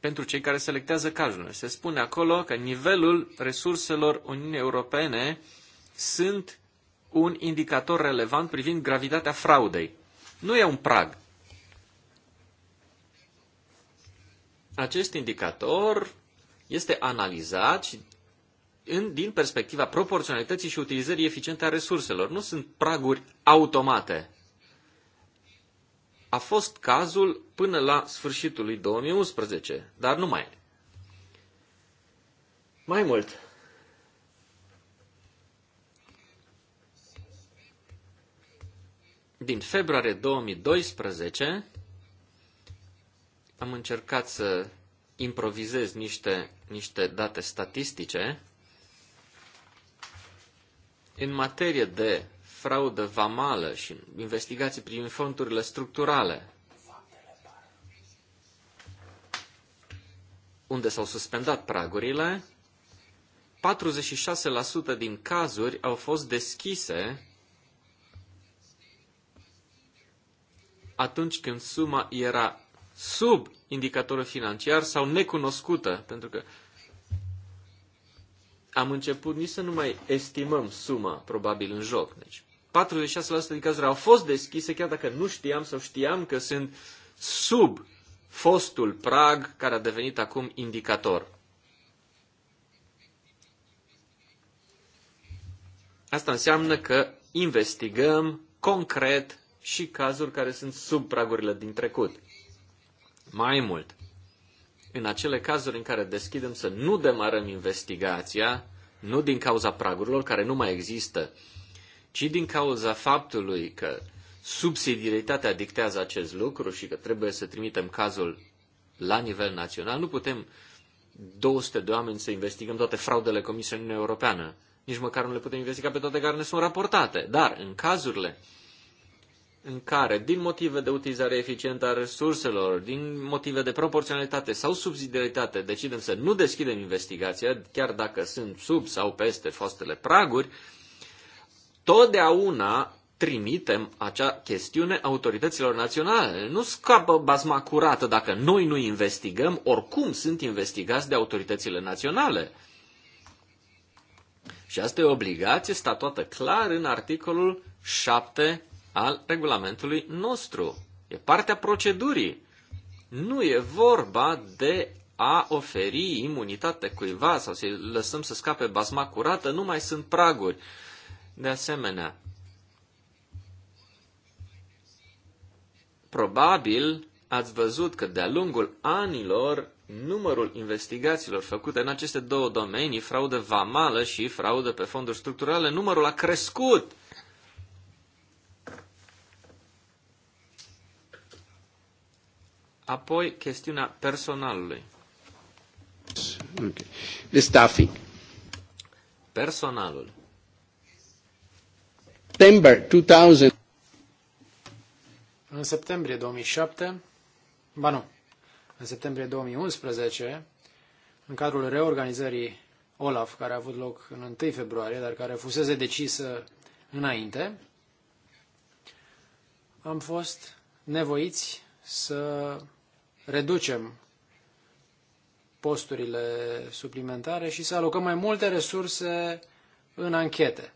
pentru cei care selectează cazurile. Se spune acolo că nivelul resurselor Uniunii Europene sunt un indicator relevant privind gravitatea fraudei. Nu e un prag. Acest indicator este analizat și în, din perspectiva proporționalității și utilizării eficiente a resurselor. Nu sunt praguri automate. A fost cazul până la sfârșitul lui 2011, dar nu mai e. Mai mult, din februarie 2012 am încercat să improvizez niște, niște date statistice în materie de fraudă vamală și investigații prin fonturile structurale, unde s-au suspendat pragurile, 46% din cazuri au fost deschise atunci când suma era sub indicatorul financiar sau necunoscută, pentru că am început nici să nu mai estimăm suma probabil în joc. Deci 46% din cazuri au fost deschise chiar dacă nu știam sau știam că sunt sub fostul prag care a devenit acum indicator. Asta înseamnă că investigăm concret și cazuri care sunt sub pragurile din trecut. Mai mult, în acele cazuri în care deschidem să nu demarăm investigația, nu din cauza pragurilor care nu mai există, ci din cauza faptului că subsidiaritatea dictează acest lucru și că trebuie să trimitem cazul la nivel național, nu putem 200 de oameni să investigăm toate fraudele comise în Uniunea Europeană. Nici măcar nu le putem investiga pe toate care ne sunt raportate. Dar în cazurile în care, din motive de utilizare eficientă a resurselor, din motive de proporționalitate sau subsidiaritate, decidem să nu deschidem investigația, chiar dacă sunt sub sau peste fostele praguri, totdeauna trimitem acea chestiune autorităților naționale. Nu scapă bazma curată dacă noi nu investigăm, oricum sunt investigați de autoritățile naționale. Și asta e obligație statuată clar în articolul 7 al regulamentului nostru. E partea procedurii. Nu e vorba de a oferi imunitate cuiva sau să-i lăsăm să scape basma curată, nu mai sunt praguri. De asemenea, probabil ați văzut că de-a lungul anilor numărul investigațiilor făcute în aceste două domenii, fraudă vamală și fraudă pe fonduri structurale, numărul a crescut. Apoi, chestiunea personalului. Okay. The staffing. Personalul. September 2000. În septembrie 2007, ba nu, în septembrie 2011, în cadrul reorganizării OLAF, care a avut loc în 1 februarie, dar care fusese decisă înainte, am fost nevoiți să reducem posturile suplimentare și să alocăm mai multe resurse în anchete.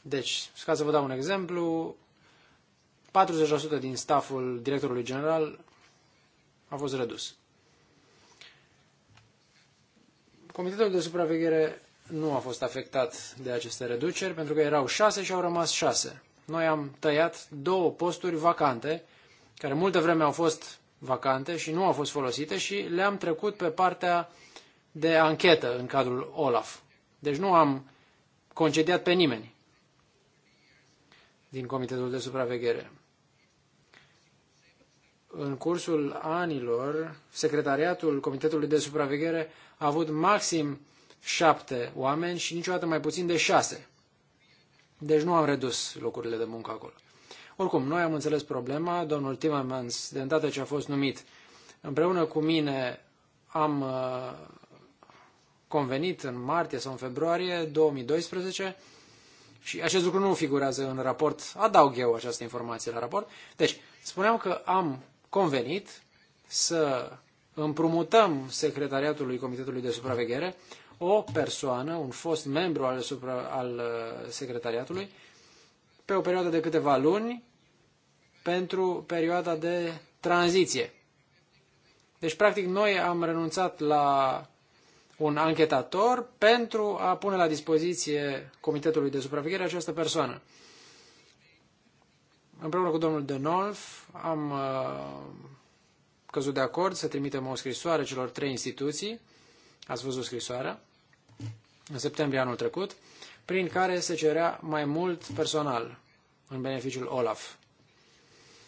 Deci, ca să vă dau un exemplu, 40% din staful directorului general a fost redus. Comitetul de supraveghere nu a fost afectat de aceste reduceri, pentru că erau șase și au rămas șase. Noi am tăiat două posturi vacante, care multă vreme au fost vacante și nu au fost folosite și le-am trecut pe partea de anchetă în cadrul OLAF. Deci nu am concediat pe nimeni din Comitetul de Supraveghere. În cursul anilor, secretariatul Comitetului de Supraveghere a avut maxim șapte oameni și niciodată mai puțin de șase. Deci nu am redus locurile de muncă acolo. Oricum, noi am înțeles problema, domnul Timmermans, de îndată ce a fost numit, împreună cu mine am uh, convenit în martie sau în februarie 2012 și acest lucru nu figurează în raport, adaug eu această informație la raport. Deci, spuneam că am convenit să împrumutăm secretariatului Comitetului de Supraveghere o persoană, un fost membru al, supra, al uh, secretariatului, pe o perioadă de câteva luni pentru perioada de tranziție. Deci, practic, noi am renunțat la un anchetator pentru a pune la dispoziție Comitetului de Supraveghere această persoană. Împreună cu domnul Denolf am uh, căzut de acord să trimitem o scrisoare celor trei instituții. Ați văzut scrisoarea în septembrie anul trecut, prin care se cerea mai mult personal în beneficiul OLAF.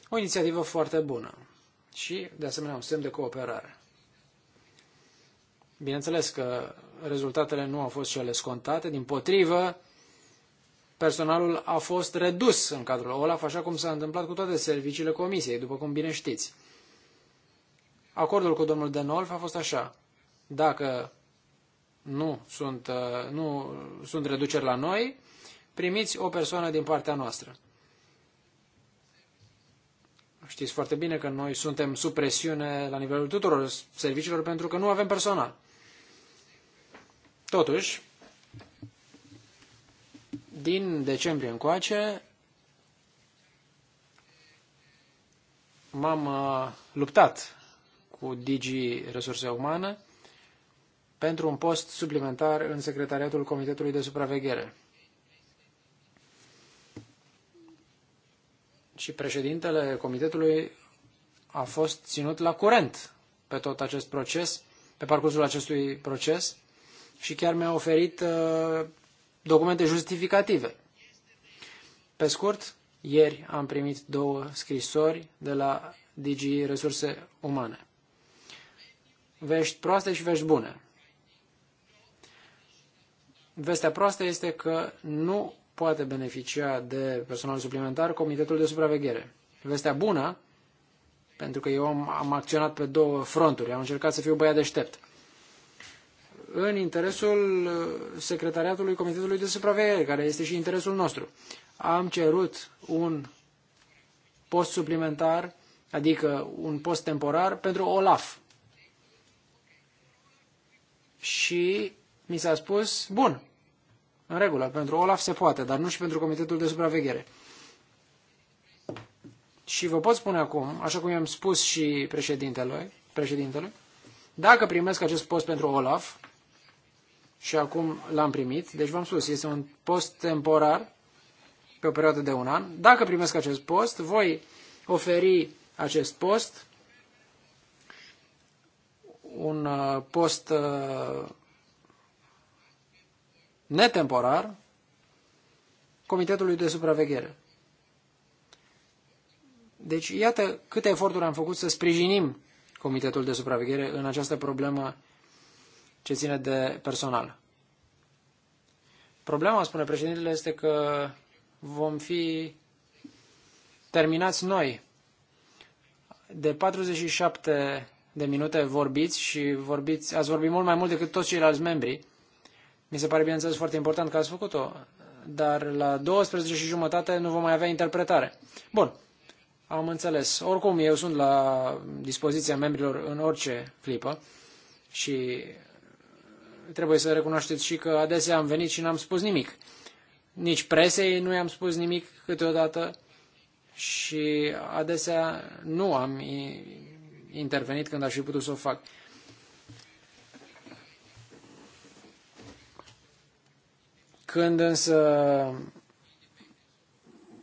O inițiativă foarte bună și, de asemenea, un semn de cooperare. Bineînțeles că rezultatele nu au fost cele scontate, din potrivă, personalul a fost redus în cadrul OLAF, așa cum s-a întâmplat cu toate serviciile comisiei, după cum bine știți. Acordul cu domnul Denolf a fost așa. Dacă nu sunt, uh, nu sunt reduceri la noi, primiți o persoană din partea noastră. Știți foarte bine că noi suntem sub presiune la nivelul tuturor serviciilor pentru că nu avem personal. Totuși, din decembrie încoace, m-am uh, luptat cu Digi Resurse Umane pentru un post suplimentar în secretariatul Comitetului de Supraveghere. Și președintele comitetului a fost ținut la curent pe tot acest proces, pe parcursul acestui proces și chiar mi-a oferit uh, documente justificative. Pe scurt, ieri am primit două scrisori de la DG Resurse Umane. Vești proaste și vești bune. Vestea proastă este că nu poate beneficia de personal suplimentar Comitetul de Supraveghere. Vestea bună, pentru că eu am, am acționat pe două fronturi, am încercat să fiu băiat deștept în interesul uh, secretariatului Comitetului de Supraveghere, care este și interesul nostru. Am cerut un post suplimentar, adică un post temporar, pentru OLAF. Și mi s-a spus, bun, în regulă, pentru Olaf se poate, dar nu și pentru Comitetul de Supraveghere. Și vă pot spune acum, așa cum i-am spus și președintelui, președintelui, dacă primesc acest post pentru Olaf, și acum l-am primit, deci v-am spus, este un post temporar pe o perioadă de un an. Dacă primesc acest post, voi oferi acest post un uh, post uh, netemporar Comitetului de Supraveghere. Deci, iată câte eforturi am făcut să sprijinim Comitetul de Supraveghere în această problemă ce ține de personal. Problema, spune președintele, este că vom fi terminați noi. De 47 de minute vorbiți și vorbiți, ați vorbit mult mai mult decât toți ceilalți membri. Mi se pare, bineînțeles, foarte important că ați făcut-o, dar la 12 și jumătate nu vom mai avea interpretare. Bun, am înțeles. Oricum, eu sunt la dispoziția membrilor în orice clipă și trebuie să recunoașteți și că adesea am venit și n-am spus nimic. Nici presei nu i-am spus nimic câteodată și adesea nu am intervenit când aș fi putut să o fac. Când însă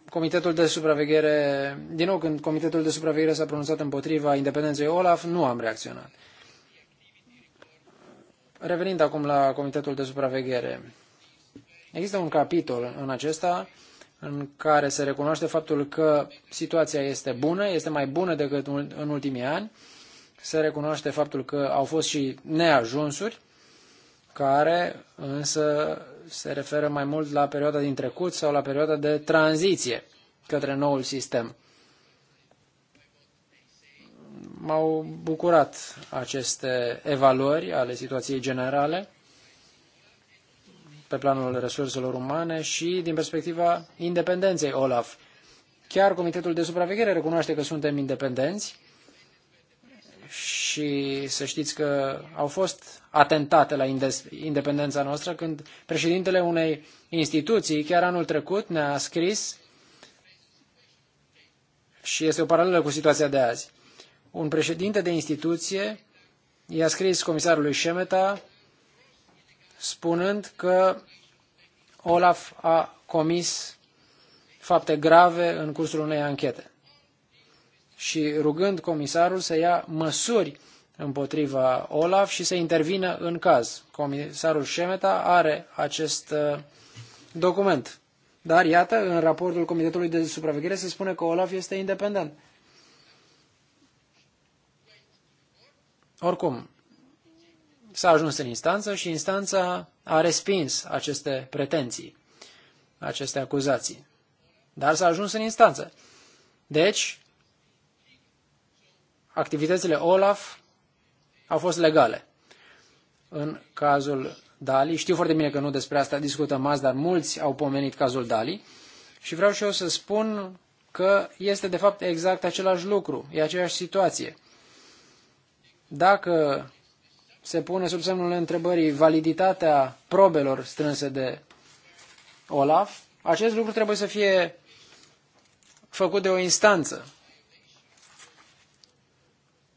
Comitetul de Supraveghere, din nou, când Comitetul de Supraveghere s-a pronunțat împotriva independenței OLAF, nu am reacționat. Revenind acum la Comitetul de Supraveghere, există un capitol în acesta în care se recunoaște faptul că situația este bună, este mai bună decât în ultimii ani, se recunoaște faptul că au fost și neajunsuri, care însă se referă mai mult la perioada din trecut sau la perioada de tranziție către noul sistem. M-au bucurat aceste evaluări ale situației generale pe planul resurselor umane și din perspectiva independenței OLAF. Chiar Comitetul de Supraveghere recunoaște că suntem independenți și să știți că au fost atentate la independența noastră când președintele unei instituții chiar anul trecut ne-a scris și este o paralelă cu situația de azi. Un președinte de instituție i-a scris comisarului Șemeta spunând că Olaf a comis fapte grave în cursul unei anchete și rugând comisarul să ia măsuri împotriva Olaf și să intervină în caz. Comisarul Șemeta are acest uh, document. Dar iată, în raportul Comitetului de Supraveghere se spune că Olaf este independent. Oricum, s-a ajuns în instanță și instanța a respins aceste pretenții, aceste acuzații. Dar s-a ajuns în instanță. Deci, activitățile OLAF au fost legale. În cazul Dali, știu foarte bine că nu despre asta discutăm azi, dar mulți au pomenit cazul Dali și vreau și eu să spun că este de fapt exact același lucru, e aceeași situație. Dacă se pune sub semnul întrebării validitatea probelor strânse de Olaf, acest lucru trebuie să fie făcut de o instanță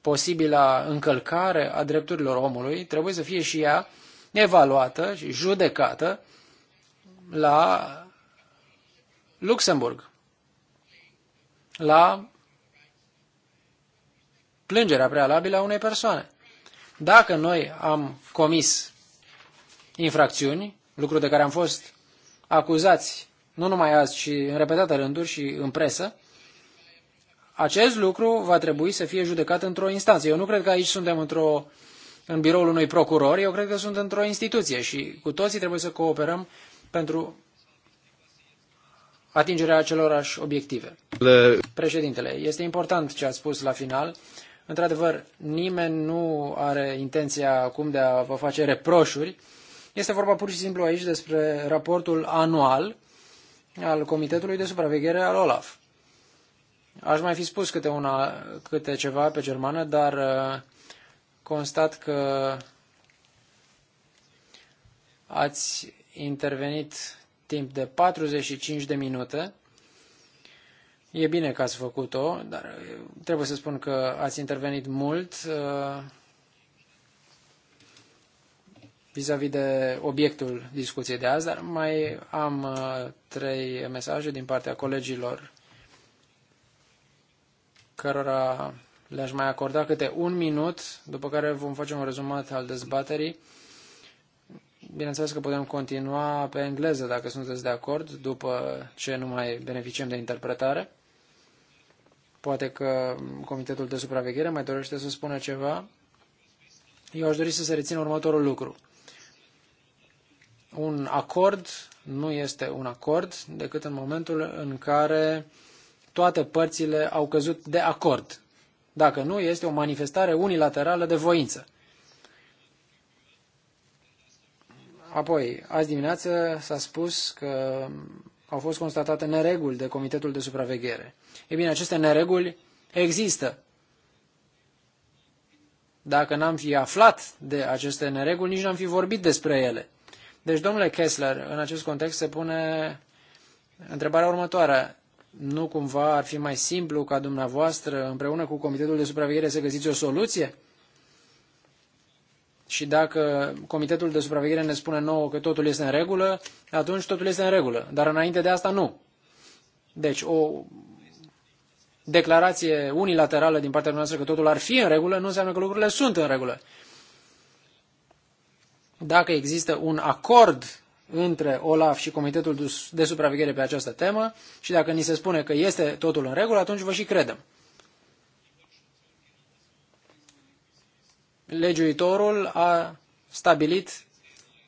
posibila încălcare a drepturilor omului trebuie să fie și ea evaluată și judecată la Luxemburg, la plângerea prealabilă a unei persoane. Dacă noi am comis infracțiuni, lucru de care am fost acuzați nu numai azi, ci în repetate rânduri și în presă, acest lucru va trebui să fie judecat într-o instanță. Eu nu cred că aici suntem într-o, în biroul unui procuror, eu cred că sunt într-o instituție și cu toții trebuie să cooperăm pentru atingerea acelorași obiective. Le... Președintele, este important ce a spus la final. Într-adevăr, nimeni nu are intenția acum de a vă face reproșuri. Este vorba pur și simplu aici despre raportul anual al Comitetului de Supraveghere al OLAF. Aș mai fi spus câte, una, câte ceva pe germană, dar uh, constat că ați intervenit timp de 45 de minute. E bine că ați făcut-o, dar uh, trebuie să spun că ați intervenit mult uh, vis-a-vis -vis de obiectul discuției de azi, dar mai am trei mesaje din partea colegilor cărora le-aș mai acorda câte un minut, după care vom face un rezumat al dezbaterii. Bineînțeles că putem continua pe engleză, dacă sunteți de acord, după ce nu mai beneficiem de interpretare. Poate că Comitetul de Supraveghere mai dorește să spună ceva. Eu aș dori să se rețină următorul lucru. Un acord nu este un acord decât în momentul în care toate părțile au căzut de acord. Dacă nu, este o manifestare unilaterală de voință. Apoi, azi dimineață s-a spus că au fost constatate nereguli de Comitetul de Supraveghere. Ei bine, aceste nereguli există. Dacă n-am fi aflat de aceste nereguli, nici n-am fi vorbit despre ele. Deci, domnule Kessler, în acest context se pune întrebarea următoare nu cumva ar fi mai simplu ca dumneavoastră, împreună cu Comitetul de Supraveghere, să găsiți o soluție? Și dacă Comitetul de Supraveghere ne spune nouă că totul este în regulă, atunci totul este în regulă. Dar înainte de asta, nu. Deci, o declarație unilaterală din partea noastră că totul ar fi în regulă, nu înseamnă că lucrurile sunt în regulă. Dacă există un acord între OLAF și Comitetul de Supraveghere pe această temă și dacă ni se spune că este totul în regulă, atunci vă și credem. Legiuitorul a stabilit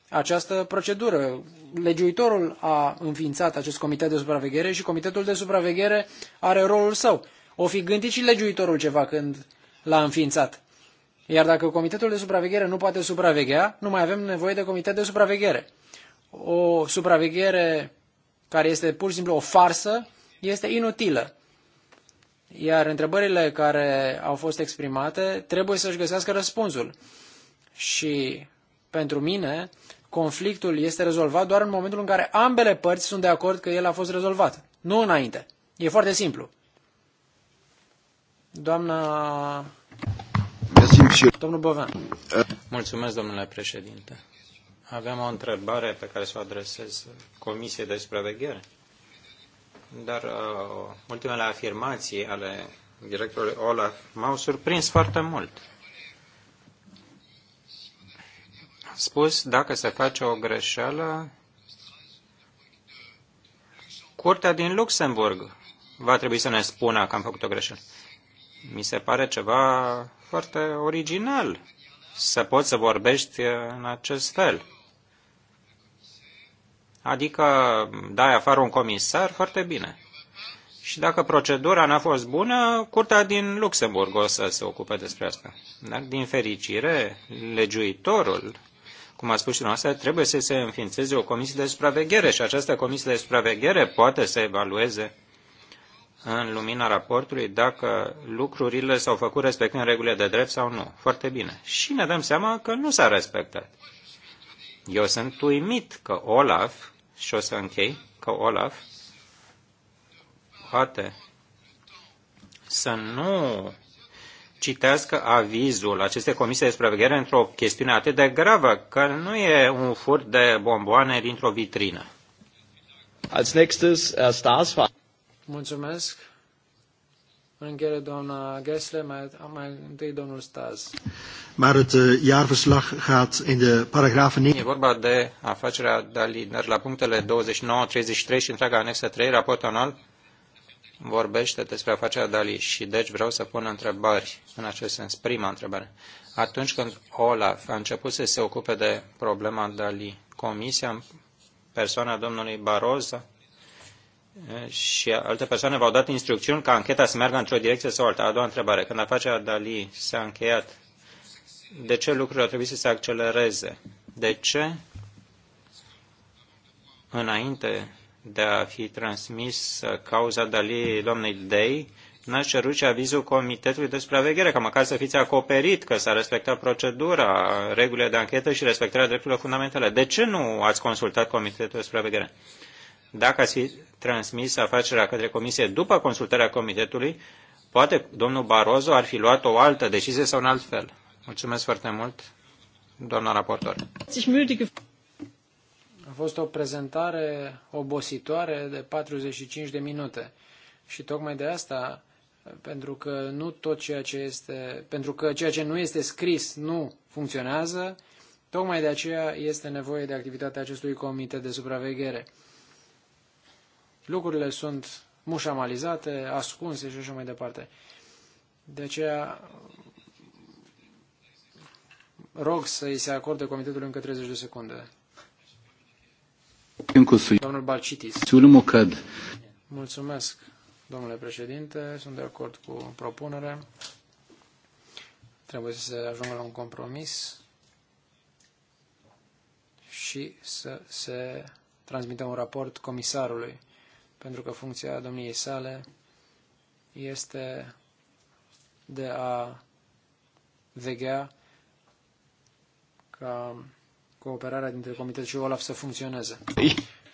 această procedură. Legiuitorul a înființat acest comitet de supraveghere și comitetul de supraveghere are rolul său. O fi gândit și legiuitorul ceva când l-a înființat. Iar dacă comitetul de supraveghere nu poate supraveghea, nu mai avem nevoie de comitet de supraveghere o supraveghere care este pur și simplu o farsă este inutilă. Iar întrebările care au fost exprimate trebuie să-și găsească răspunsul. Și pentru mine, conflictul este rezolvat doar în momentul în care ambele părți sunt de acord că el a fost rezolvat, nu înainte. E foarte simplu. Doamna... Domnul Bovan. Mulțumesc, domnule președinte. Aveam o întrebare pe care să o adresez Comisiei de Supraveghere. Dar uh, ultimele afirmații ale directorului Olaf m-au surprins foarte mult. A spus, dacă se face o greșeală, Curtea din Luxemburg va trebui să ne spună că am făcut o greșeală. Mi se pare ceva foarte original să poți să vorbești în acest fel. Adică dai afară un comisar, foarte bine. Și dacă procedura n-a fost bună, curtea din Luxemburg o să se ocupe despre asta. Dar, din fericire, legiuitorul, cum a spus și noastră, trebuie să se înființeze o comisie de supraveghere și această comisie de supraveghere poate să evalueze în lumina raportului dacă lucrurile s-au făcut respectând regulile de drept sau nu. Foarte bine. Și ne dăm seama că nu s-a respectat. Eu sunt uimit că Olaf, și o să închei, că Olaf poate să nu citească avizul acestei comisii de supraveghere într-o chestiune atât de gravă, că nu e un furt de bomboane dintr-o vitrină. Als nächstes, Mulțumesc. În încheiere, doamna Gessler, mai, mai întâi domnul Maar het uh, jaarverslag gaat in de 9... E vorba de afacerea Dali, dar la punctele 29, 33 și întreaga anexă 3, raport anual, vorbește despre afacerea Dali și deci vreau să pun întrebări în acest sens. Prima întrebare. Atunci când Olaf a început să se ocupe de problema Dali, Comisia, persoana domnului Baroza, și alte persoane v-au dat instrucțiuni ca ancheta să meargă într-o direcție sau alta. A doua întrebare. Când afacerea Dali s-a încheiat, de ce lucrurile ar trebui să se accelereze? De ce înainte de a fi transmis cauza Dali doamnei Dei, n-ați cerut și avizul Comitetului de Supraveghere, ca măcar să fiți acoperit că s-a respectat procedura, regulile de anchetă și respectarea drepturilor fundamentale. De ce nu ați consultat Comitetul de Supraveghere? Dacă ați fi transmis afacerea către comisie după consultarea comitetului, poate domnul Barozo ar fi luat o altă decizie sau un alt fel. Mulțumesc foarte mult, doamna raportor. A fost o prezentare obositoare de 45 de minute și tocmai de asta, pentru că nu tot ceea ce este, pentru că ceea ce nu este scris nu funcționează, tocmai de aceea este nevoie de activitatea acestui comitet de supraveghere. Lucrurile sunt mușamalizate, ascunse și așa mai departe. De aceea rog să îi se acorde comitetului încă 30 de secunde. Domnul Balcitis. Mulțumesc, domnule președinte. Sunt de acord cu propunerea. Trebuie să se ajungă la un compromis și să se transmită un raport comisarului pentru că funcția domniei sale este de a vegea ca cooperarea dintre comitet și OLAF să funcționeze.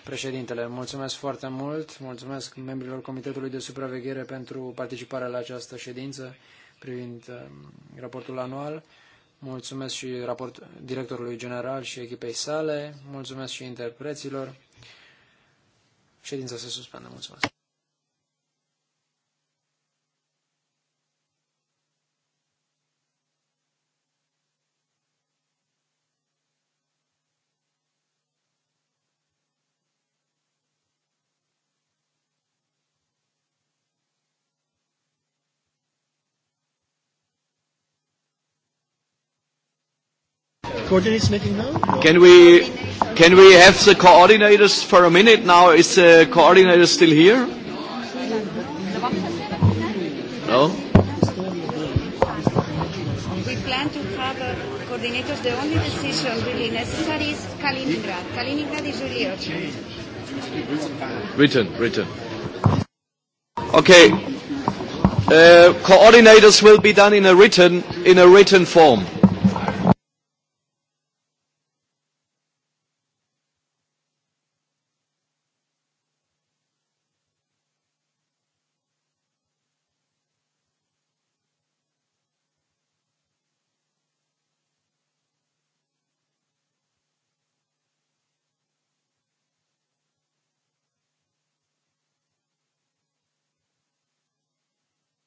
Președintele, mulțumesc foarte mult, mulțumesc membrilor Comitetului de Supraveghere pentru participarea la această ședință privind um, raportul anual. Mulțumesc și raport, directorului general și echipei sale, mulțumesc și interpreților. Ședința se suspendă. Mulțumesc. coordinates meeting now? Can we, can we have the coordinators for a minute now? Is the coordinator still here? No? We plan to have a uh, coordinators. The only decision really necessary is Kaliningrad. Kaliningrad is really urgent. Written, written. Okay. Uh, coordinators will be done in a written in a written form.